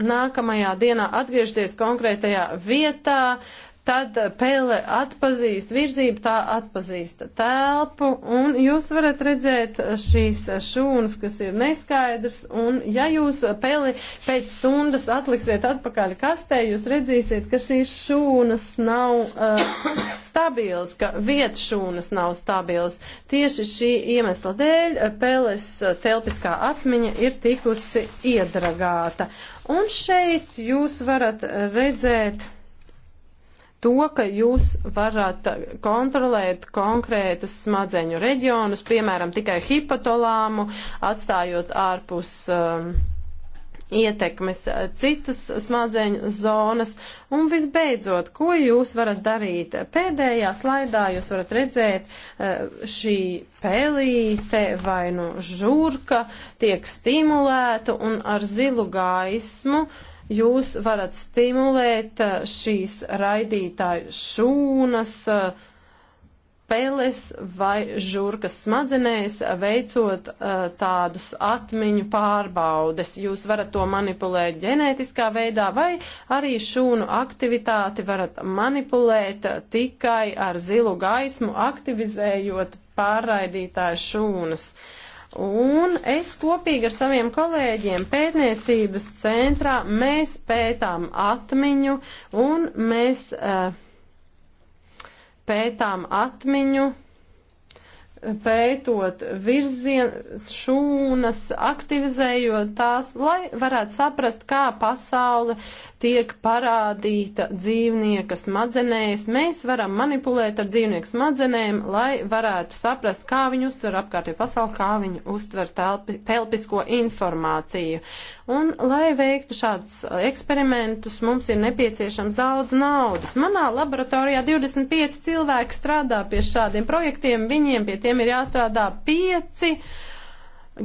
nākamajā dienā atgriežaties konkrētajā vietā, uh, tad pele atpazīst virzību, tā atpazīst telpu, un jūs varat redzēt šīs šūnas, kas ir neskaidrs, un ja jūs peli pēc stundas atliksiet atpakaļ kastē, jūs redzīsiet, ka šīs šūnas nav uh, eh, stabilas, ka vietas šūnas nav stabilas. Tieši šī iemesla dēļ peles telpiskā atmiņa ir tikusi iedragāta. Un šeit jūs varat redzēt, to, ka jūs varat kontrolēt konkrētas smadzeņu reģionus, piemēram, tikai hipotolāmu, atstājot ārpus um, ietekmes uh, citas smadzeņu zonas. Un visbeidzot, ko jūs varat darīt? Pēdējā slaidā jūs varat redzēt uh, šī pelīte vai nu žurka tiek stimulēta un ar zilu gaismu uh, Jūs varat stimulēt eh, šīs raidītāju šūnas, eh, peles vai žurkas smadzenēs, veicot uh, tādus atmiņu pārbaudes. Jūs varat to manipulēt ģenētiskā veidā, vai arī šūnu aktivitāti varat manipulēt tikai ar zilu gaismu, aktivizējot pārraidītāju šūnas. Uh, Un es kopīgi ar saviem kolēģiem pētniecības centrā mēs pētām atmiņu un mēs uh, pētām atmiņu pētot virzienas šūnas, aktivizējot tās, lai varētu saprast, kā pasaule tiek parādīta dzīvnieka smadzenēs. Mēs varam manipulēt ar dzīvnieku smadzenēm, lai varētu saprast, kā viņi uztver apkārtējo pasauli, kā viņi uztver telpi, telpisko informāciju. Un, lai veiktu šādus uh, eksperimentus, mums ir nepieciešams daudz naudas. Manā laboratorijā 25 cilvēki strādā pie šādiem projektiem, viņiem pie tiem ir jāstrādā 5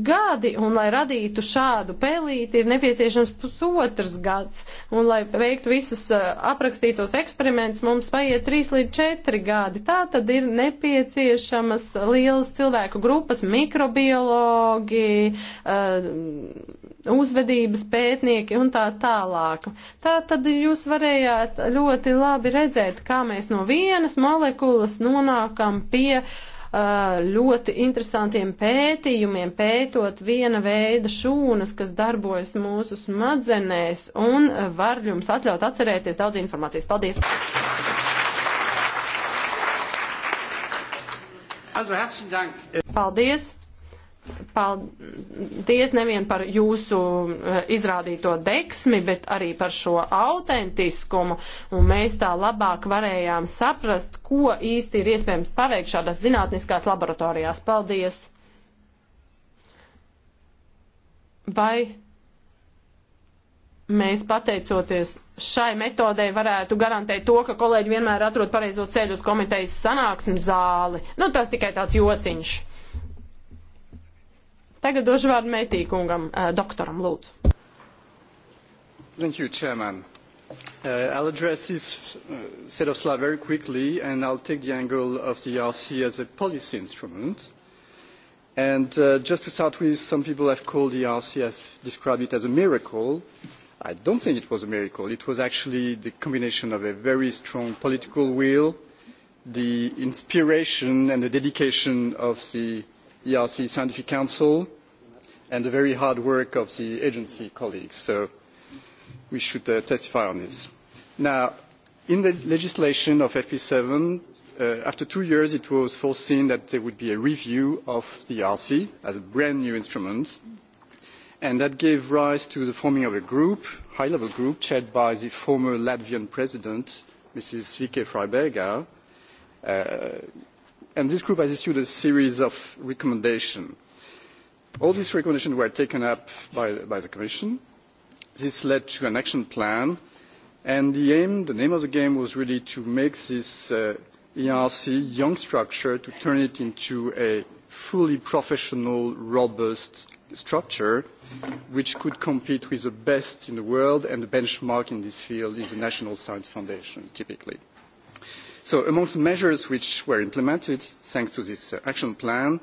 gadi, un lai radītu šādu pelīti, ir nepieciešams pusotrs gads, un lai veiktu visus uh, aprakstītos eksperimentus, mums paiet 3 līdz 4 gadi. Tā tad ir nepieciešamas lielas cilvēku grupas, mikrobiologi, uh, uzvedības pētnieki un tā tālāk. Tā tad jūs varējāt ļoti labi redzēt, kā mēs no vienas molekulas nonākam pie uh, Uh, ļoti interesantiem pētījumiem, pētot viena veida šūnas, kas darbojas mūsu smadzenēs, un uh, var jums atļaut atcerēties daudz informācijas. Paldies! Paldies! Paldies nevien par jūsu eh, izrādīto deksmi, bet arī par šo autentiskumu, un mēs tā labāk varējām saprast, ko īsti ir iespējams paveikt šādās zinātniskās laboratorijās. Paldies! Vai mēs pateicoties šai metodei varētu garantēt to, ka kolēģi vienmēr atrod pareizo ceļu uz komitejas sanāksmu zāli? Nu, tas tikai tāds jociņš. Tagad došu vārdu Meitīkungam, doktoram Lūdzu.
Thank you, Chairman. Uh, I'll address this uh, set of slides very quickly, and I'll take the angle of the ERC as a policy instrument. And uh, just to start with, some people have called the ERC, have described it as a miracle. I don't think it was a miracle. It was actually the combination of a very strong political will, the inspiration and the dedication of the ERC Scientific Council, and the very hard work of the agency colleagues. So we should uh, testify on this. Now, in the legislation of FP7, uh, after two years, it was foreseen that there would be a review of the ERC as a brand new instrument, and that gave rise to the forming of a group, high-level group, chaired by the former Latvian president, Mrs. Vike Freiberger, uh, and this group has issued a series of recommendations. All these recommendations were taken up by, by the Commission. This led to an action plan, and the aim, the name of the game was really to make this uh, ERC young structure, to turn it into a fully professional, robust structure, which could compete with the best in the world, and the benchmark in this field is the National Science Foundation, typically. So amongst measures which were implemented thanks to this uh, action plan,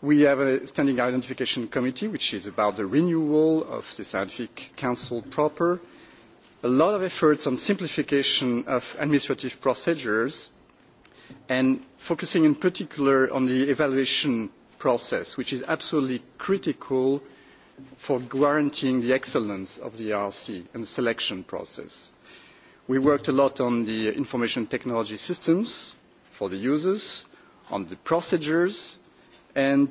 we have a standing identification committee, which is about the renewal of the scientific council proper, a lot of efforts on simplification of administrative procedures, and focusing in particular on the evaluation process, which is absolutely critical for guaranteeing the excellence of the e RC and the selection process. We worked a lot on the information technology systems for the users, on the procedures, and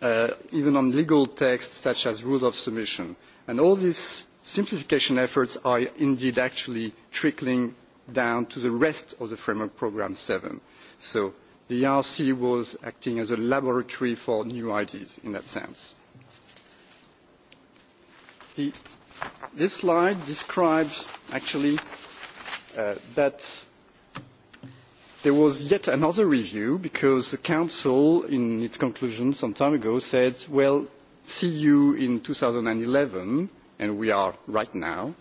uh, even on legal texts such as rule of submission. And all these simplification efforts are indeed actually trickling down to the rest of the Framework Programme 7. So the ERC was acting as a laboratory for new ideas in that sense. The This slide describes actually uh, that there was yet another review because the Council, in its conclusion some time ago, said, well, see you in 2011, and we are right now,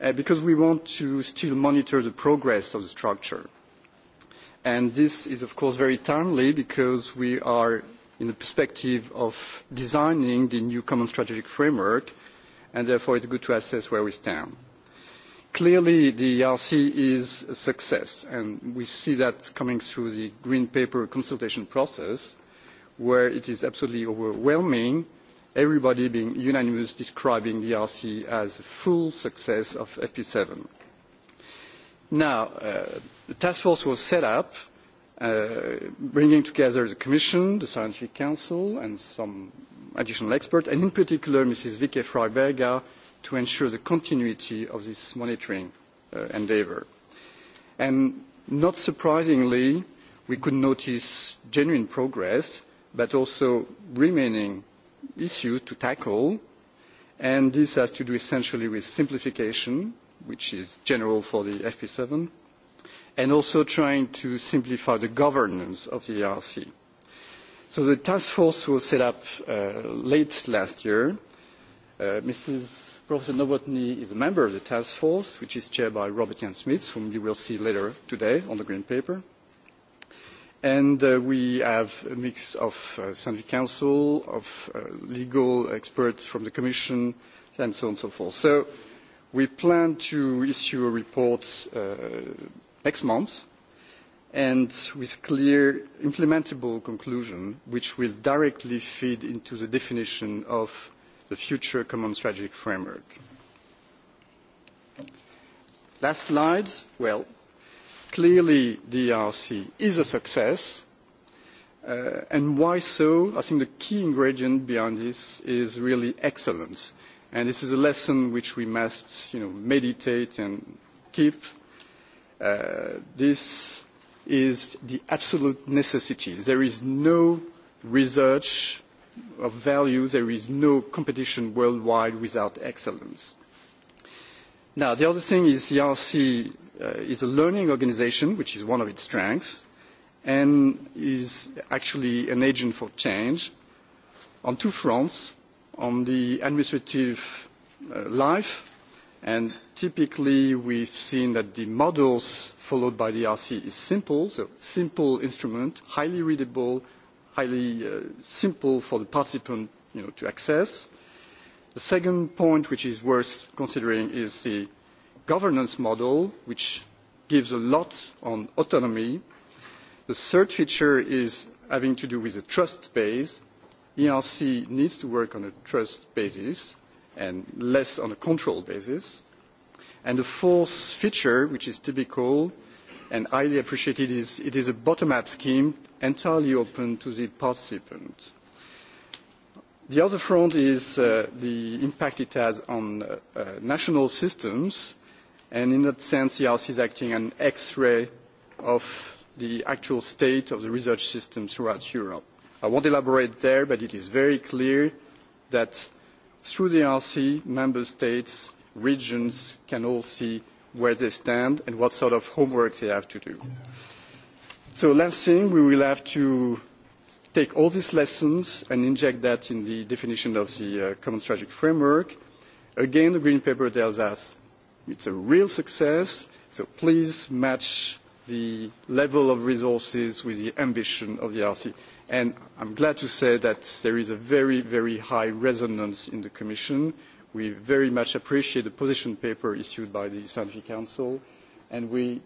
uh, because we want to still monitor the progress of the structure. And this is, of course, very timely because we are in the perspective of designing the new common strategic framework and therefore it's good to assess where we stand. Clearly, the ERC is a success, and we see that coming through the Green Paper consultation process, where it is absolutely overwhelming, everybody being unanimous describing the ERC as a full success of FP7. Now, uh, the task force was set up, uh, bringing together the Commission, the Scientific Council, and some additional experts, and in particular Mrs. Vicky Freiberger, to ensure the continuity of this monitoring uh, endeavour. And not surprisingly, we could notice genuine progress, but also remaining issues to tackle, and this has to do essentially with simplification, which is general for the FP7, and also trying to simplify the governance of the ERC So the task force was set up uh, late last year. Uh, Mrs. Professor Novotny is a member of the task force, which is chaired by Robert Jan Smith, whom you will see later today on the green paper. And uh, we have a mix of uh, scientific council, of uh, legal experts from the Commission, and so on and so forth. So we plan to issue a report uh, next month and with clear implementable conclusion which will directly feed into the definition of the future common strategic framework. Last slide. Well, clearly the ERC is a success. Uh, and why so? I think the key ingredient behind this is really excellence. And this is a lesson which we must you know, meditate and keep. Uh, this is the absolute necessity. There is no research of value, there is no competition worldwide without excellence. Now, the other thing is ERC e uh, is a learning organization, which is one of its strengths, and is actually an agent for change on two fronts, on the administrative uh, life And typically, we've seen that the models followed by the RC is simple, so simple instrument, highly readable, highly uh, simple for the participant you know, to access. The second point, which is worth considering, is the governance model, which gives a lot on autonomy. The third feature is having to do with a trust base. ERC needs to work on a trust basis, and less on a control basis. And the fourth feature, which is typical and highly appreciated, is it is a bottom-up scheme entirely open to the participant. The other front is uh, the impact it has on uh, uh, national systems, and in that sense, ERC e is acting an X-ray of the actual state of the research system throughout Europe. I won't elaborate there, but it is very clear that through the RC, member states, regions can all see where they stand and what sort of homework they have to do. So last thing, we will have to take all these lessons and inject that in the definition of the uh, common strategic framework. Again, the green paper tells us it's a real success, so please match the level of resources with the ambition of the RC. And I'm glad to say that there is a very, very high resonance in the Commission. We very much appreciate the position paper issued by the Scientific Council, and we,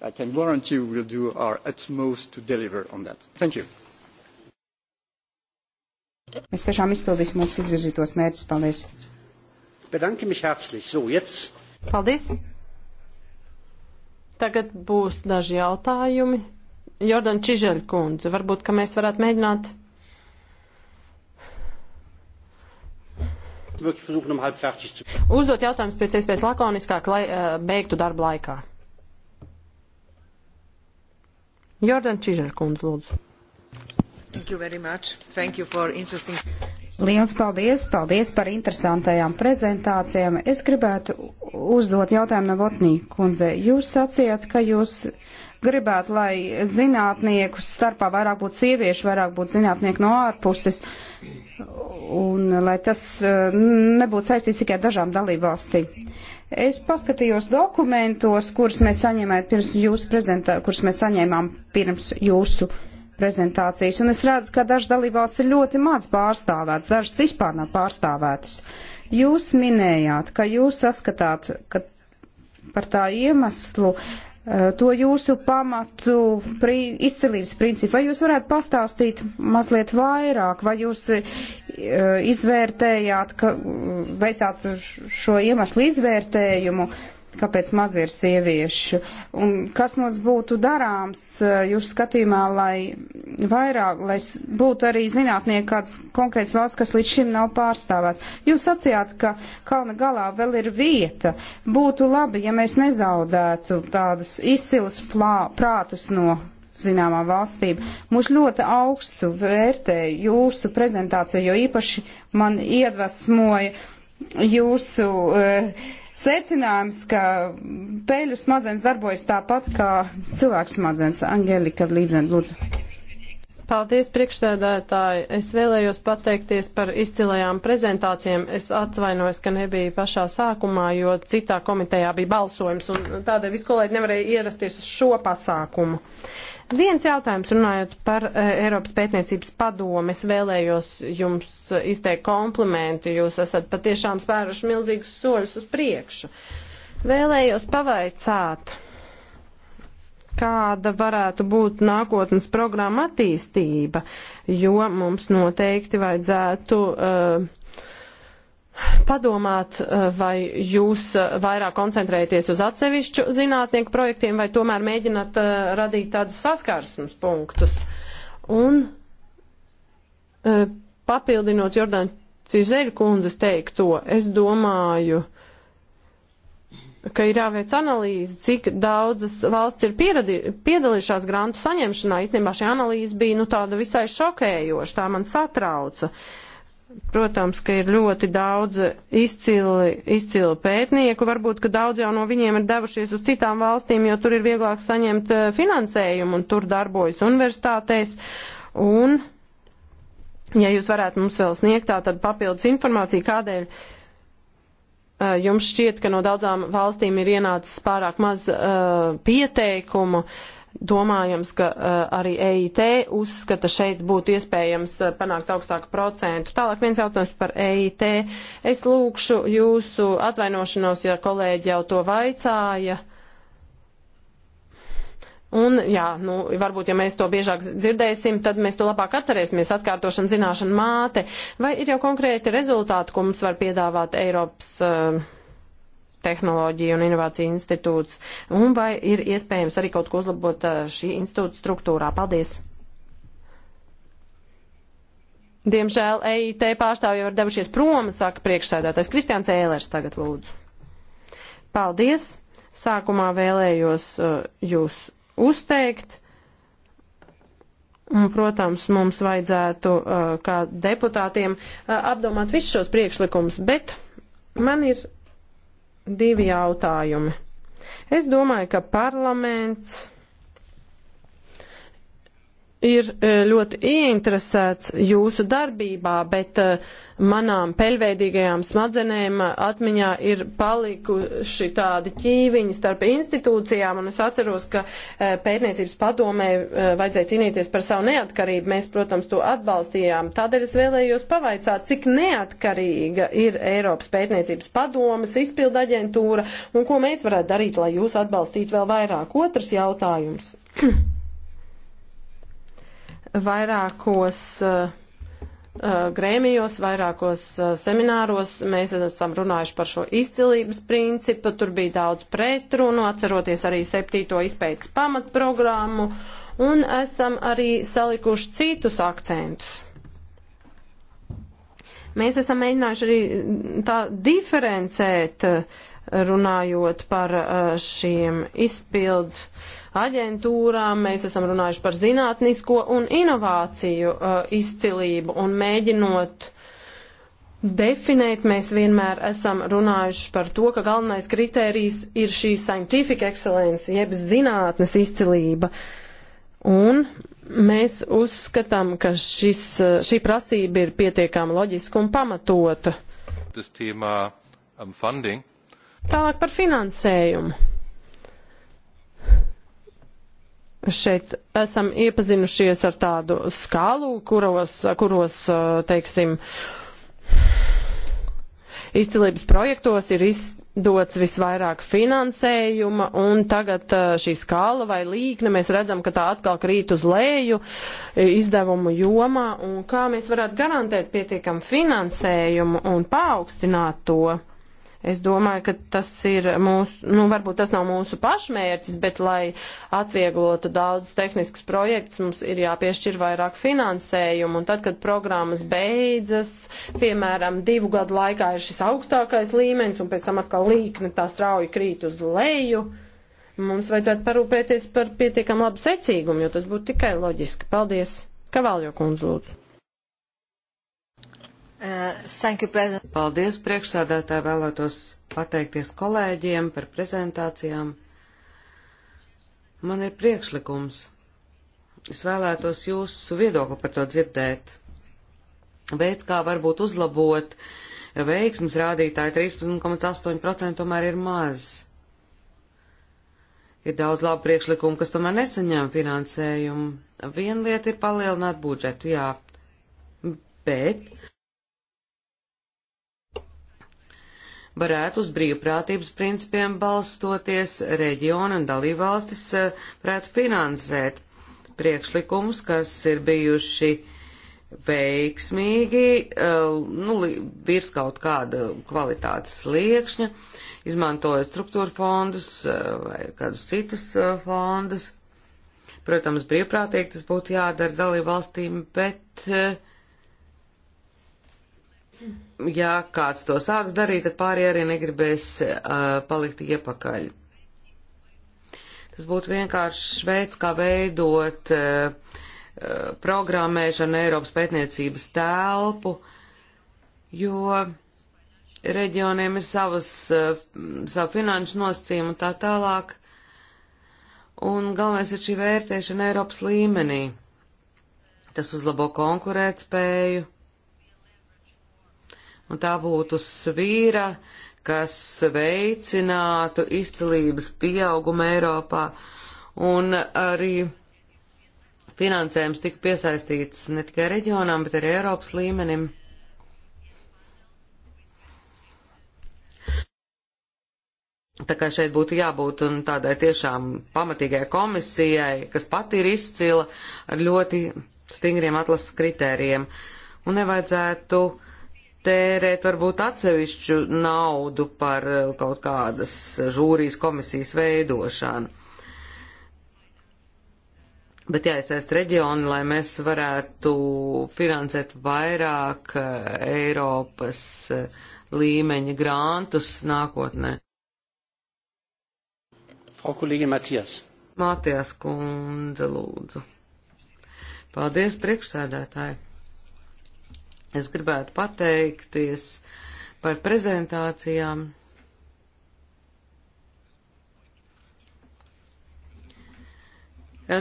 I can guarantee you we'll do our utmost to deliver on that. Thank you.
Mēs tiešām izpildīsim mums izvirzītos mērķus. Paldies!
Bedanke mich herzlich. So, jetzt.
Paldies!
Tagad būs daži jautājumi. Jordan Čižeļkundze, varbūt, ka mēs varētu mēģināt.
Um
uzdot jautājumus pēc iespējas lakoniskāk, lai uh, beigtu darbu laikā. Jordan
Čižerkundz, lūdzu. Thank you very much. Thank you for interesting.
Liels paldies, paldies par interesantajām prezentācijām. Es gribētu uzdot jautājumu Novotnī kundze. Jūs sacījāt, ka jūs gribētu, lai zinātnieku starpā vairāk būtu sieviešu, vairāk būtu zinātnieku no ārpuses, un lai tas e, nebūtu saistīts tikai ar dažām dalībvalstīm. Es paskatījos dokumentos, kurus mēs saņēmām pirms jūsu prezentā, kurus mēs saņēmām pirms jūsu prezentācijas, un es redzu, ka dažas dalībvalsts ir ļoti maz pārstāvētas, dažas vispār nav pārstāvētas. Jūs minējāt, ka jūs saskatāt, ka par tā iemeslu Eh, to jūsu pamatu pri, izcelības principu. Vai jūs varētu pastāstīt mazliet vairāk, vai jūs eh, izvērtējāt, ka mm, veicāt šo iemeslu izvērtējumu, kāpēc maz ir sieviešu, un kas mums būtu darāms eh, jūs skatījumā, lai vairāk, lai būtu arī zinātnieki kāds konkrēts valsts, kas līdz šim nav pārstāvēts. Jūs sacījāt, ka kalna galā vēl ir vieta. Būtu labi, ja mēs nezaudētu tādas izcilas plā, prātus no zināmā valstīm. Mūs ļoti augstu vērtē jūsu prezentācija, jo īpaši man iedvesmoja jūsu uh, secinājums, ka pēļu smadzenes darbojas tāpat kā cilvēku smadzenes. Angelika Līdena, lūdzu.
Paldies, priekšsēdētāji. Es vēlējos pateikties par izcilajām prezentācijām. Es atvainojos, ka nebija pašā sākumā, jo citā komitejā bija balsojums, un tādēļ viskolēģi nevarēja ierasties uz šo pasākumu. Uh, Viens jautājums runājot par e, Eiropas pētniecības padomu. Es vēlējos jums e, izteikt komplimentu. Jūs esat patiešām spēruši milzīgus soļus uz priekšu. Vēlējos pavaicāt, kāda varētu būt nākotnes programma attīstība, jo mums noteikti vajadzētu. Uh, padomāt, eh, vai jūs eh, vairāk koncentrējaties uz atsevišķu zinātnieku projektiem, vai tomēr mēģināt eh, radīt tādus saskarsmes punktus. Un papildinot Jordāņu Cizeļu kundzes teikto, es domāju, ka ir jāveic analīze, cik daudzas valsts ir pieradi, piedalījušās grantu saņemšanā. Īstenībā šī analīze bija nu, tāda visai šokējoša, tā man satrauca. Uh, Protams, ka ir ļoti daudz izcili, izcili pētnieku, varbūt, ka daudz jau no viņiem ir devušies uz citām valstīm, jo tur ir vieglāk saņemt eh, finansējumu un tur darbojas universitātēs. Un, ja jūs varētu mums vēl sniegt tā tad papildus informāciju, kādēļ eh, jums šķiet, ka no daudzām valstīm ir ienācis pārāk maz uh, pieteikumu, uh, Domājams, ka uh, arī EIT uzskata šeit būtu iespējams uh, panākt augstāku procentu. Tālāk viens jautājums par EIT. Es lūkšu jūsu atvainošanos, ja kolēģi jau to vaicāja. Un, jā, nu, varbūt, ja mēs to biežāk dzirdēsim, tad mēs to labāk atcerēsimies. Atkārtošana zināšana māte. Vai ir jau konkrēti rezultāti, ko mums var piedāvāt Eiropas uh, tehnoloģiju un inovāciju institūts, un vai ir iespējams arī kaut ko uzlabot šī institūta struktūrā. Paldies! Diemžēl EIT pārstāvji jau ir devušies prom, saka priekšsēdētājs Kristiāns Ēlers tagad lūdzu. Paldies! Sākumā vēlējos uh, jūs uzteikt. Un, protams, mums vajadzētu kā deputātiem apdomāt visus šos priekšlikumus, bet man ir divi jautājumi. Es domāju, ka parlaments ir e, ļoti ieinteresēts jūsu darbībā, bet e, manām peļveidīgajām smadzenēm e, atmiņā ir palikuši tādi ķīviņi starp institūcijām, un es atceros, ka pētniecības padomē vajadzēja cīnīties par savu neatkarību. Mēs, protams, to atbalstījām. Tādēļ es vēlējos pavaicāt, cik neatkarīga ir Eiropas pētniecības padomas izpilda aģentūra, un ko mēs varētu darīt, lai jūs atbalstītu vēl vairāk. Otrs jautājums. vairākos uh, grēmijos, vairākos eh, semināros mēs esam runājuši par šo izcilības principu, tur bija daudz pretrunu, atceroties arī septīto izpētes pamatprogrammu, un esam arī salikuši citus akcentus. Mēs esam mēģinājuši arī mm, tā diferencēt uh, runājot par uh, šiem izpildu aģentūrām, mēs esam runājuši par zinātnisko un inovāciju uh, izcilību un mēģinot definēt, mēs vienmēr esam runājuši par to, ka galvenais kritērijs ir šī scientific excellence, jeb zinātnes izcilība. Un mēs uzskatām, ka šis, uh, šī prasība ir pietiekama loģiska un pamatota.
Tas tēmā um, funding.
Tālāk par finansējumu. Šeit esam iepazinušies ar tādu skalu, kuros, kuros teiksim, izcilības projektos ir izdots visvairāk finansējuma, un tagad šī skala vai līkne mēs redzam, ka tā atkal krīt uz leju izdevumu jomā, un kā mēs varētu garantēt pietiekam finansējumu un paaugstināt to. Es domāju, ka tas ir mūsu, nu varbūt tas nav mūsu pašmērķis, bet lai atvieglotu daudz tehniskus projekts, mums ir jāpiešķir vairāk finansējumu. Un tad, kad programmas beidzas, piemēram, divu gadu laikā ir šis augstākais līmenis un pēc tam atkal līkne tā strauji krīt uz leju, mums vajadzētu parūpēties par pietiekam labu secīgumu, jo tas būtu tikai loģiski. Paldies! Kavaljo kundze, lūdzu!
Uh,
you, Paldies priekšsādātāji, vēlētos pateikties kolēģiem par prezentācijām. Man ir priekšlikums. Es vēlētos jūsu viedokli par to dzirdēt. Veids, kā varbūt uzlabot veiksmes rādītāju 13,8% tomēr ir maz. Ir daudz labu priekšlikumu, kas tomēr nesaņem finansējumu. Viena lieta ir palielināt budžetu, jā, bet varētu uz brīvprātības principiem balstoties reģionu un dalībvalstis eh, varētu finansēt priekšlikumus, kas ir bijuši veiksmīgi, eh, nu, virs kaut kāda kvalitātes liekšņa, izmantojot struktūra fondus eh, vai kādus citus fondus. Protams, brīvprātīgi tas būtu jādara dalībvalstīm, bet uh, ja kāds to sāks darīt, tad pārējie arī negribēs uh, palikt iepakaļ. Tas būtu vienkārši veids, kā veidot uh, uh, programmēšanu Eiropas pētniecības telpu, jo reģioniem ir savas, uh, savu finanšu nosacījumu un tā tālāk, un galvenais ir šī vērtēšana Eiropas līmenī. Tas uzlabo konkurētspēju un tā būtu svīra, kas veicinātu izcilības pieaugumu Eiropā, un arī finansējums tika piesaistīts ne tikai reģionām, bet arī Eiropas līmenim. Tā kā šeit būtu jābūt un tādai tiešām pamatīgai komisijai, kas pati ir izcila ar ļoti stingriem atlases kritērijiem, un nevajadzētu uh, tērēt varbūt atsevišķu naudu par eh, kaut kādas žūrijas komisijas veidošanu. Bet jāiesaist reģioni, lai mēs varētu finansēt vairāk eh, Eiropas eh, līmeņa grantus nākotnē.
Frau kolēģi Matijas.
Matijas kundze, lūdzu. Paldies, priekšsēdētāji. Es gribētu pateikties par prezentācijām.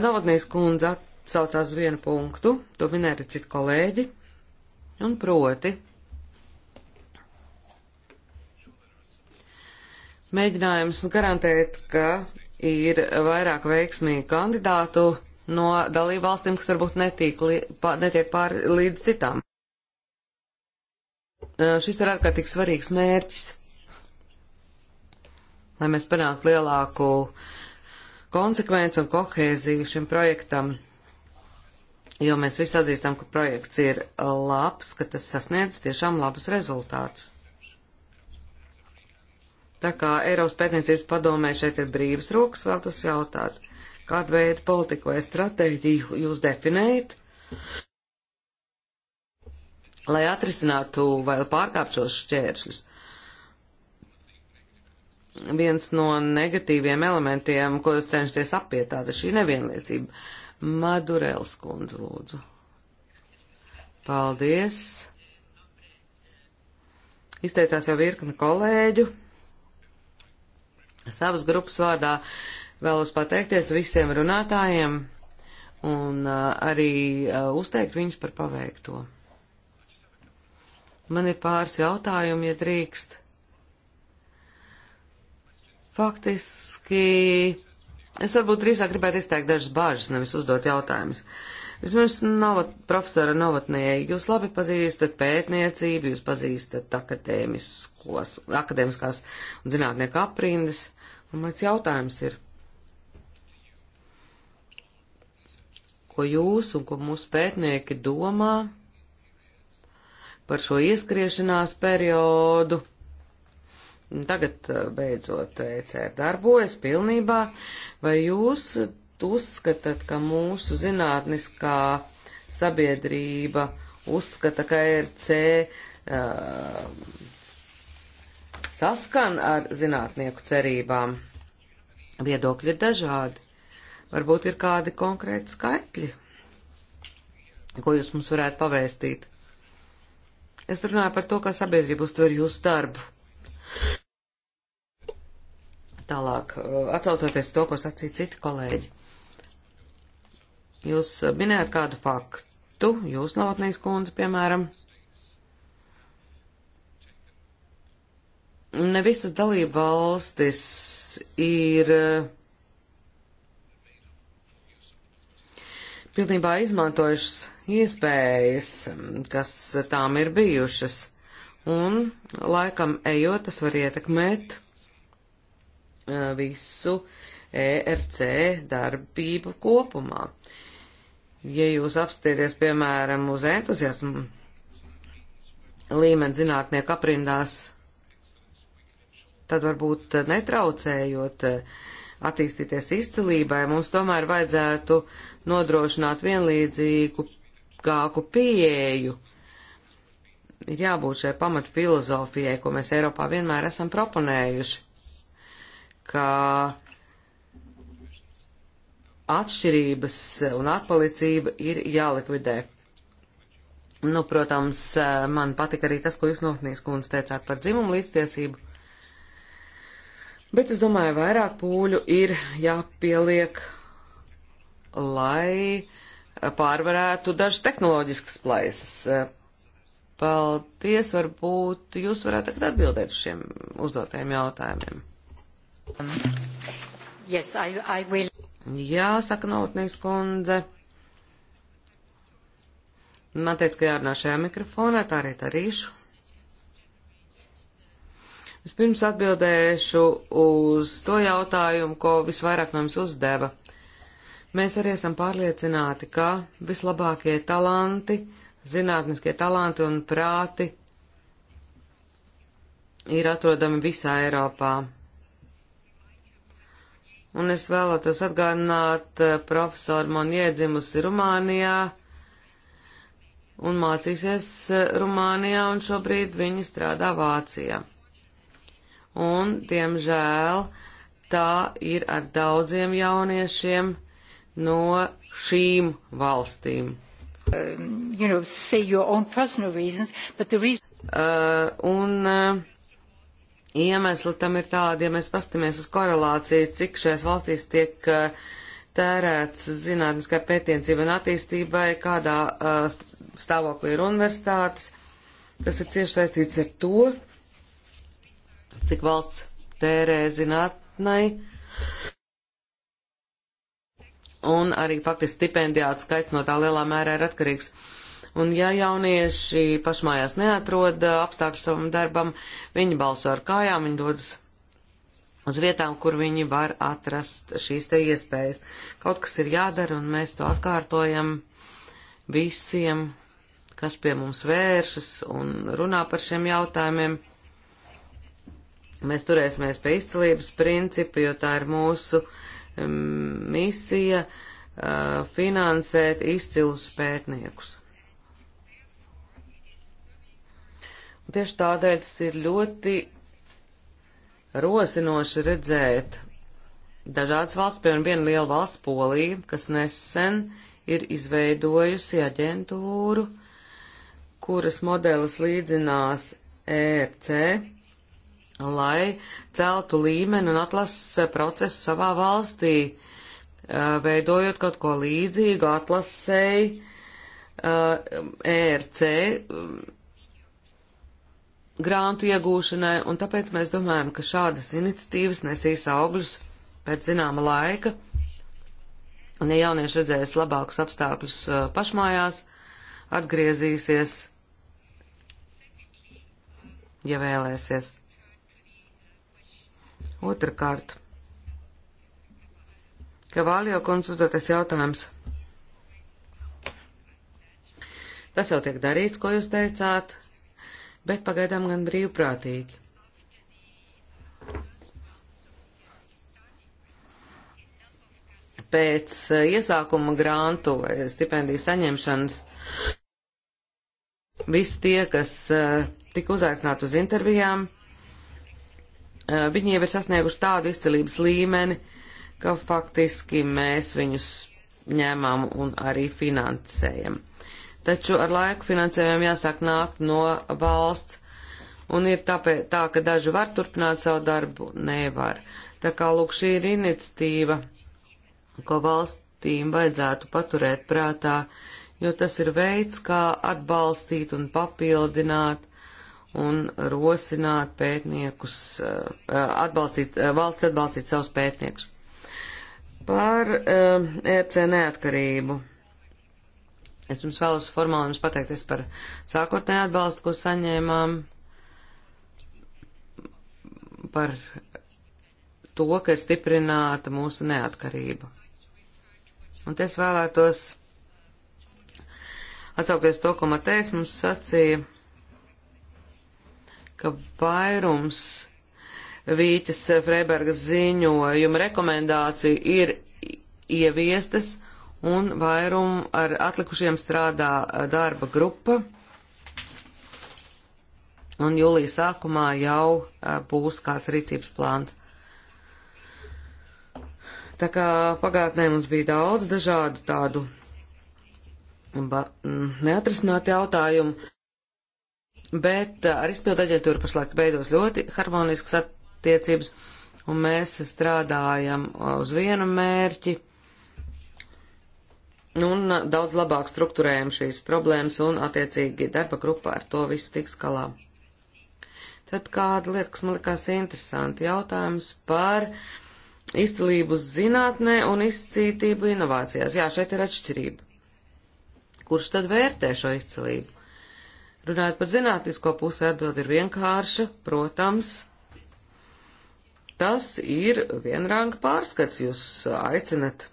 Novadnijas kundze atsaucās vienu punktu, to minēja arī citi kolēģi, un proti. Mēģinājums garantēt, ka ir vairāk veiksmīgu kandidātu no dalību valstīm, kas varbūt netīk, netiek pāri līdz citām. Eh, šis ir ārkārtīgi svarīgs mērķis, lai mēs panāktu lielāku konsekvenci un kohēziju šim projektam, jo mēs visi atzīstam, ka projekts ir labs, ka tas sasniedz tiešām labus rezultātus. Tā kā Eiropas pētniecības padomē šeit ir brīvas rokas, vēl tas jautāt, kādu veidu politiku vai stratēģiju jūs definējat, lai atrisinātu vai pārkāpšos šķēršļus. Viens no negatīviem elementiem, ko jūs cenšaties apiet, tāda šī nevienliecība. Madurēls kundze, lūdzu. Paldies. Izteicās jau virkni kolēģu. Savas grupas vārdā vēlos pateikties visiem runātājiem un uh, arī uh, uzteikt viņus par paveikto. Man ir pāris jautājumi, ja drīkst. Faktiski, es varbūt drīzāk gribētu izteikt dažas bāžas, nevis uzdot jautājumus. Vismaz novat, profesora novatnieji, jūs labi pazīstat pētniecību, jūs pazīstat akadēmiskās un zinātnieku aprindas, un mans jautājums ir, ko jūs un ko mūsu pētnieki domā? par šo ieskriešanās periodu. Tagad eh, beidzot ECR darbojas pilnībā. Vai jūs uzskatāt, ka mūsu zinātniskā sabiedrība uzskata, ka RC e uh, eh, saskan ar zinātnieku cerībām? Viedokļi ir dažādi. Varbūt ir kādi konkrēti skaitļi, ko jūs mums varētu pavēstīt. Es runāju par to, kā sabiedrība uztver jūsu darbu. Tālāk, uh, atsaucoties to, ko sacīja citi kolēģi. Jūs uh, minējat kādu faktu, jūs novotnīs kundze, piemēram. Ne visas dalība valstis ir uh, pilnībā izmantojušas iespējas, kas tām ir bijušas, un laikam ejot, tas var ietekmēt visu ERC darbību kopumā. Ja jūs apstieties, piemēram, uz entuziasmu līmeni zinātnieku aprindās, tad varbūt netraucējot attīstīties izcilībai, mums tomēr vajadzētu nodrošināt vienlīdzīgu ilgāku pieeju. Ir jābūt šai pamat filozofijai, ko mēs Eiropā vienmēr esam proponējuši, ka atšķirības un atpalicība ir jālikvidē. Nu, protams, man patika arī tas, ko jūs notnīs kundze teicāt par dzimumu līdztiesību. Bet es domāju, vairāk pūļu ir jāpieliek, lai uh, pārvarētu dažas tehnoloģiskas plaisas. Paldies, varbūt jūs varētu tagad atbildēt uz šiem uzdotajiem jautājumiem.
Yes, I, I will.
Jā, saka Nautnīs kundze. Man teica, ka jārunā šajā mikrofonā, tā arī darīšu. Vispirms atbildēšu uz to jautājumu, ko visvairāk no jums uzdeva Mēs arī esam pārliecināti, ka vislabākie talanti, zinātniskie talanti un prāti ir atrodami visā Eiropā. Un es vēlētos atgādināt eh, profesoru man iedzimusi Rumānijā un mācīsies eh, Rumānijā, un šobrīd viņa strādā Vācijā. Un, diemžēl, tā ir ar daudziem jauniešiem no šīm valstīm. Uh, you know, say your own personal reasons, but the reason... Uh, un uh, iemesli tam ir tādi, ja mēs pastamies uz korelāciju, cik šajās valstīs tiek uh, tērēts zinātniskai pētniecībai un attīstībai, kādā uh, stāvoklī ir universitātes. Tas ir cieši saistīts ar to, cik valsts tērē zinātnai. Uh, un arī faktiski stipendiāts skaits no tā lielā mērā ir atkarīgs. Un ja jaunieši pašmājās neatrod uh, apstākļu savam darbam, viņi balso ar kājām, viņi dodas uz vietām, kur viņi var atrast šīs te iespējas. Kaut kas ir jādara, un mēs to atkārtojam visiem, kas pie mums vēršas un runā par šiem jautājumiem. Mēs turēsimies pie izcilības principa, jo tā ir mūsu uh, misija finansēt izcilus pētniekus. Un tieši tādēļ tas ir ļoti rosinoši redzēt dažādas valsts, piemēram, viena liela valsts Polija, kas nesen ir izveidojusi aģentūru, kuras modelis līdzinās ERC, lai celtu līmeni un atlases procesu savā valstī, veidojot kaut ko līdzīgu atlasēji ERC grāntu iegūšanai, un tāpēc mēs domājam, ka šādas iniciatīvas nesīs augļus pēc zināma laika, un ja jaunieši redzēs labākus apstākļus pašmājās, atgriezīsies, ja vēlēsies. Otrakārt, Kavālio kundz uzdotais jautājums. Tas jau tiek darīts, ko jūs teicāt, bet pagaidām gan brīvprātīgi. Pēc eh, iesākuma grantu vai stipendiju saņemšanas visi tie, kas eh, tika uzaicināti uz intervijām, Eh, viņi jau ir sasnieguši tādu izcelības līmeni, ka faktiski mēs viņus ņēmām un arī finansējam. Taču ar laiku finansējumiem jāsāk nākt no valsts, un ir tāpēc, tā, ka daži var turpināt savu darbu, nevar. Tā kā lūk šī ir iniciatīva, ko valstīm vajadzētu paturēt prātā, jo tas ir veids, kā atbalstīt un papildināt un rosināt pētniekus, eh, atbalstīt, eh, valsts atbalstīt savus pētniekus. Par uh, eh, ERC neatkarību. Es jums vēlos formāli jums pateikties par sākotnēju atbalstu, ko saņēmām, par to, ka ir stiprināta mūsu neatkarība. Un es vēlētos atsaukties to, ko Matejs mums sacīja ka vairums Vītas Freibergas ziņojuma rekomendāciju ir ieviestas un vairumu ar atlikušiem strādā darba grupa. Un jūlijas sākumā jau būs kāds rīcības plāns. Tā kā pagātnē mums bija daudz dažādu tādu mm, neatrisināt jautājumu bet eh, ar izpildu aģentūru pašlaik beidos ļoti harmonisks attiecības, un mēs strādājam eh, uz vienu mērķi, un eh, daudz labāk strukturējam šīs problēmas, un attiecīgi darba grupā ar to visu tiks galā. Tad kāda lieta, kas man likās interesanti, jautājums par izcilību zinātnē un izcītību inovācijās. Jā, šeit ir atšķirība. Kurš tad vērtē šo izcilību? Runājot par zinātnisko pusi, atbild ir vienkārša, protams. Tas ir vienranga pārskats, jūs aicinat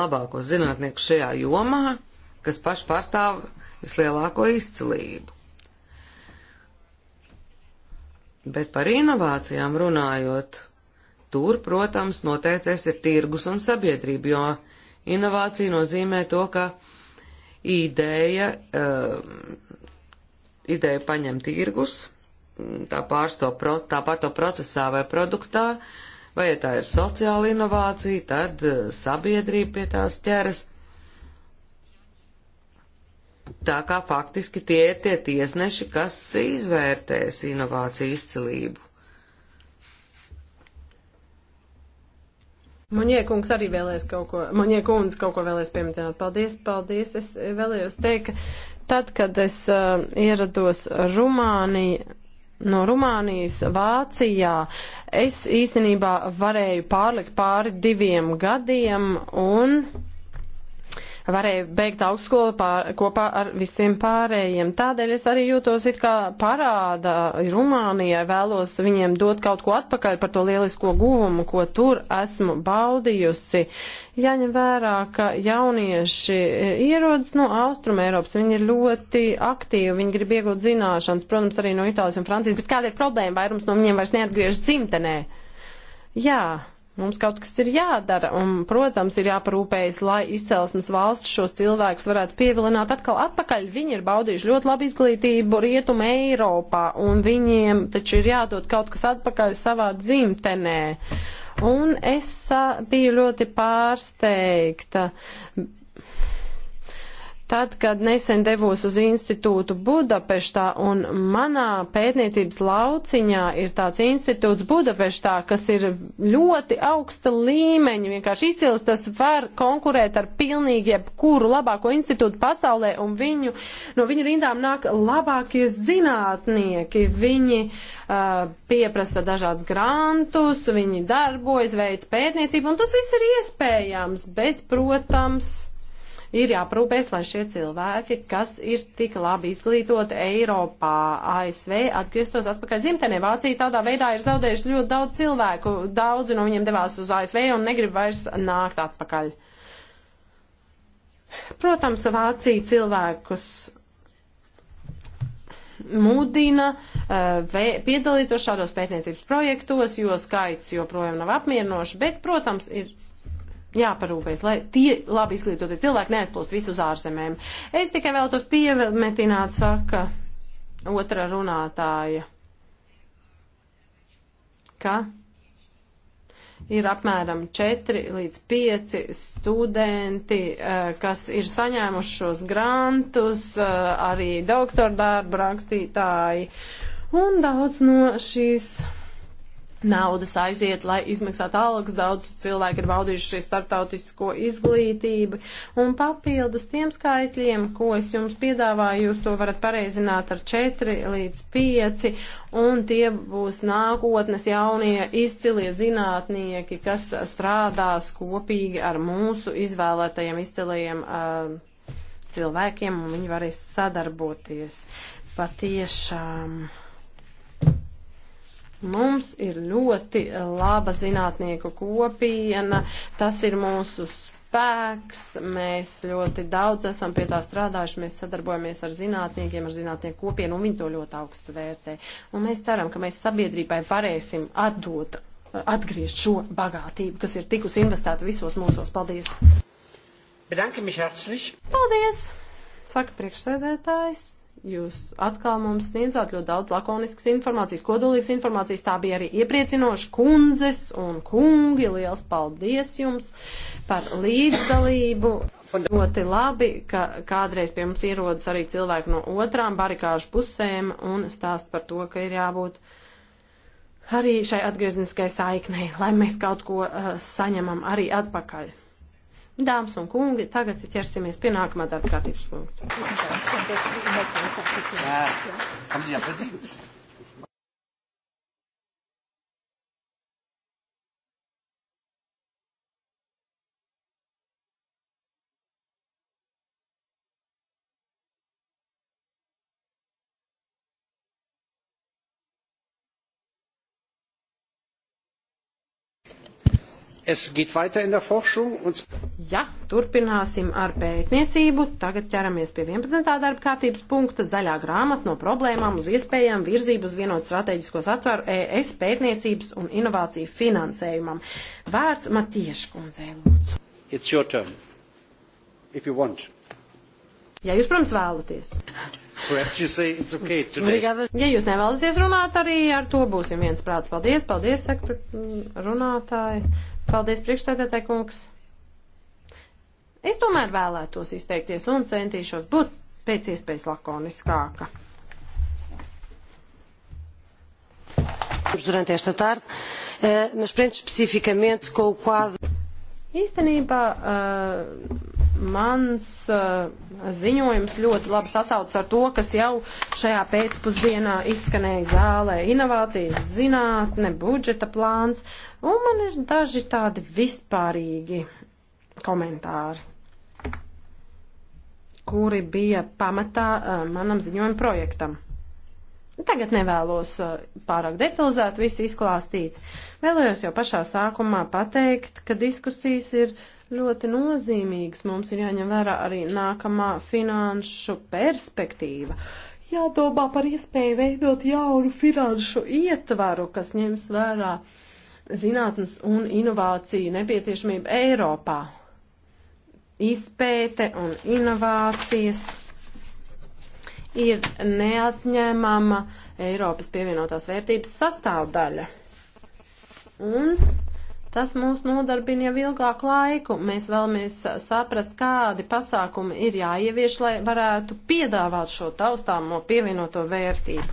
labākos zinātniekus šajā jomā, kas paši pārstāv vislielāko izcilību. Bet par inovācijām runājot, tur, protams, noteicies ir tirgus un sabiedrība, jo inovācija nozīmē to, ka ideja uh, ideju paņem tirgus, mm, tā pārsto, tā pārto procesā vai produktā, vai ja tā ir sociāla inovācija, tad eh, sabiedrība pie tās ķeras. Tā kā faktiski tie ir tie tiesneši, kas izvērtēs inovāciju izcilību.
Maņiekungs arī vēlēs kaut ko, Maņiekundze kaut ko vēlēs pieminēt. Paldies, paldies. Es vēlējos teikt, ka Tad, kad es uh, ierados Rumānijā, no Rumānijas Vācijā, es īstenībā varēju pārlikt pāri diviem gadiem un varēja beigt augstskolu pār, kopā ar visiem pārējiem. Tādēļ es arī jūtos it kā parāda Rumānijai, vēlos viņiem dot kaut ko atpakaļ par to lielisko guvumu, ko tur esmu baudījusi. Jāņem vērā, ka jaunieši ierodas no Austrum Eiropas, viņi ir ļoti aktīvi, viņi grib iegūt zināšanas, protams, arī no Itālijas un Francijas, bet kāda ir problēma? Vairums no viņiem vairs neatgriežas dzimtenē. Jā, Mums kaut kas ir jādara, un, protams, ir jāparūpējas, lai izcelsmes valsts šos cilvēkus varētu pievilināt atkal atpakaļ. Viņi ir baudījuši ļoti labu izglītību Rietumē Eiropā, un viņiem taču ir jādod kaut kas atpakaļ savā dzimtenē. Un es biju ļoti pārsteigta Tad, kad nesen devos uz institūtu Budapeštā un manā pētniecības lauciņā ir tāds institūts Budapeštā, kas ir ļoti augsta līmeņa, vienkārši izcils, tas var konkurēt ar pilnīgi jebkuru labāko institūtu pasaulē un viņu, no viņu rindām nāk labākie zinātnieki. Viņi uh, pieprasa dažādas grantus, viņi darbojas, veids pētniecību un tas viss ir iespējams, bet, protams, ir jāprūpēs, lai šie cilvēki, kas ir tik labi izglītoti Eiropā, ASV, atgrieztos atpakaļ dzimtenē. Vācija tādā veidā ir zaudējuši ļoti daudz cilvēku, daudzi no viņiem devās uz ASV un negrib vairs nākt atpakaļ. Protams, Vācija cilvēkus mudina eh, piedalīties šādos pētniecības projektos, jo skaits joprojām nav apmierinošs, bet, protams, ir jāparūpēs, lai tie labi izglītotie cilvēki neaizplūst visu uz ārzemēm. Es tikai vēlētos piemetināt, saka otra runātāja, ka ir apmēram 4 līdz 5 studenti, eh, kas ir saņēmuši šos grantus, eh, arī doktordarbu rakstītāji un daudz no šīs naudas aiziet, lai izmaksātu algas. Daudz cilvēku ir baudījuši šī starptautisko izglītību. Un papildus tiem skaitļiem, ko es jums piedāvāju, jūs to varat pareizināt ar 4 līdz 5, un tie būs nākotnes jaunie izcilie zinātnieki, kas strādās kopīgi ar mūsu izvēlētajiem izcilajiem. Uh, cilvēkiem, un viņi varēs sadarboties patiešām. Um, Mums ir ļoti laba zinātnieku kopiena, tas ir mūsu spēks, mēs ļoti daudz esam pie tā strādājuši, mēs sadarbojamies ar zinātniekiem, ar zinātnieku kopienu, un viņi to ļoti augstu vērtē. Un mēs ceram, ka mēs sabiedrībai varēsim atdot, atgriezt šo bagātību, kas ir tikus investēta visos mūsos. Paldies!
Bedanke mich herzlich!
Paldies! Saka priekšsēdētājs. Jūs atkal mums sniedzāt ļoti daudz lakoniskas informācijas, kodolīgas informācijas. Tā bija arī iepriecinoša kundzes un kungi. Liels paldies jums par līdzdalību. Ļoti labi, ka kādreiz pie mums ierodas arī cilvēki no otrām barikāžu pusēm un stāst par to, ka ir jābūt arī šai atgriezniskai saiknei, lai mēs kaut ko uh, saņemam arī atpakaļ. Dāmas un kungi, tagad ķersimies pie nākamā darba kārtības punkta.
Jā,
Es geht weiter in der Forschung. Un...
Ja, turpināsim ar pētniecību. Tagad ķeramies pie 11. darba kārtības punkta - zaļā grāmata no problēmām uz iespējām virzību uz vienotu strateģiskos atvaru ES pētniecības un inovāciju finansējumam. Vārds Matieškundzei, lūdzu.
It's your turn, if you want.
Ja jūs, protams, vēlaties.
Okay
ja jūs nevēlaties runāt, arī ar to būsim viens prāts. Paldies, paldies, saka mm, runātāji. Paldies, priekšsēdētāji kungs. Es tomēr vēlētos izteikties un centīšos būt pēc iespējas lakoniskāka. durante esta tarde, eh, mas prende especificamente
com o quadro.
Īstenībā eh, mans uh, ziņojums ļoti labi sasaucas ar to, kas jau šajā pēcpusdienā izskanēja zālē - inovācijas zinātne, budžeta plāns, un man ir daži tādi vispārīgi komentāri, kuri bija pamatā uh, manam ziņojuma projektam. Tagad nevēlos uh, pārāk detalizēt visu izklāstīt. Vēlējos jau pašā sākumā pateikt, ka diskusijas ir uh, ļoti nozīmīgs. Mums ir jāņem vērā arī nākamā finanšu perspektīva. Jādomā par iespēju veidot jaunu finanšu ietvaru, kas ņems vērā zinātnes un inovāciju nepieciešamību Eiropā. Izpēte un inovācijas ir neatņēmama Eiropas pievienotās vērtības sastāvdaļa. Un Tas mūs nodarbina jau ilgāku laiku. Mēs vēlamies saprast, kādi pasākumi ir jāievieš, lai varētu piedāvāt šo taustāmo pievienoto vērtību.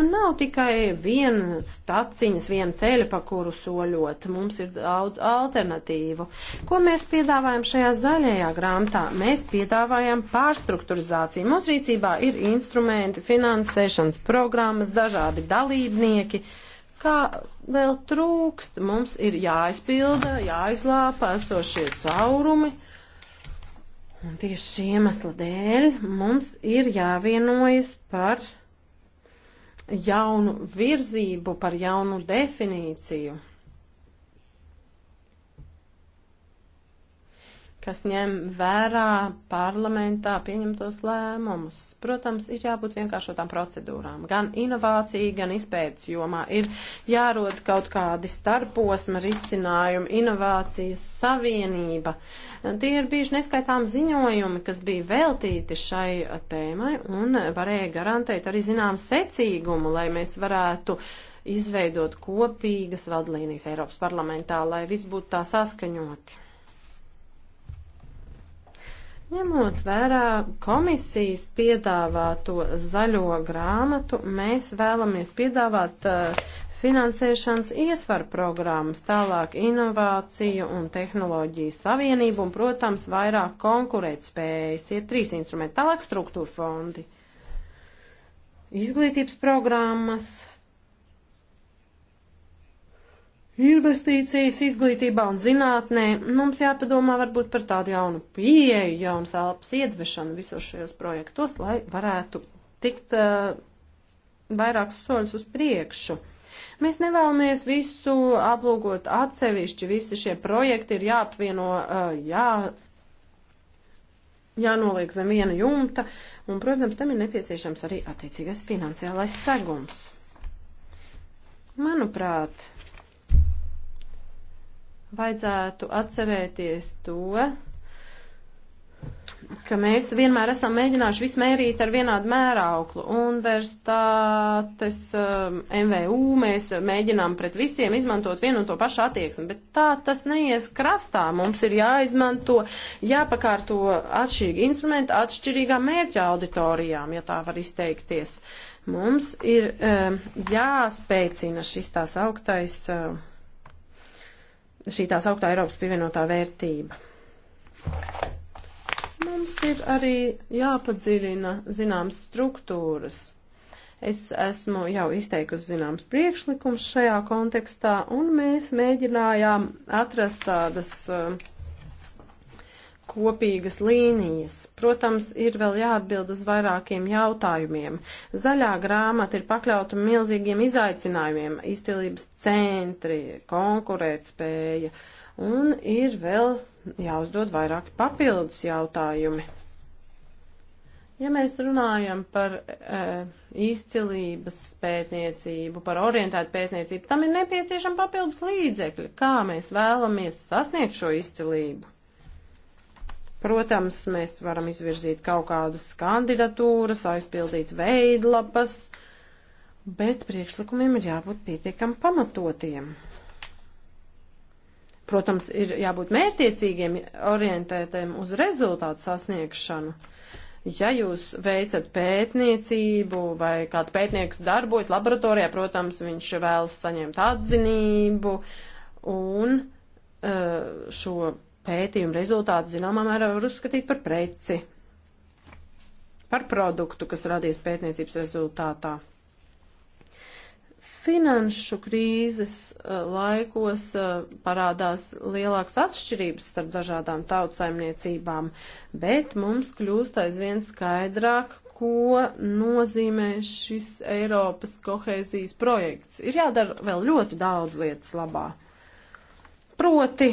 Un nav tikai viena staciņas, viena ceļa, pa kuru soļot. Mums ir daudz alternatīvu. Ko mēs piedāvājam šajā zaļajā grāmatā? Mēs piedāvājam pārstrukturizāciju. Mūsu rīcībā ir instrumenti, finansēšanas programmas, dažādi dalībnieki kā vēl trūkst. Mums ir jāizpilda, jāizlāpa esošie caurumi. Un tieši šī iemesla dēļ mums ir jāvienojas par jaunu virzību, par jaunu definīciju. kas ņem vērā parlamentā pieņemtos lēmumus. Protams, ir jābūt vienkāršotām procedūrām. Gan inovācija, gan izpētes jomā ir jārod kaut kādi starposma risinājumi, inovācijas savienība. Tie ir bijuši neskaitām ziņojumi, kas bija veltīti šai tēmai un varēja garantēt arī zinām secīgumu, lai mēs varētu izveidot kopīgas vadlīnijas Eiropas parlamentā, lai viss būtu tā saskaņoti. Ņemot vērā komisijas piedāvāto zaļo grāmatu, mēs vēlamies piedāvāt uh, finansēšanas ietvaru programmas, tālāk inovāciju un tehnoloģiju savienību un, protams, vairāk konkurētspējas. Tie ir trīs instrumenti, tālāk struktūra fondi, izglītības programmas, investīcijas izglītībā un zinātnē, mums jāpadomā varbūt par tādu jaunu pieeju, jaunas elpas iedvešanu visos šajos projektos, lai varētu tikt uh, vairākus soļus uz priekšu. Mēs nevēlamies visu aplūkot atsevišķi, visi šie projekti ir jāapvieno, uh, jā, jānoliek zem viena jumta, un, protams, tam ir nepieciešams arī attiecīgais finansiālais segums. Manuprāt, vajadzētu atcerēties to, ka mēs vienmēr esam mēģinājuši visu mērīt ar vienādu mērauklu. Universitātes, MVU um, mēs mēģinām pret visiem izmantot vienu un to pašu attieksmi, bet tā tas neies krastā. Mums ir jāizmanto, jāpakārto atšķirīgi instrumenti atšķirīgām mērķa auditorijām, ja tā var izteikties. Mums ir um, jāspēcina šis tās augtais. Uh, šī tās augtā Eiropas pievienotā vērtība. Mums ir arī jāpadziļina zināmas struktūras. Es esmu jau izteikusi zināms priekšlikums šajā kontekstā, un mēs mēģinājām atrast tādas uh, kopīgas līnijas. Protams, ir vēl jāatbild uz vairākiem jautājumiem. Zaļā grāmata ir pakļauta milzīgiem izaicinājumiem - izcilības centri, konkurētspēja, un ir vēl jāuzdod vairāki papildus jautājumi. Ja mēs runājam par e, izcilības pētniecību, par orientētu pētniecību, tam ir nepieciešama papildus līdzekļi, kā mēs vēlamies sasniegt šo izcilību. Protams, mēs varam izvirzīt kaut kādas kandidatūras, aizpildīt veidlapas, bet priekšlikumiem ir jābūt pietiekami pamatotiem. Protams, ir jābūt mērtiecīgiem, orientētiem uz rezultātu sasniegšanu. Ja jūs veicat pētniecību vai kāds pētnieks darbojas laboratorijā, protams, viņš vēlas saņemt atzinību un uh, šo pētījumu rezultātu zināmā mērā var uzskatīt par preci, par produktu, kas radies pētniecības rezultātā. Finanšu krīzes eh, laikos eh, parādās lielākas atšķirības starp dažādām tautsaimniecībām, bet mums kļūst aizvien skaidrāk, ko nozīmē šis Eiropas kohēzijas projekts. Ir jādara vēl ļoti daudz lietas labā. Proti,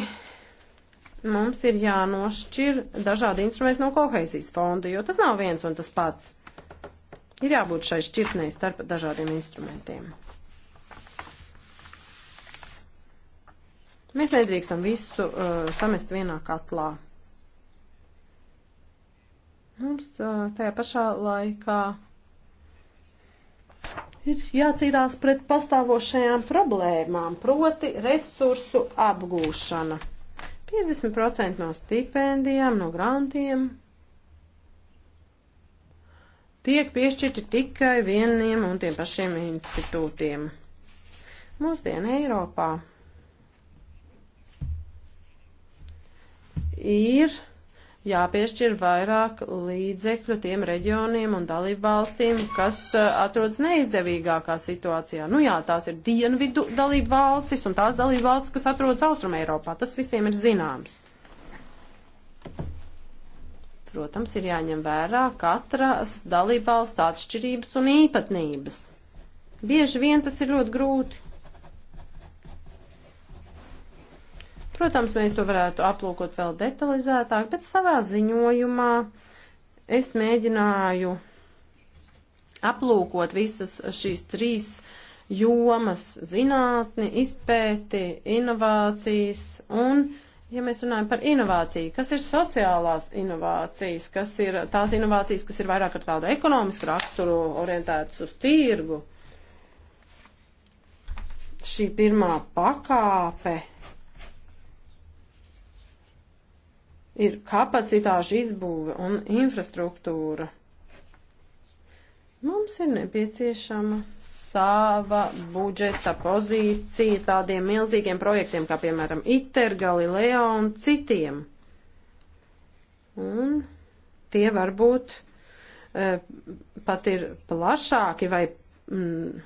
mums ir jānošķir dažādi instrumenti no kohēzijas fonda, jo tas nav viens un tas pats. Ir jābūt šai šķirtnei starp dažādiem instrumentiem. Mēs nedrīkstam visu uh, samest vienā katlā. Mums uh, tajā pašā laikā ir jācīnās pret pastāvošajām problēmām, proti resursu apgūšana. 50% no stipendijām, no grantiem tiek piešķirti tikai vieniem un tiem pašiem institūtiem. Mūsdien Eiropā ir jāpiešķir vairāk līdzekļu tiem reģioniem un dalību valstīm, kas eh, atrodas neizdevīgākā situācijā. Nu jā, tās ir dienvidu dalību valstis un tās dalību valstis, kas atrodas Austrum Eiropā. Tas visiem ir zināms. Protams, ir jāņem vērā katras dalību valsts atšķirības un īpatnības. Bieži vien tas ir ļoti grūti. Protams, mēs to varētu aplūkot vēl detalizētāk, bet savā ziņojumā es mēģināju aplūkot visas šīs trīs jomas - zinātni, izpēti, inovācijas un ja mēs runājam par inovāciju, kas ir sociālās inovācijas, kas ir tās inovācijas, kas ir vairāk ar tādu ekonomisku raksturu orientētas uz tirgu. Šī pirmā pakāpe ir kapacitāšu izbūve un infrastruktūra. Mums ir nepieciešama sava budžeta pozīcija tādiem milzīgiem projektiem, kā piemēram ITER, Galileo un citiem. Un tie varbūt e, pat ir plašāki vai mm,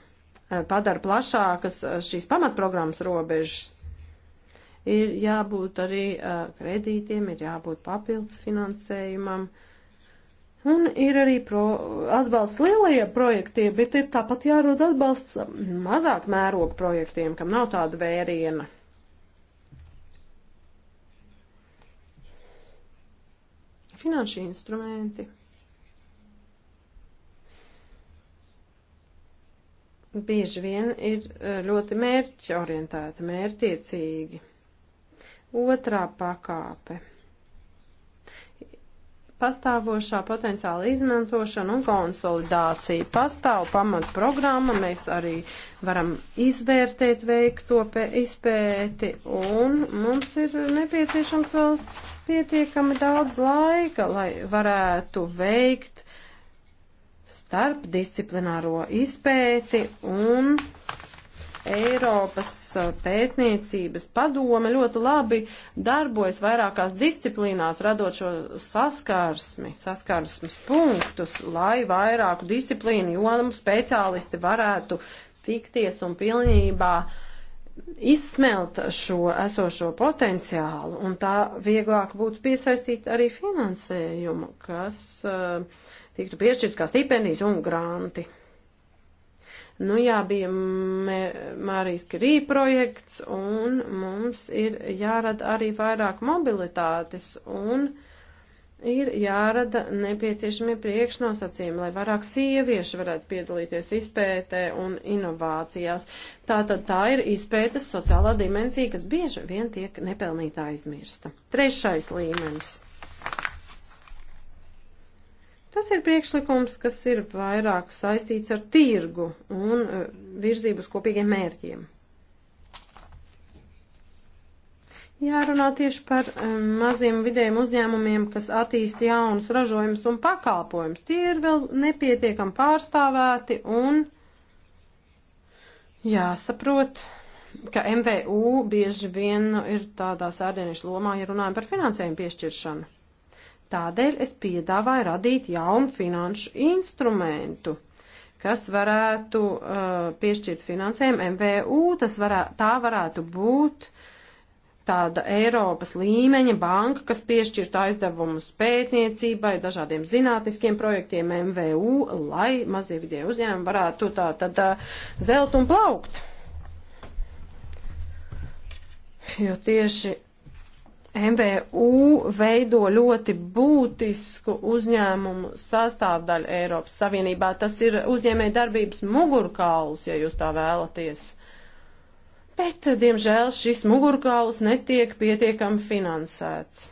e, padara plašākas šīs pamatprogrammas robežas. Ir jābūt arī uh, kredītiem, ir jābūt papildus finansējumam. Un ir arī pro, atbalsts lielajiem projektiem, bet ir tāpat jārod atbalsts mazāk mēroga projektiem, kam nav tāda vēriena. Finanšu instrumenti. bieži vien ir ļoti mērķorientēti, mērķiecīgi. Otrā pakāpe pastāvošā potenciāla izmantošana un konsolidācija. Pastāv pamatprogramma, mēs arī varam izvērtēt veikto izpēti, un mums ir nepieciešams vēl pietiekami daudz laika, lai varētu veikt starpdisciplināro izpēti un Eiropas pētniecības padome ļoti labi darbojas vairākās disciplīnās, radot šo saskarsmi, saskarsmes punktus, lai vairāku disciplīnu jomu speciālisti varētu tikties un pilnībā izsmelt šo esošo potenciālu, un tā vieglāk būtu piesaistīt arī finansējumu, kas uh, tiktu piešķirts kā stipendijas un granti. Nu jā, bija Mārijas Kirī projekts, un mums ir jārada arī vairāk mobilitātes, un ir jārada nepieciešamie priekšnosacījumi, lai vairāk sieviešu varētu piedalīties izpētē un inovācijās. Tātad tā ir izpētes sociālā dimensija, kas bieži vien tiek nepelnītā aizmirsta. Trešais līmenis. Tas ir priekšlikums, kas ir vairāk saistīts ar tirgu un e, virzības kopīgiem mērķiem. Jārunā tieši par e, maziem vidējiem uzņēmumiem, kas attīsta jaunus ražojumus un pakalpojumus. Tie ir vēl nepietiekami pārstāvēti un jāsaprot, ka MVU bieži vien ir tādā sēdieniešu lomā, ja runājam par finansējumu piešķiršanu. Tādēļ es piedāvāju radīt jaunu finanšu instrumentu, kas varētu uh, piešķirt finansējumu MVU. Tas varē, tā varētu būt tāda Eiropas līmeņa banka, kas piešķirt aizdevumus pētniecībai, dažādiem zinātniskiem projektiem MVU, lai mazie vidē uzņēmumi varētu tā tad uh, zelt un plaukt. Jo tieši MBU veido ļoti būtisku uzņēmumu sastāvdaļu Eiropas Savienībā. Tas ir uzņēmēja darbības mugurkauls, ja jūs tā vēlaties. Bet, diemžēl, šis mugurkauls netiek pietiekami finansēts.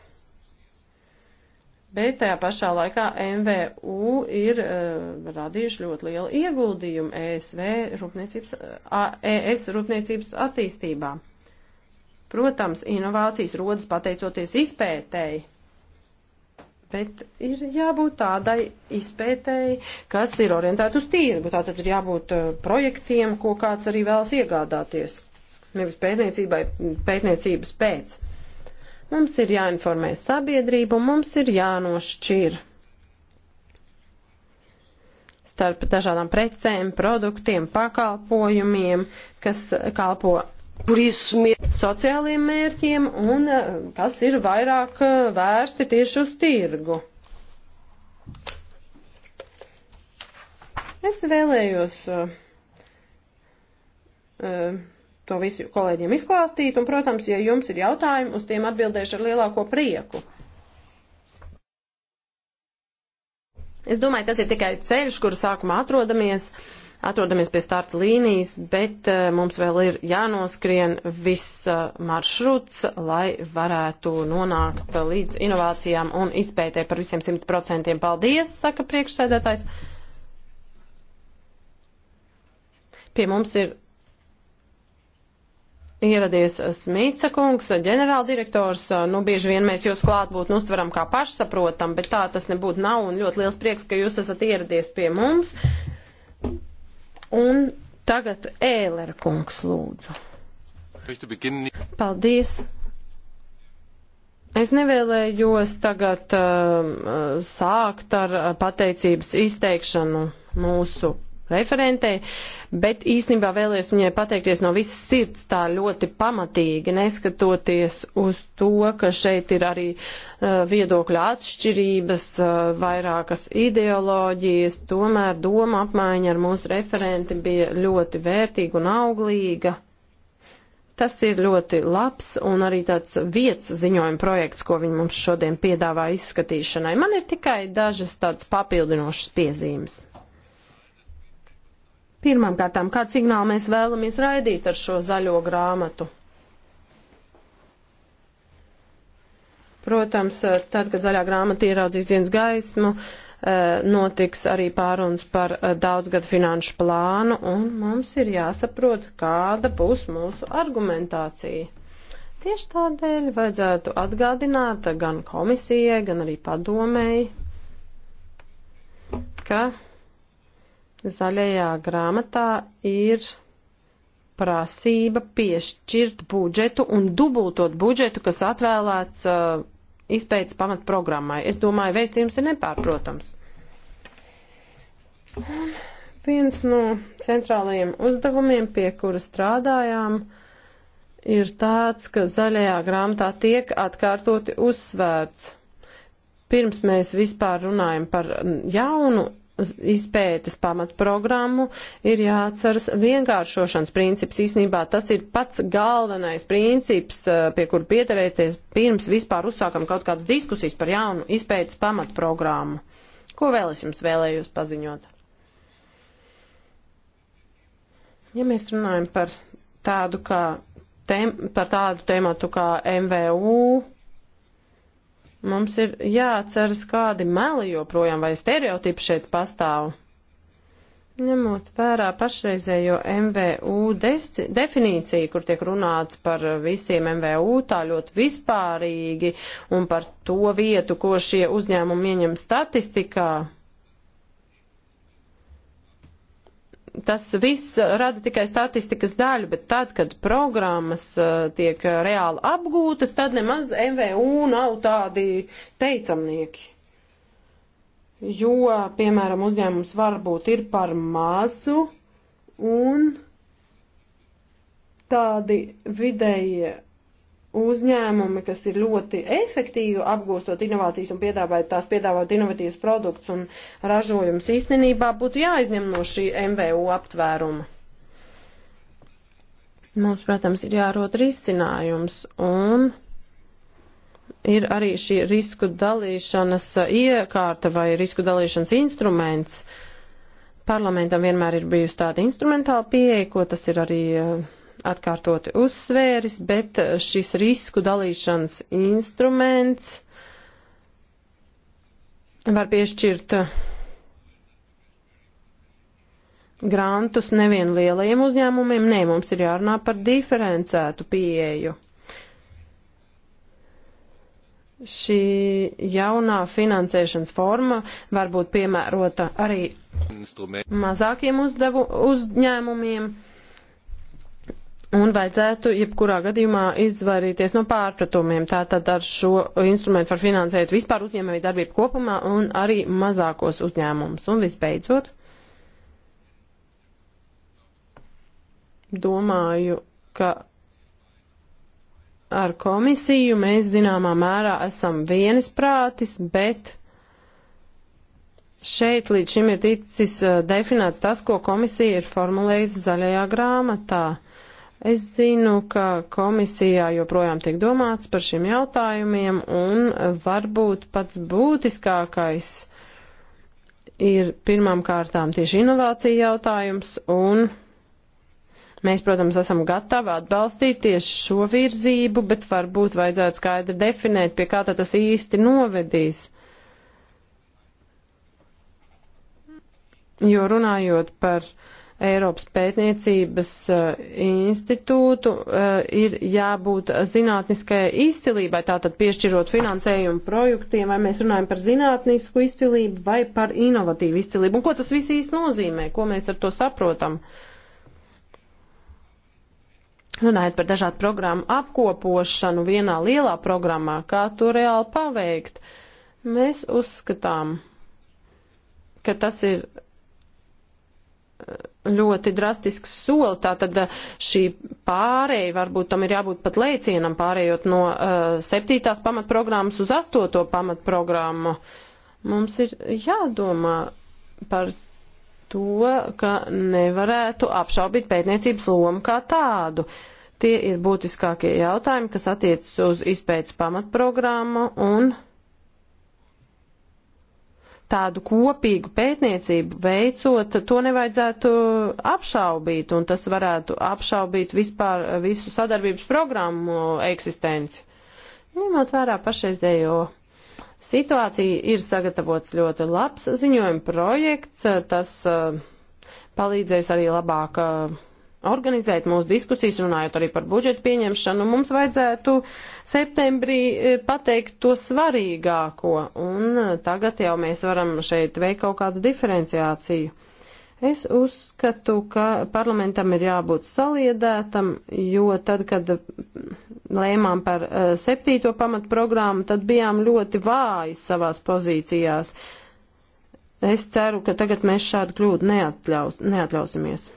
Bet tajā pašā laikā MVU ir uh, radījuši ļoti lielu ieguldījumu ESV rūpniecības, uh, ES rūpniecības attīstībā. Protams, inovācijas rodas pateicoties izpētēji, bet ir jābūt tādai izpētēji, kas ir orientēta uz tīrgu. Tātad ir jābūt eh, projektiem, ko kāds arī vēlas iegādāties. Nevis pētniecībai, pētniecības pēc. Mums ir jāinformē sabiedrību, mums ir jānošķir starp dažādām precēm, produktiem, pakalpojumiem, kas kalpo sociāliem mērķiem un eh, kas ir vairāk eh, vērsti tieši uz tirgu. Es vēlējos uh, to visu kolēģiem izklāstīt, un, protams, ja jums ir jautājumi, uz tiem atbildēšu ar lielāko prieku. Es domāju, tas ir tikai ceļš, kuru sākumā atrodamies. Uh, atrodamies pie starta līnijas, bet eh, mums vēl ir jānoskrien viss eh, maršruts, lai varētu nonākt līdz inovācijām un izpētē par visiem 100%. Paldies, saka priekšsēdētājs. Pie mums ir ieradies Smīca kungs, ģenerāldirektors. Nu, bieži vien mēs jūs klātbūtni uztveram kā pašsaprotam, bet tā tas nebūtu nav. Un ļoti liels prieks, ka jūs esat ieradies pie mums. Un tagad Ēlera kungs lūdzu. Paldies! Es nevēlējos tagad uh, sākt ar uh, pateicības izteikšanu mūsu referentei, bet īstenībā vēlējos viņai pateikties no visas sirds tā ļoti pamatīgi, neskatoties uz to, ka šeit ir arī uh, viedokļa atšķirības, uh, vairākas ideoloģijas, tomēr doma apmaiņa ar mūsu referenti bija ļoti vērtīga un auglīga. Tas ir ļoti labs un arī tāds vietas ziņojuma projekts, ko viņi mums šodien piedāvā izskatīšanai. Man ir tikai dažas tādas papildinošas piezīmes. Pirmkārt, kādu signālu mēs vēlamies raidīt ar šo zaļo grāmatu? Protams, eh, tad, kad zaļā grāmata ieraudzīs dienas gaismu, eh, notiks arī pārunas par eh, daudzgadu finanšu plānu, un mums ir jāsaprot, kāda būs mūsu argumentācija. Tieši tādēļ vajadzētu atgādināt gan komisijai, gan arī padomēji, ka Zaļajā grāmatā ir prasība piešķirt budžetu un dubultot budžetu, kas atvēlēts uh, izpētes pamatprogrammai. Es domāju, vēstījums ir nepārprotams. Un viens no centrālajiem uzdevumiem, pie kura strādājām, ir tāds, ka zaļajā grāmatā tiek atkārtoti uzsvērts. Pirms mēs vispār runājam par jaunu izpētes pamatprogrammu, ir jāatceras vienkāršošanas princips. Īsnībā tas ir pats galvenais princips, eh, pie kura pieturēties pirms vispār uzsākam kaut kādas diskusijas par jaunu izpētes pamatprogrammu. Ko vēl es jums vēlējos paziņot? Ja mēs runājam par tādu, kā, tem, par tādu tēmatu kā MVU, Mums ir jāatceras, kādi meli joprojām vai stereotipi šeit pastāv. Ņemot vērā pašreizējo MVU definīciju, kur tiek runāts par visiem MVU tā ļoti vispārīgi un par to vietu, ko šie uzņēmumi ieņem statistikā, tas viss rada tikai statistikas daļu, bet tad, kad programmas uh, tiek reāli apgūtas, tad nemaz MVU nav tādi teicamnieki. Jo, piemēram, uzņēmums varbūt ir par mazu un tādi vidējie uzņēmumi, kas ir ļoti efektīvi apgūstot inovācijas un piedāvājot tās piedāvāt inovatīvas produkts un ražojums īstenībā būtu jāizņem no šī MVU aptvēruma. Mums, protams, ir jārod risinājums un ir arī šī risku dalīšanas iekārta vai risku dalīšanas instruments. Parlamentam vienmēr ir bijusi tāda instrumentāla pieeja, ko tas ir arī uh, atkārtoti uzsvēris, bet šis risku dalīšanas instruments var piešķirt grantus nevien lielajiem uzņēmumiem, nē, mums ir jārunā par diferencētu pieeju. Šī jaunā finansēšanas forma var būt piemērota arī mazākiem uzdevu, uzņēmumiem Un vajadzētu jebkurā gadījumā izvairīties no pārpratumiem. Tātad ar šo instrumentu var finansēt vispār uzņēmēju darbību kopumā un arī mazākos uzņēmumus. Un visbeidzot, domāju, ka ar komisiju mēs zināmā mērā esam vienisprātis, bet šeit līdz šim ir ticis eh, definēts tas, ko komisija ir formulējusi zaļajā grāmatā Es zinu, ka komisijā joprojām tiek domāts par šiem jautājumiem, un varbūt pats būtiskākais ir pirmām kārtām tieši inovācija jautājums, un mēs, protams, esam gatavi atbalstīt tieši šo virzību, bet varbūt vajadzētu skaidri definēt, pie kā tas īsti novedīs. Jo runājot par uh, Eiropas pētniecības eh, institūtu eh, ir jābūt zinātniskajai izcilībai, tātad piešķirot finansējumu projektiem, vai mēs runājam par zinātnisku izcilību vai par inovatīvu izcilību. Un ko tas viss īsti nozīmē, ko mēs ar to saprotam? Runājot par dažādu programmu apkopošanu vienā lielā programmā, kā to reāli paveikt, mēs uzskatām, ka tas ir ļoti drastisks solis. Tātad eh, šī pārēja, varbūt tam ir jābūt pat lēcienam pārējot no uh, septītās pamatprogrammas uz astoto pamatprogrammu. Mums ir jādomā par to, ka nevarētu apšaubīt pētniecības lomu kā tādu. Tie ir būtiskākie jautājumi, kas attiecas uz izpētes pamatprogrammu un. Uh, tādu kopīgu pētniecību veicot, to nevajadzētu apšaubīt, un tas varētu apšaubīt vispār visu sadarbības programmu eksistenci. Ņemot vērā pašreizējo situāciju, ir sagatavots ļoti labs ziņojuma projekts, tas eh, palīdzēs arī labāk eh, organizēt mūsu diskusijas, runājot arī par budžetu pieņemšanu, mums vajadzētu septembrī e, pateikt to svarīgāko, un e, tagad jau mēs varam šeit veikt kaut kādu diferenciāciju. Es uzskatu, ka parlamentam ir jābūt saliedētam, jo tad, kad lēmām par e, septīto pamatprogrammu, tad bijām ļoti vāji savās pozīcijās. Es ceru, ka tagad mēs šādu kļūdu neatļaus, neatļausimies.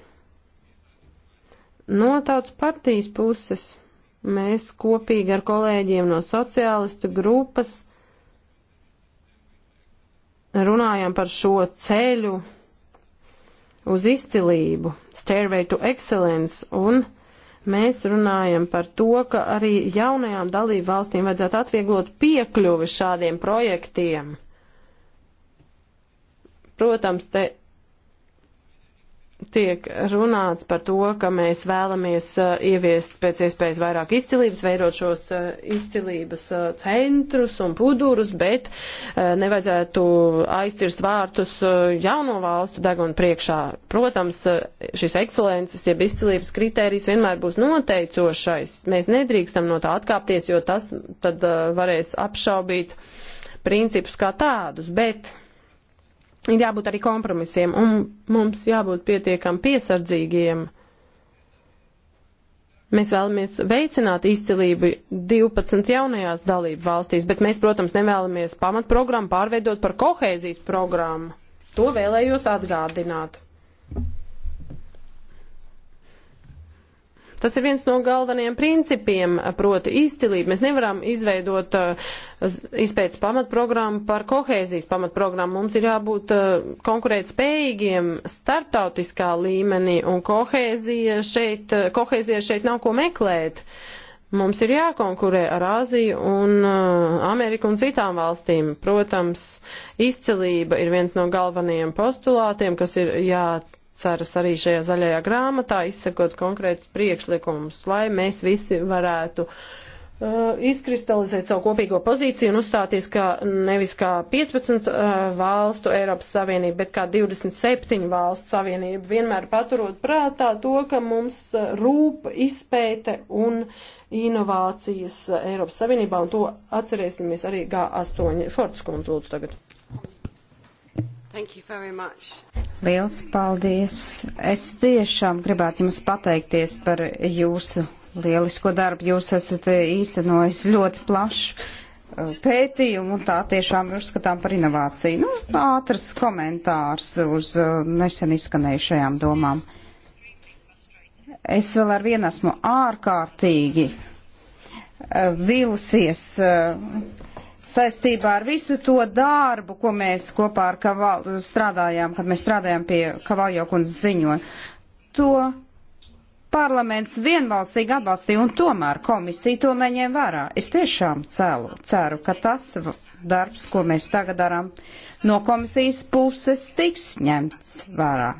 No tautas partijas puses mēs kopīgi ar kolēģiem no sociālistu grupas runājam par šo ceļu uz izcilību, Stairway to Excellence, un mēs runājam par to, ka arī jaunajām dalību valstīm vajadzētu atvieglot piekļuvi šādiem projektiem. Protams, te tiek runāts par to, ka mēs vēlamies uh, ieviest pēc iespējas vairāk izcilības, veidot šos uh, izcilības uh, centrus un pudurus, bet nevajadzētu aizcirst vārtus jauno valstu degunu priekšā. Protams, šis ekscelences, jeb izcilības kritērijs vienmēr būs noteicošais. Mēs nedrīkstam no tā atkāpties, jo tas tad varēs apšaubīt principus kā tādus, bet ir jābūt arī kompromisiem, un mums jābūt pietiekam piesardzīgiem. Mēs vēlamies veicināt izcilību 12 jaunajās dalību valstīs, bet mēs, protams, nevēlamies pamatprogrammu pārveidot par kohēzijas programmu. To vēlējos atgādināt. Tas ir viens no galvenajiem principiem, proti izcilība. Mēs nevaram izveidot uh, izpētes pamatprogrammu par kohēzijas pamatprogrammu. Mums ir jābūt uh, konkurēt spējīgiem starptautiskā līmenī, un kohēzija šeit, uh, kohēzija šeit nav ko meklēt. Mums ir jākonkurē ar Āziju un uh, Ameriku un citām valstīm. Protams, izcelība ir viens no galvenajiem postulātiem, kas ir jā, jāceras arī šajā zaļajā grāmatā, izsakot konkrētus priekšlikumus, lai mēs visi varētu uh, izkristalizēt savu kopīgo pozīciju un uzstāties kā nevis kā 15 uh, valstu Eiropas Savienība, bet kā 27 valstu Savienība, vienmēr paturot prātā to, ka mums uh, rūp izpēte un inovācijas Eiropas Savienībā, un to atcerēsimies arī G8. Fortas kundze, lūdzu tagad.
Liels paldies! Es tiešām gribētu jums pateikties par jūsu lielisko darbu. Jūs esat īstenojis ļoti plašu uh, pētījumu un tā tiešām ir uzskatām par inovāciju. Nu, ātrs komentārs uz uh, nesen izskanējušajām domām. Es vēl ar vienu esmu ārkārtīgi uh, vilusies saistībā ar visu to darbu, ko mēs kopā ar Kavalu strādājām, kad mēs strādājām pie Kavaljo kundzes ziņoja. To parlaments vienbalsīgi atbalstīja un tomēr komisija to neņēma vērā. Es tiešām celu, ceru, ka tas darbs, ko mēs tagad darām, no komisijas puses tiks ņemts vērā.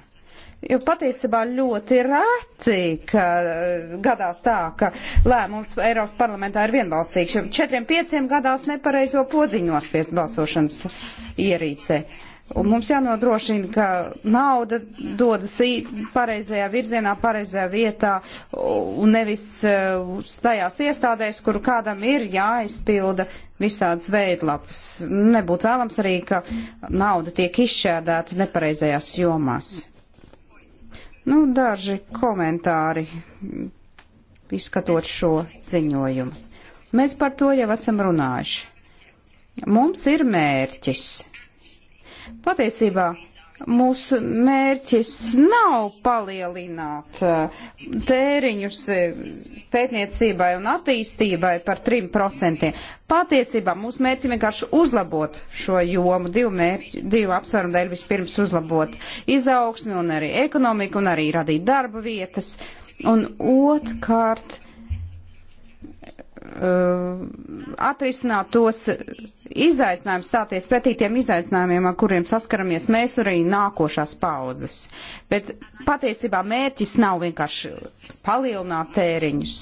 Jo patiesībā ļoti reti, ka eh, gadās tā, ka lēmums Eiropas parlamentā ir vienbalsīgs. Četriem pieciem gadās nepareizo podziņu nospiest balsošanas ierīcē. Un mums jānodrošina, ka nauda dodas pareizajā virzienā, pareizajā vietā un nevis eh, tajās iestādēs, kur kādam ir jāizpilda visādas veidlapas. Nebūtu vēlams arī, ka nauda tiek izšķērdēta nepareizajās jomās. Mm. Nu, daži komentāri izskatot šo ziņojumu. Mēs par to jau esam runājuši. Mums ir mērķis. Patiesībā Mūsu mērķis nav palielināt eh, tēriņus eh, pētniecībai un attīstībai par 3%. Patiesībā mūsu mērķis vienkārši uzlabot šo jomu, divu, mērķi, divu apsvērumu dēļ vispirms uzlabot izaugsmi un arī ekonomiku un arī radīt darba vietas. Un otrkārt Uh, atrisināt tos izaicinājumus, stāties pretī tiem izaicinājumiem, ar kuriem saskaramies mēs un arī nākošās paudzes. Bet patiesībā mērķis nav vienkārši palielināt tēriņus.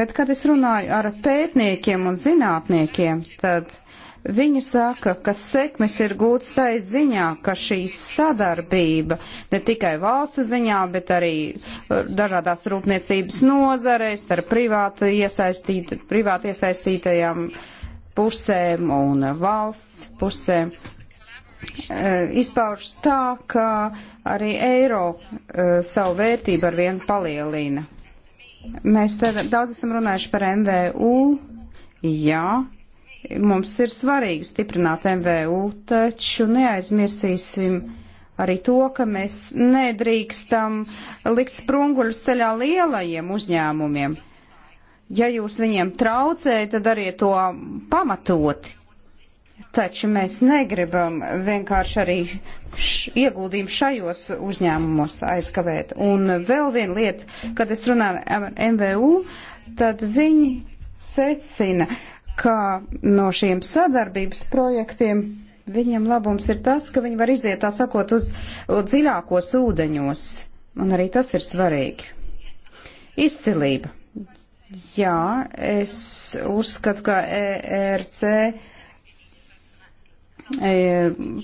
Bet, kad es runāju ar pētniekiem un zinātniekiem, tad Viņa saka, ka sekmes ir gūts tai ziņā, ka šī sadarbība ne tikai valstu ziņā, bet arī uh, dažādās rūpniecības nozarēs ar privāti, iesaistīt, privāti iesaistītajām pusēm un valsts pusēm uh, izpaužas tā, ka arī eiro uh, savu vērtību ar vienu palielina. Mēs daudz esam runājuši par MVU, jā, Mums ir svarīgi stiprināt MVU, taču neaizmirsīsim arī to, ka mēs nedrīkstam likt sprunguļus ceļā lielajiem uzņēmumiem. Ja jūs viņiem traucējat, tad dariet to pamatoti. Taču mēs negribam vienkārši arī ieguldījumu šajos uzņēmumos aizkavēt. Un vēl viena lieta, kad es runāju ar MVU, tad viņi secina, ka no šiem sadarbības projektiem viņiem labums ir tas, ka viņi var iziet, tā sakot, uz dziļākos ūdeņos, un arī tas ir svarīgi. Izcilība. Jā, es uzskatu, ka ERC e,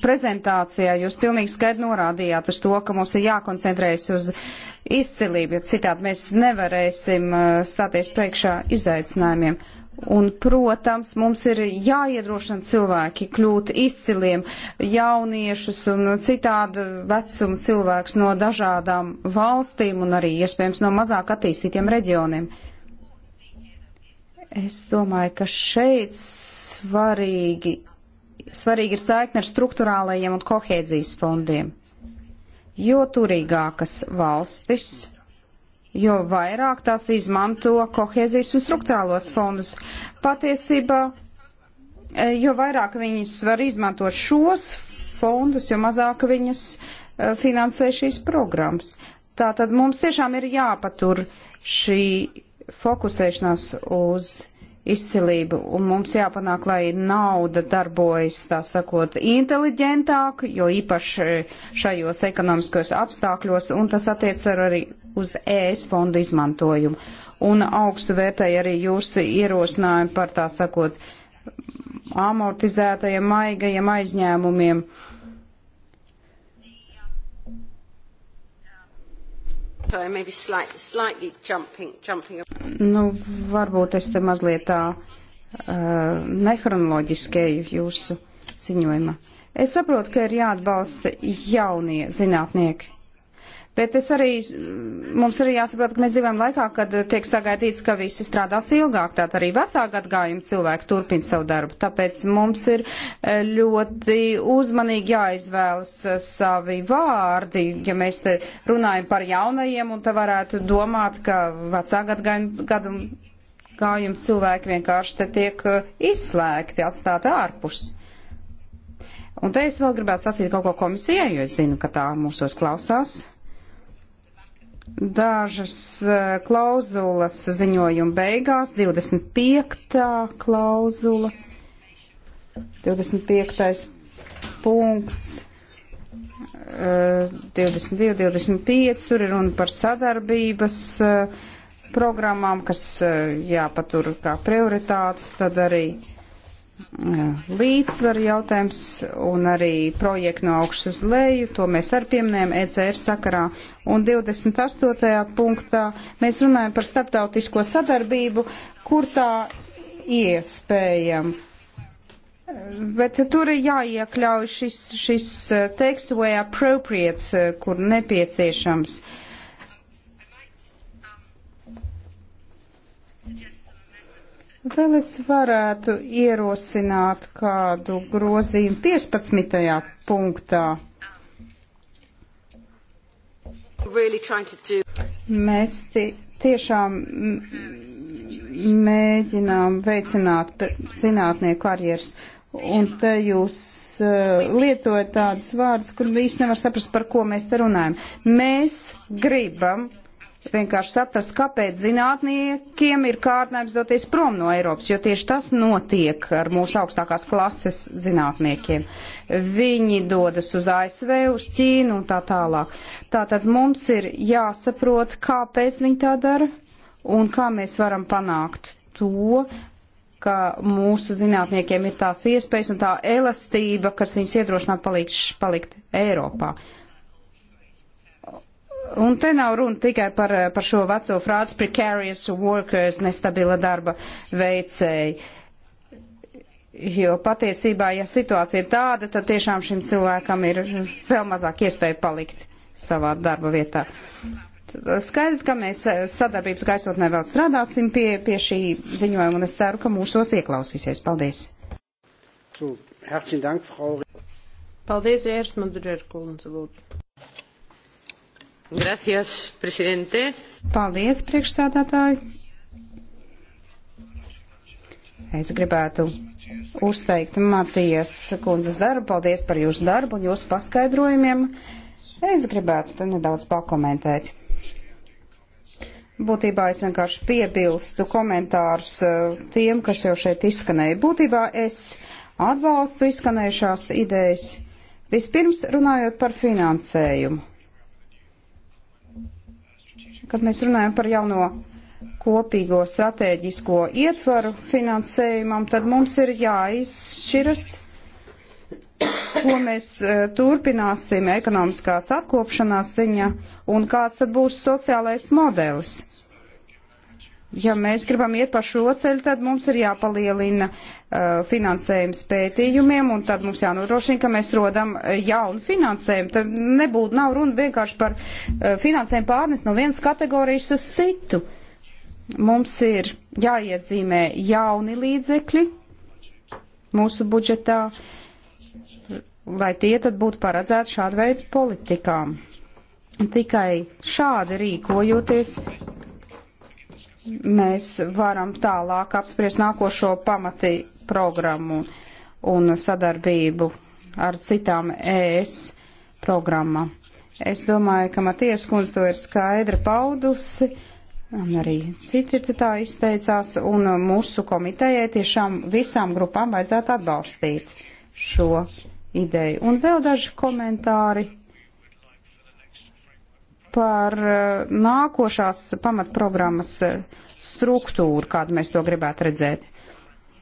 prezentācijā jūs pilnīgi skaidri norādījāt uz to, ka mums ir jākoncentrējas uz izcilību, jo citādi mēs nevarēsim e, stāties priekšā izaicinājumiem. Uh, Un, protams, mums ir jāiedrošina cilvēki kļūt izciliem, jauniešus un citādu vecumu cilvēkus no dažādām valstīm un arī iespējams no mazāk attīstītiem reģioniem. Es domāju, ka šeit svarīgi, svarīgi ir saikne ar struktūrālajiem un kohēzijas fondiem. Jo turīgākas valstis jo vairāk tās izmanto kohēzijas un struktūrālos fondus. Patiesībā, e, jo vairāk viņas var izmantot šos fondus, jo mazāk viņas e, finansē šīs programmas. Tātad mums tiešām ir jāpatur šī fokusēšanās uz izcilību, un mums jāpanāk, lai nauda darbojas, tā sakot, inteliģentāk, jo īpaši šajos ekonomiskos apstākļos, un tas attiec ar arī uz ES fondu izmantojumu. Un augstu vērtēja arī jūsu ierosinājumu par, tā sakot, amortizētajiem maigajiem aizņēmumiem. Uh, Slight, slightly jumping, jumping. Nu, varbūt es te mazliet tā uh, nehronoloģiskēju jūsu ziņojumā. Es saprotu, ka ir jāatbalsta jaunie zinātnieki, Bet es arī, mums arī jāsaprot, ka mēs dzīvojam laikā, kad tiek sagaidīts, ka visi strādās ilgāk, tātad arī vecāka atgājuma cilvēki turpina savu darbu. Tāpēc mums ir e, ļoti uzmanīgi jāizvēlas e, savi vārdi, ja mēs te runājam par jaunajiem, un te varētu domāt, ka vecāka atgājuma cilvēki vienkārši te tiek e, izslēgti, atstāti ārpus. Un te es vēl gribētu sacīt kaut ko komisijai, jo es zinu, ka tā mūsos klausās dažas e, klauzulas ziņojuma beigās, 25. klauzula, 25. punkts. 22, e, 25, tur ir runa par sadarbības e, programmām, kas jāpatur kā prioritātes, tad arī līdzsvaru jautājums un arī projektu no augšas uz leju, to mēs arī pieminējam ECR sakarā. Un 28. punktā mēs runājam par starptautisko sadarbību, kur tā iespējam. Bet tur ir jāiekļauj šis, šis eh, teksts, vai appropriate, eh, kur nepieciešams. Uh, Vēl es varētu ierosināt kādu grozījumu 15. punktā.
Really do...
Mēs tiešām mēģinām veicināt zinātnieku karjeras. Un te jūs uh, lietojat tādas vārdas, kur īsti nevar saprast, par ko mēs te runājam. Mēs gribam vienkārši saprast, kāpēc zinātniekiem ir kārdinājums doties prom no Eiropas, jo tieši tas notiek ar mūsu augstākās klases zinātniekiem. Viņi dodas uz ASV, uz Ķīnu un tā tālāk. Tātad mums ir jāsaprot, kāpēc viņi tā dara un kā mēs varam panākt to, ka mūsu zinātniekiem ir tās iespējas un tā elastība, kas viņus iedrošinātu palikt, palikt Eiropā. Un te nav runa tikai par, eh, par šo veco frāzi precarious workers, nestabila darba veicēji. Jo patiesībā, ja situācija ir tāda, tad tiešām šim cilvēkam ir vēl mazāk iespēja palikt savā darba vietā. Skaidrs, ka mēs eh, sadarbības gaisotnē vēl strādāsim pie, pie šī ziņojuma, un es ceru, ka mūsos ieklausīsies. Paldies!
Paldies, Jērs
Madurēr, Kulundze, lūdzu. Gracias, prezidente.
Paldies, priekšsādātāji. Es gribētu uzteikt Matijas kundzes darbu. Paldies par jūsu darbu un jūsu paskaidrojumiem. Es gribētu te nedaudz pakomentēt. Būtībā es vienkārši piebilstu komentārus eh, tiem, kas jau šeit izskanēja. Būtībā es atbalstu izskanējušās idejas. Vispirms runājot par finansējumu kad mēs runājam par jauno kopīgo stratēģisko ietvaru finansējumam, tad mums ir jāizšķiras, ko mēs e, turpināsim ekonomiskās atkopšanās ziņā un kāds tad būs sociālais modelis ja mēs gribam iet pa šo ceļu, tad mums ir jāpalielina uh, finansējums pētījumiem, un tad mums jānodrošina, ka mēs rodam uh, jaunu finansējumu. Tad nebūtu, nav runa vienkārši par uh, finansējumu pārnes no vienas kategorijas uz citu. Mums ir jāiezīmē jauni līdzekļi mūsu budžetā, lai tie tad būtu paredzēti šādu veidu politikām. Tikai šādi rīkojoties, mēs varam tālāk apspriest nākošo pamatī programmu un sadarbību ar citām ES programmām. Es domāju, ka Matijas kundze to ir skaidri paudusi, un arī citi tā izteicās, un mūsu komitejai tiešām visām grupām vajadzētu atbalstīt šo ideju. Un vēl daži komentāri par eh, nākošās pamatprogrammas eh, struktūru, kādu mēs to gribētu redzēt.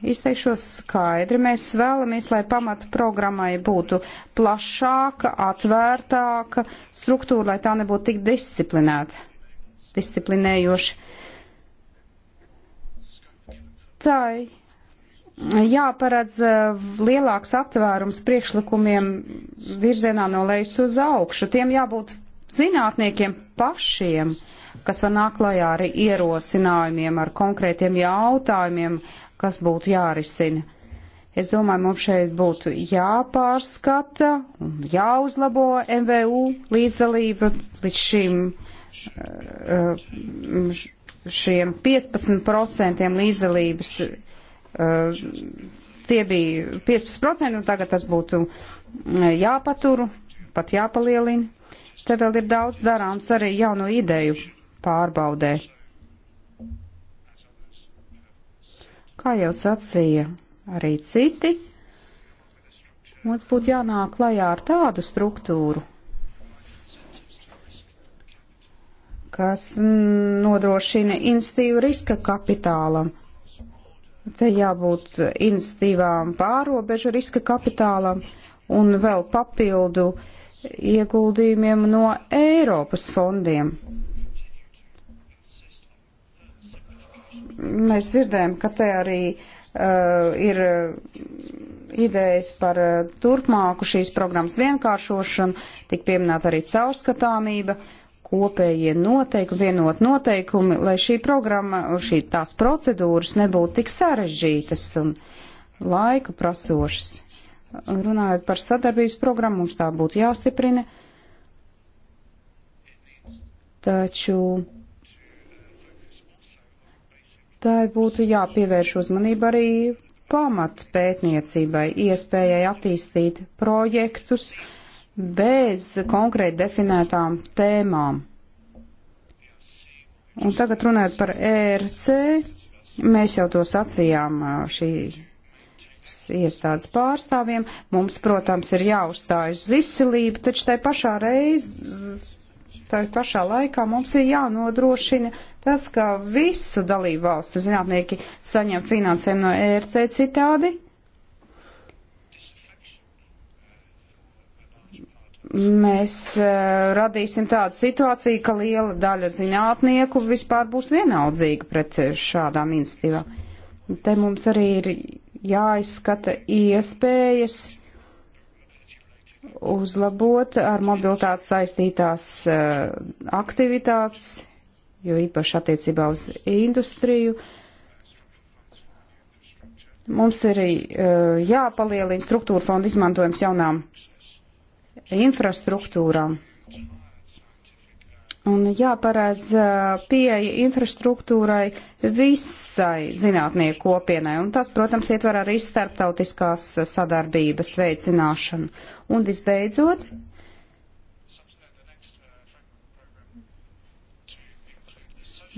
Izteikšos skaidri, mēs vēlamies, lai pamatprogrammai būtu plašāka, atvērtāka struktūra, lai tā nebūtu tik disciplinēta, disciplinējoša. Tai jāparedz eh, lielāks atvērums priekšlikumiem virzienā no lejas uz augšu. Tiem jābūt zinātniekiem pašiem, kas var nākt klajā ar ierosinājumiem, ar konkrētiem jautājumiem, kas būtu jārisina. Es domāju, mums šeit būtu jāpārskata un jāuzlabo MVU līdzdalība līdz šim eh, šiem 15% līdzdalības. Eh, tie bija 15% un tagad tas būtu eh, jāpatur, pat jāpalielina. Te vēl ir daudz darāms arī jauno ideju pārbaudē. Kā jau sacīja arī citi, mums būtu jānāk klajā ar tādu struktūru, kas nodrošina instīvu riska kapitālam. Te jābūt instīvām pārobežu riska kapitālam un vēl papildu uh, ieguldījumiem no Eiropas fondiem. Mēs dzirdējam, ka te arī uh, ir uh, idejas par uh, turpmāku šīs programmas vienkāršošanu, tik pieminēta arī caurskatāmība, kopējie noteikumi, vienot noteikumi, lai šī programma, šī tās procedūras nebūtu tik sarežģītas un laika prasošas. Runājot par sadarbības programmu, mums tā būtu jāstiprina. Taču tā būtu jāpievērš uzmanība arī pamat pētniecībai, iespējai attīstīt projektus bez konkrēti definētām tēmām. Un tagad runājot par ERC, mēs jau to sacījām šī iestādes pārstāvjiem. Mums, protams, ir jāuzstājas uz izcilību, taču tai pašā reiz, tai pašā laikā mums ir jānodrošina tas, ka visu dalību valstu zinātnieki saņem finansējumu no ERC citādi. Mēs uh, radīsim tādu situāciju, ka liela daļa zinātnieku vispār būs vienaldzīga pret šādām institīvām. Te mums arī ir jāizskata iespējas uzlabot ar mobilitāti saistītās eh, aktivitātes, jo īpaši attiecībā uz industriju. Mums ir eh, jāpalielina struktūra fonda izmantojums jaunām infrastruktūrām un jāparādz pieeja infrastruktūrai visai zinātnieku kopienai, un tas, protams, ietver arī starptautiskās sadarbības veicināšanu. Un visbeidzot,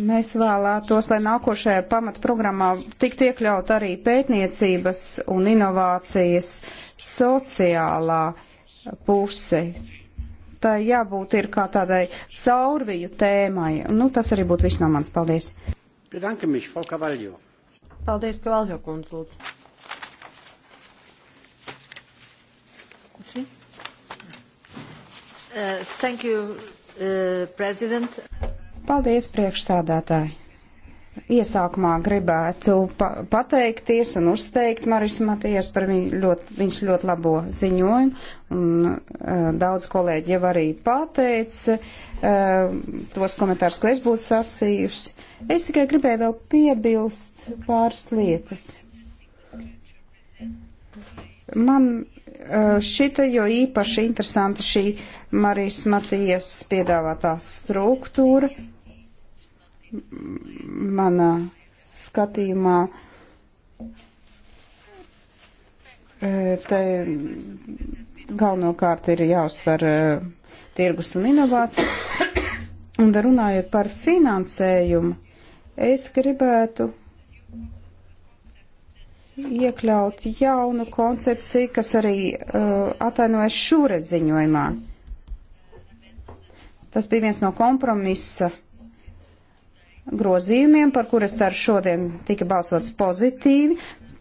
mēs vēlētos, lai nākošajā pamatprogrammā tiktu iekļaut arī pētniecības un inovācijas sociālā puse tā jābūt ir kā tādai saurviju tēmai. Nu, tas arī būtu viss no manas. Paldies.
Mich, Frau Kavaljo.
Paldies, Kavaljo kundze, lūdzu.
Uh, thank you, uh, President.
Paldies, priekšstādātāji. Iesākumā gribētu pa pateikties un uzteikt Maris Matijas par viņu ļoti, viņas ļoti labo ziņojumu. Un, uh, daudz kolēģi jau arī pateica uh, tos komentārus, ko es būtu sacījusi. Es tikai gribēju vēl piebilst pāris lietas. Man uh, šita jo īpaši interesanta šī Marijas Matijas piedāvātā struktūra. Uh, manā skatījumā e, te galvenokārt ir jāuzsver e, tirgus un inovācijas. Un runājot par finansējumu, es gribētu iekļaut jaunu koncepciju, kas arī uh, atainojas šūre ziņojumā. Tas bija viens no kompromisa uh, grozījumiem, par kuras ar šodien tika balsots pozitīvi,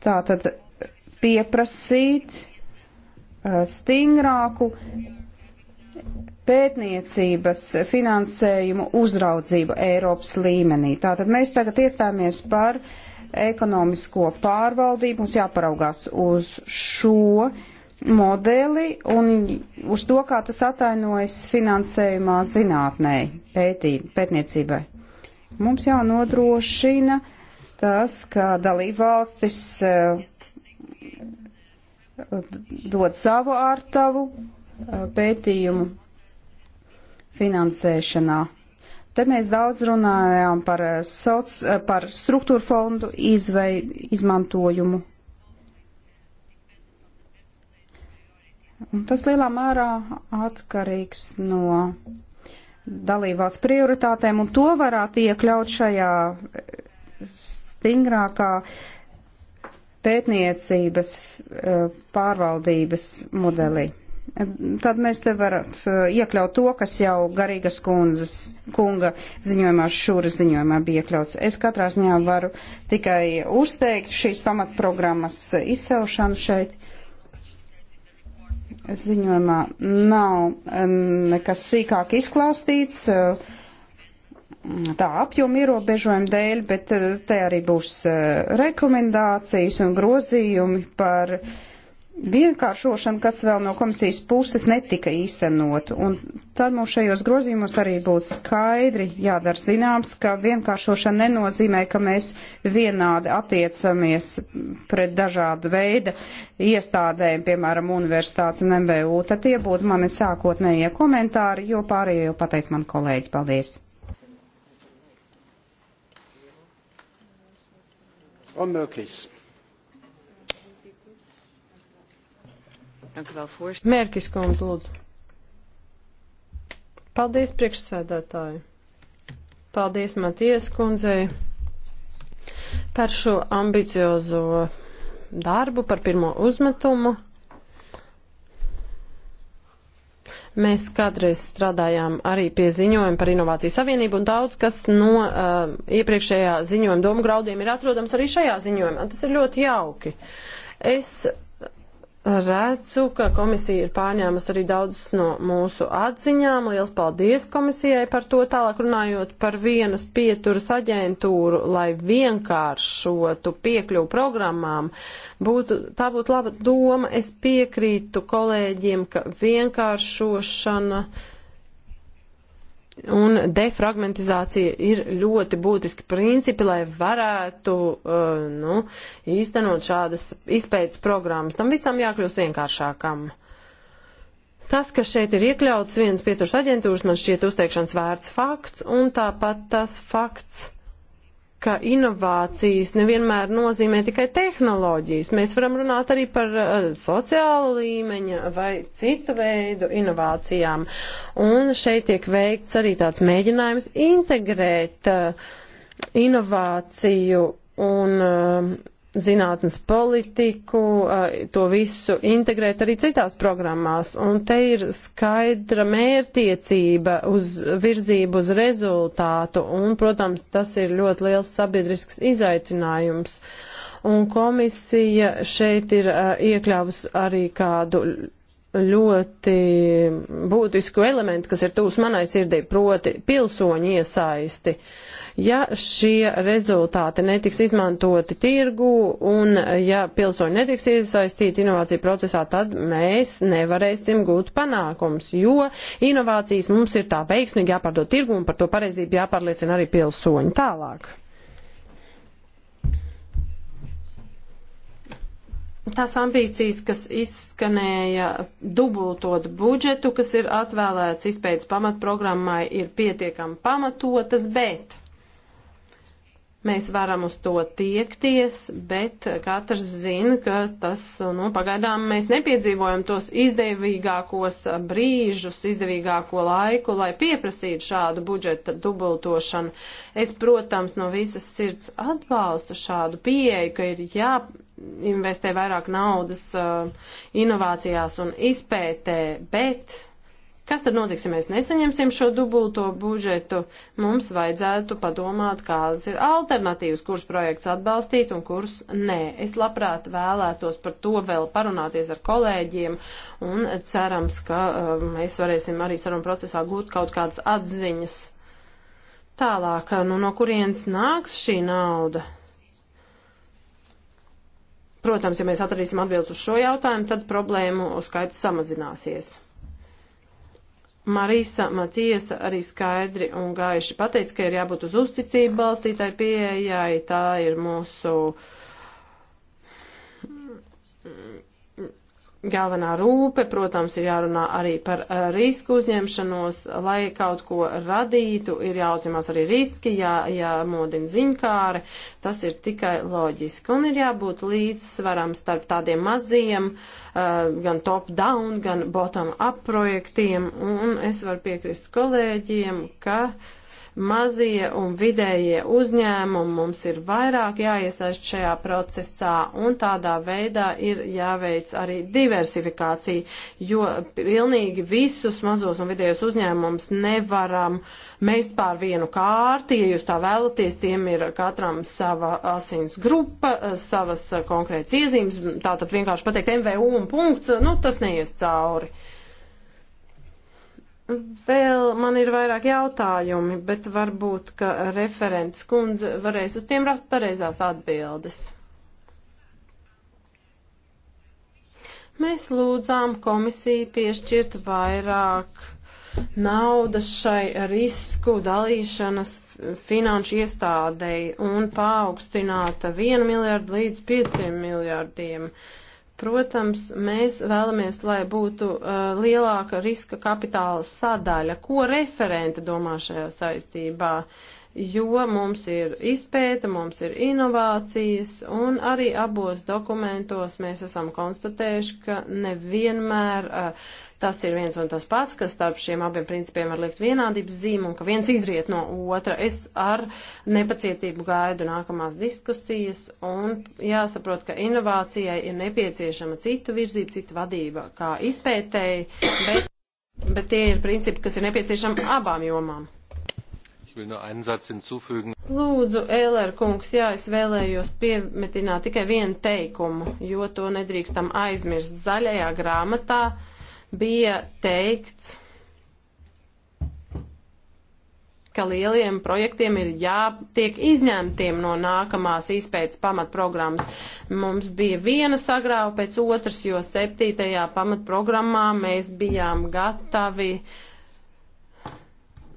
tātad pieprasīt uh, stingrāku pētniecības finansējumu uzraudzību Eiropas līmenī. Tātad mēs tagad iestājāmies par ekonomisko pārvaldību, mums jāparaugās uz šo modeli un uz to, kā tas atainojas finansējumā zinātnē, pētī, pētniecībai. Mums jānodrošina tas, ka dalībvalstis eh, dod savu ārtavu eh, pētījumu finansēšanā. Te mēs daudz runājām par, eh, soc, par struktūru fondu izvei, izmantojumu. Un tas lielā mērā atkarīgs no dalībās prioritātēm, un to varētu iekļaut šajā stingrākā pētniecības eh, pārvaldības modelī. Tad mēs te varētu eh, iekļaut to, kas jau garīgas kundzes, kunga ziņojumā, šūra ziņojumā bija iekļauts. Es katrā ziņā varu tikai uzteikt šīs pamatprogrammas izcelšanu šeit ziņojumā nav nekas sīkāk izklāstīts tā apjoma ierobežojuma dēļ, bet eh, te arī būs eh, rekomendācijas un grozījumi par uh, vienkāršošana, kas vēl no komisijas puses netika īstenot. Un tad mums šajos grozījumos arī būtu skaidri jādara zināms, ka vienkāršošana nenozīmē, ka mēs vienādi attiecamies pret dažādu veidu iestādēm, piemēram, universitātes un MVU. Tad tie būtu mani sākotnējie komentāri, jo pārējie jau pateica man kolēģi. Paldies!
One more, please.
Dank u wel, voorzitter. Mērķis
kundze, lūdzu. Paldies, priekšsēdētāji. Paldies, Matijas kundzei, par šo ambiciozo darbu, par pirmo uzmetumu. Mēs kādreiz strādājām arī pie ziņojuma par Inovāciju Savienību, un daudz kas no uh, iepriekšējā ziņojuma domu graudiem ir atrodams arī šajā ziņojumā. Tas ir ļoti jauki. Es redzu, ka komisija ir pārņēmusi arī daudzas no mūsu atziņām. Liels paldies komisijai par to. Tālāk runājot par vienas pieturas aģentūru, lai vienkāršotu piekļuvu programmām, būtu, tā būtu laba doma. Es piekrītu kolēģiem, ka vienkāršošana. Uh, Un defragmentizācija ir ļoti būtiski principi, lai varētu uh, nu, īstenot šādas izpētes programmas. Tam visam jākļūst vienkāršākam. Tas, kas šeit ir iekļauts vienas pieturas aģentūras, man šķiet uzteikšanas vērts fakts, un tāpat tas fakts ka inovācijas nevienmēr nozīmē tikai tehnoloģijas. Mēs varam runāt arī par uh, sociālu līmeņa vai citu veidu inovācijām. Un šeit tiek veikts arī tāds mēģinājums integrēt uh, inovāciju un uh, zinātnes politiku, to visu integrēt arī citās programmās. Un te ir skaidra mērtiecība uz virzību uz rezultātu, un, protams, tas ir ļoti liels sabiedrisks izaicinājums. Un komisija šeit ir iekļāvus arī kādu ļoti būtisku elementu, kas ir tūs manai sirdī, proti pilsoņu iesaisti. Uh, Ja šie rezultāti netiks izmantoti tirgu un ja pilsoņi netiks iesaistīti inovāciju procesā, tad mēs nevarēsim gūt panākums, jo inovācijas mums ir tā veiksmīgi jāpārdod tirgu un par to pareizību jāpārliecina arī pilsoņi tālāk. tās ambīcijas, kas izskanēja dubultot budžetu, kas ir atvēlēts izpējas pamatprogrammai, ir pietiekami pamatotas, bet Mēs varam uz to tiekties, bet katrs zina, ka tas, nu, pagaidām mēs nepiedzīvojam tos izdevīgākos brīžus, izdevīgāko laiku, lai pieprasītu šādu budžeta dubultošanu. Es, protams, no visas sirds atbalstu šādu pieeju, ka ir jā investē vairāk naudas uh, inovācijās un izpētē, bet Kas tad notiks, ja mēs nesaņemsim šo dubulto budžetu? Mums vajadzētu padomāt, kādas ir alternatīvas, kurus projekts atbalstīt un kurus nē. Es labprāt vēlētos par to vēl parunāties ar kolēģiem un cerams, ka uh, mēs varēsim arī sarunu procesā gūt kaut kādas atziņas. Tālāk, uh, nu, no kurienes nāks šī nauda? Protams, ja mēs atradīsim atbildus uz šo jautājumu, tad problēmu skaits samazināsies. Marīsa Matiesa arī skaidri un gaiši pateica, ka ir jābūt uz uzticību balstītāju pieejai, tā ir mūsu uh, galvenā rūpe, protams, ir jārunā arī par eh, risku uzņemšanos, lai kaut ko radītu, ir jāuzņemās arī riski, jā, jāmodina ziņkāri, tas ir tikai loģiski, un ir jābūt līdzsvaram starp tādiem maziem, eh, gan top-down, gan bottom-up projektiem, un es varu piekrist kolēģiem, ka mazie un vidējie uzņēmumi mums ir vairāk jāiesaist šajā procesā un tādā veidā ir jāveic arī diversifikācija, jo pilnīgi visus mazos un vidējos uzņēmumus nevaram mest pār vienu kārti, ja jūs tā vēlaties, tiem ir katram sava asins grupa, savas konkrētas iezīmes, tātad vienkārši pateikt MVU un punkts, nu tas neies cauri. Uh, Vēl man ir vairāk jautājumi, bet varbūt, ka referents kundze varēs uz tiem rast pareizās atbildes. Mēs lūdzām komisiju piešķirt vairāk naudas šai risku dalīšanas finanšu iestādei un paaugstināt 1 miljardu līdz 5 miljardiem. Uh, Protams, mēs vēlamies, lai būtu uh, lielāka riska kapitāla sadaļa. Ko referente domā šajā saistībā? Jo mums ir izpēta, mums ir inovācijas, un arī abos dokumentos mēs esam konstatējuši, ka nevienmēr uh, tas ir viens un tas pats, ka starp šiem abiem principiem var likt vienādības zīmu un ka viens izriet no otra. Es ar nepacietību gaidu nākamās diskusijas un jāsaprot, ka inovācijai ir nepieciešama cita virzība, cita vadība, kā izpētēji, bet, bet tie ir principi, kas ir nepieciešami abām jomām.
Lūdzu,
Ēlēr kungs, jā, es vēlējos piemetināt tikai vienu teikumu, jo to nedrīkstam aizmirst zaļajā grāmatā. Uh, bija teikts, ka lieliem projektiem ir jātiek izņemtiem no nākamās izpētes pamatprogrammas. Mums bija viena sagrāva pēc otras, jo septītajā pamatprogrammā mēs bijām gatavi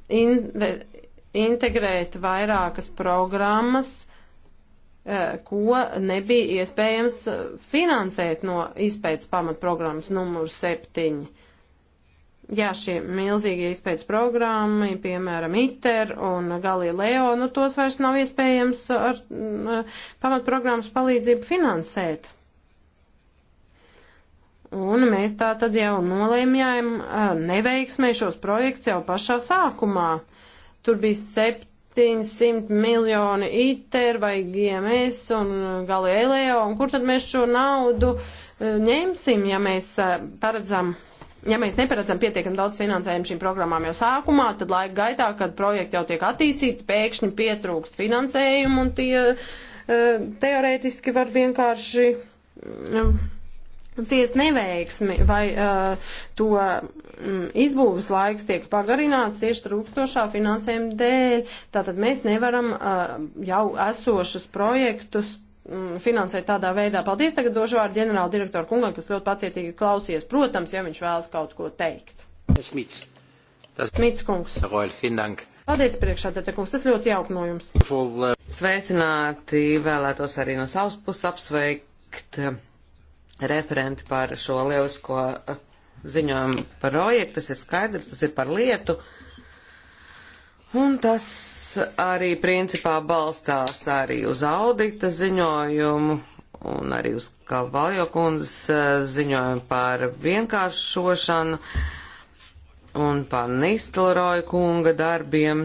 in integrēt vairākas programmas Eh, ko nebija iespējams eh, finansēt no izpētes pamatprogrammas numur 7. Jā, šie milzīgie izpētes programmi, piemēram, ITER un Galileo, nu tos vairs nav iespējams ar mm, eh, pamatprogrammas palīdzību finansēt. Un mēs tā tad jau nolēmjām neveiksmē šos projekts jau pašā sākumā. Tur bija sept 700 miljoni ITER vai GMS un uh, Galileo, un kur tad mēs šo naudu uh, ņemsim, ja mēs uh, paredzam, ja mēs neparedzam pietiekam daudz finansējumu šīm programmām jau sākumā, tad laika gaitā, kad projekti jau tiek attīstīti, pēkšņi pietrūkst finansējumu un tie teorētiski var vienkārši um, ciest neveiksmi vai uh, to mm, izbūves laiks tiek pagarināts tieši trūkstošā finansējuma dēļ. Tātad mēs nevaram uh, jau esošus projektus mm, finansēt tādā veidā. Paldies, tagad došu vārdu ģenerāla direktora kungam, kas ļoti pacietīgi klausies, protams, ja viņš vēlas kaut ko teikt. Smits.
Tas... Smits kungs. Roļ, findank. Paldies, priekšādētā kungs, tas ļoti jauk no jums. Uh, Sveicināti, vēlētos arī no savas puses apsveikt referenti par šo lielisko uh, ziņojumu projektu. Tas ir skaidrs, tas ir par lietu. Un tas arī principā balstās arī uz audita ziņojumu un arī uz Kalvaljo kundzes uh, ziņojumu par vienkāršošanu un par Nistelroju kunga darbiem,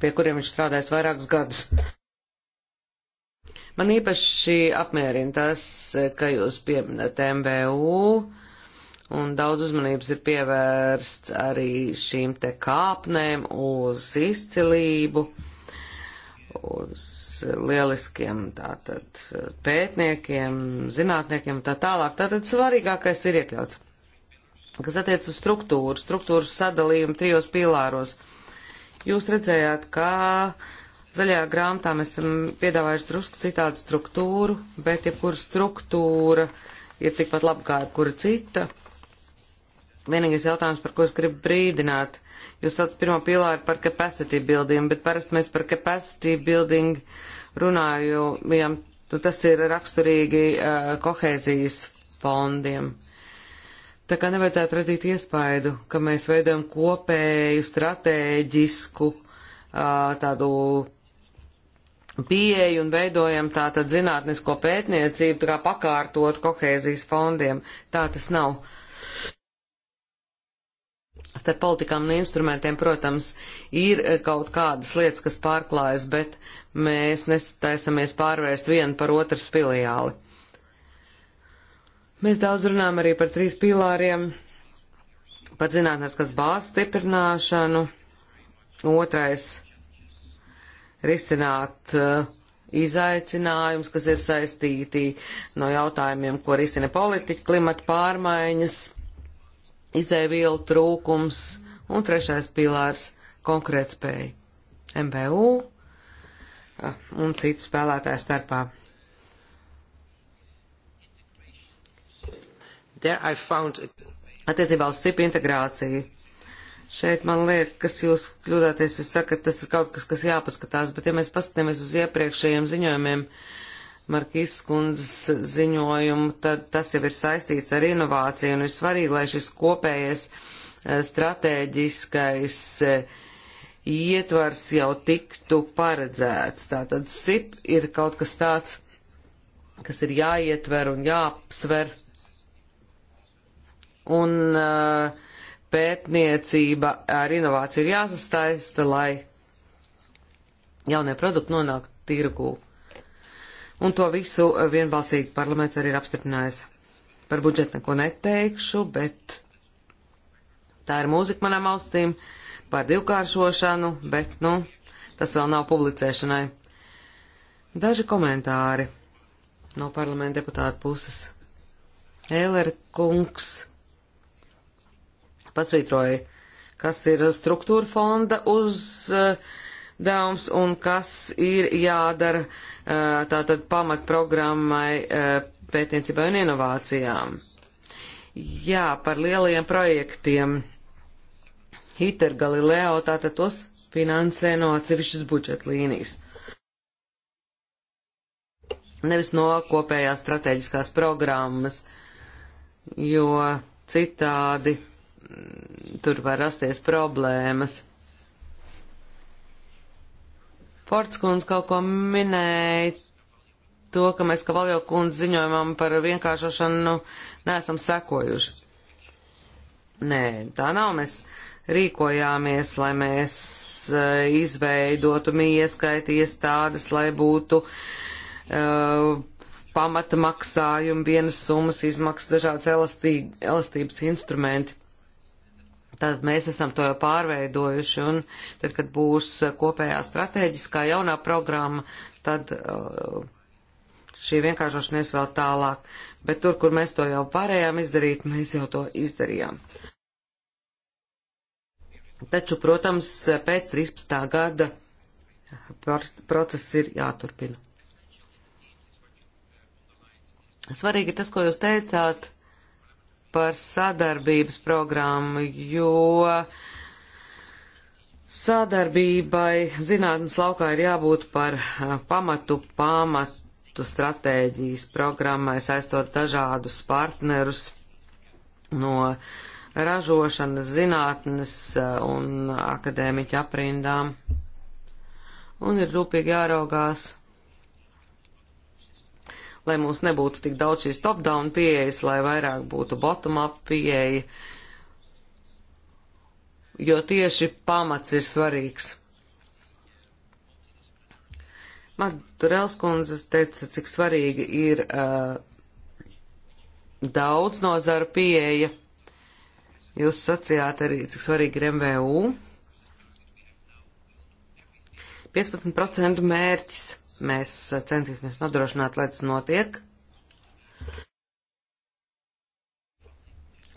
pie kuriem viņš strādājas vairākus gadus. Man īpaši apmierina tas, ka jūs pieminat MVU, un daudz uzmanības ir pievērsts arī šīm te kāpnēm uz izcilību, uz lieliskiem tātad pētniekiem, zinātniekiem tā tālāk. Tātad svarīgākais ir iekļauts kas attiec uz struktūru, struktūras sadalījumu trijos pīlāros. Jūs redzējāt, kā Zaļajā grāmatā mēs esam piedāvājuši drusku citādu struktūru, bet jebkura struktūra ir tikpat laba kā jebkura cita. Vienīgais jautājums, par ko es gribu brīdināt, jūs sauc pirmo pilāru par capacity building, bet parasti mēs par capacity building runājam, nu, tas ir raksturīgi uh, kohēzijas fondiem. Tā kā nevajadzētu radīt iespaidu, ka mēs veidojam kopēju stratēģisku eh, tādu pieeju un veidojam tātad zinātnisko pētniecību, tā kā pakārtot kohēzijas fondiem. Tā tas nav. Starp politikām un instrumentiem, protams, ir kaut kādas lietas, kas pārklājas, bet mēs nestaisamies pārvērst vienu par otras filiāli. Mēs daudz runājam arī par trīs pīlāriem, par zinātnes, kas bāzes stiprināšanu, otrais risināt uh, eh, izaicinājums, kas ir saistīti no jautājumiem, ko risina politiķi, klimata pārmaiņas, izēvielu trūkums un trešais pilārs - konkrētspēja. MBU eh, un citu spēlētāju starpā. Attiecībā uz SIP integrāciju Šeit man liekas, jūs kļūdāties, jūs sakat, tas ir kaut kas, kas jāpaskatās, bet ja mēs paskatāmies uz iepriekšējiem ziņojumiem, Markīs kundzes ziņojumu, tad tas jau ir saistīts ar inovāciju un ir svarīgi, lai šis kopējais eh, stratēģiskais eh, ietvars jau tiktu paredzēts. Tātad SIP ir kaut kas tāds, kas ir jāietver un jāapsver. Un uh, pētniecība ar inovāciju ir jāsastaista, lai jaunie produkti nonāktu tirgū. Un to visu vienbalsīgi parlaments arī ir apstiprinājis. Par budžetu neko neteikšu, bet tā ir mūzika manām austīm, par divkāršošanu, bet, nu, tas vēl nav publicēšanai. Daži komentāri no parlamenta deputāta puses. Ēlera kungs pasvītroja, kas ir struktūra fonda uzdevums eh, un kas ir jādara eh, tātad pamatprogrammai eh, pētniecībai un inovācijām. Jā, par lielajiem projektiem. Hiter Galileo tātad tos finansē no atsevišķas budžeta līnijas nevis no kopējās strateģiskās programmas, jo citādi tur var rasties problēmas. Portskundze kaut ko minēja to, ka mēs Kavaljo kundze ziņojumam par vienkāršošanu nu, neesam sekojuši. Nē, tā nav. Mēs rīkojāmies, lai mēs uh, izveidotu mīieskaiti iestādes, lai būtu uh, eh, pamata maksājumi, vienas summas izmaksas, dažādas elastī, elastības instrumenti. Tad mēs esam to jau pārveidojuši, un tad, kad būs kopējā strateģiskā jaunā programma, tad uh, šī vienkāršošana ies vēl tālāk. Bet tur, kur mēs to jau varējām izdarīt, mēs jau to izdarījām. Taču, protams, pēc 13. gada process ir jāturpina. Svarīgi tas, ko jūs teicāt par sadarbības programmu, jo sadarbībai zinātnes laukā ir jābūt par pamatu pamatu stratēģijas programmai, saistot dažādus partnerus no ražošanas, zinātnes un akadēmiķa aprindām. Un ir rūpīgi jāraugās lai mums nebūtu tik daudz šīs top-down pieejas, lai vairāk būtu bottom-up pieeja, jo tieši pamats ir svarīgs. Magdurēls kundze teica, cik svarīgi ir uh, daudz nozaru pieeja. Jūs sacījāt arī, cik svarīgi ir MVU. 15% mērķis. Mēs eh, centīsimies nodrošināt, lai tas notiek.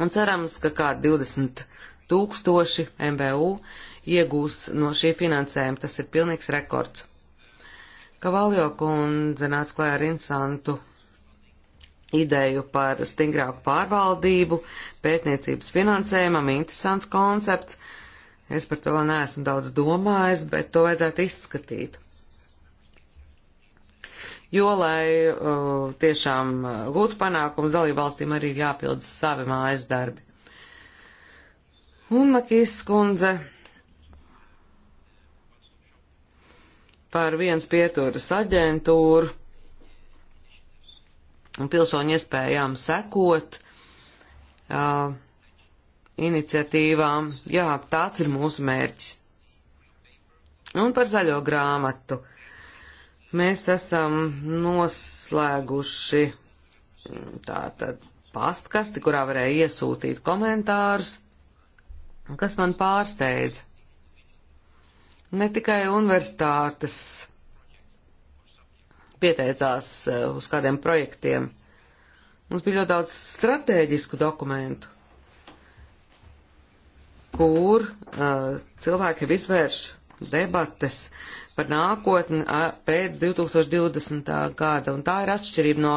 Un cerams, ka kā 20 tūkstoši MBU iegūs no šī finansējuma. Tas ir pilnīgs rekords. Kavaljo kundze nāca klājā ar interesantu ideju par stingrāku pārvaldību, pētniecības finansējumam, interesants koncepts. Es par to vēl neesmu daudz domājis, bet to vajadzētu izskatīt jo, lai uh, tiešām uh, gūtu panākums, dalībvalstīm arī ir jāpild savi mājas darbi. Un Makīs skundze par viens pieturas aģentūru un pilsoņu iespējām sekot uh, iniciatīvām. Jā, tāds ir mūsu mērķis. Un par zaļo grāmatu. Uh, Mēs esam noslēguši mm, tātad pastkasti, kurā varēja iesūtīt komentārus, kas man pārsteidz. Ne tikai universitātes pieteicās eh, uz kādiem projektiem. Mums bija ļoti daudz strateģisku dokumentu, kur uh, cilvēki izvērš debates par nākotni pēc 2020. gada, un tā ir atšķirība no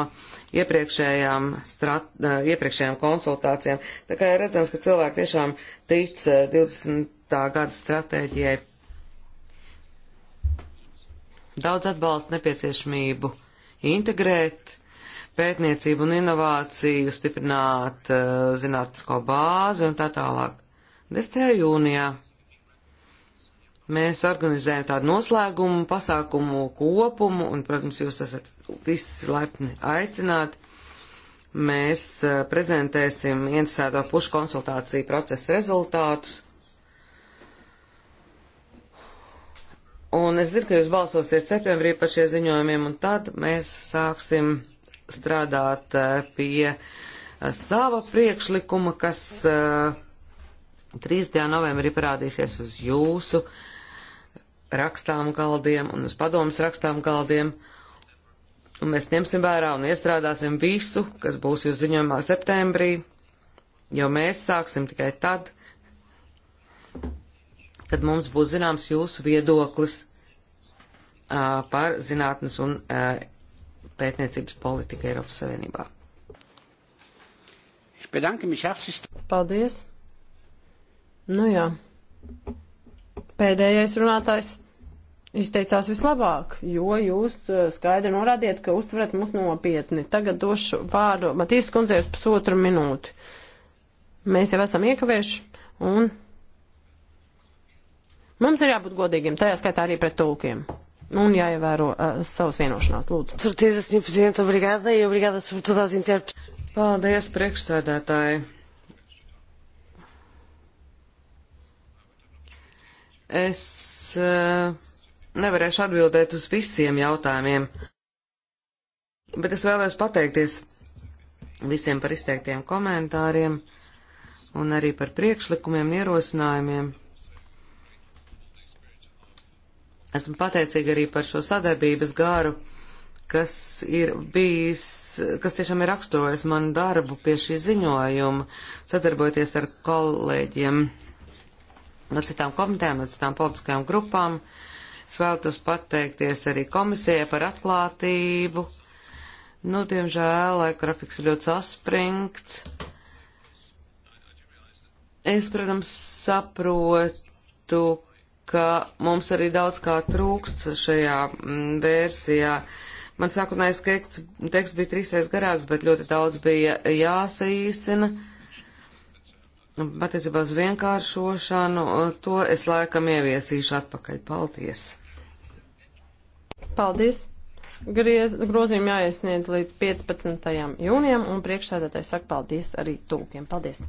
iepriekšējām, strat, iepriekšējām konsultācijām. Tā kā ir redzams, ka cilvēki tiešām tic 20. gada stratēģijai. Daudz atbalsta nepieciešamību integrēt pētniecību un inovāciju, stiprināt zinātnisko bāzi un tā tālāk. 10. jūnijā mēs organizējam tādu noslēgumu, pasākumu kopumu, un, protams, jūs esat visi laipni aicināti. Mēs eh, prezentēsim interesēto pušu konsultāciju procesa rezultātus. Un es zinu, ka jūs balsosiet septembrī par šie ziņojumiem, un tad mēs sāksim strādāt eh, pie eh, sava priekšlikuma, kas 30. novembrī parādīsies uz jūsu uh, rakstām galdiem un uz padomas rakstām galdiem, un mēs ņemsim vērā un iestrādāsim visu, kas būs jūs ziņojumā septembrī, jo mēs sāksim tikai tad, kad mums būs zināms jūsu viedoklis uh, par zinātnes un uh, pētniecības politiku Eiropas Savienībā. Paldies!
Nu jā pēdējais runātājs izteicās vislabāk, jo jūs eh, skaidri norādiet, ka uztverat mūs nopietni. Tagad došu vārdu Matīs kundzei uz pusotru minūti. Mēs jau esam iekavējuši un mums ir jābūt godīgiem, tajā skaitā arī pret tūkiem.
Un jāievēro uh, savas vienošanās, lūdzu. Certeza, senjor prezidents, obrigada, e obrigada, sobretudo aos interpretos. Paldies, priekšsēdētāji. Es eh, nevarēšu atbildēt uz visiem jautājumiem, bet es vēlēs pateikties visiem par izteiktiem komentāriem un arī par priekšlikumiem, ierosinājumiem. Esmu pateicīga arī par šo sadarbības gāru, kas ir bijis, kas tiešām ir raksturojis manu darbu pie šī ziņojuma, sadarbojoties ar kolēģiem no citām komitejām, no citām politiskajām grupām. Es vēlētos pateikties arī komisijai par atklātību. Nu, diemžēl, laika grafiks ir ļoti saspringts. Es, protams, saprotu, ka mums arī daudz kā trūkst šajā mm, versijā. Man sākotnējais teksts bija trīsreiz garāks, bet ļoti daudz bija jāsaīsina. Uh, Nu, patiesībā uz vienkāršošanu to es laikam ieviesīšu atpakaļ. Paldies!
Paldies! Griez, grozījumi jāiesniedz līdz 15. jūnijam, un priekšsēdētājs saka paldies arī tūkiem. Paldies!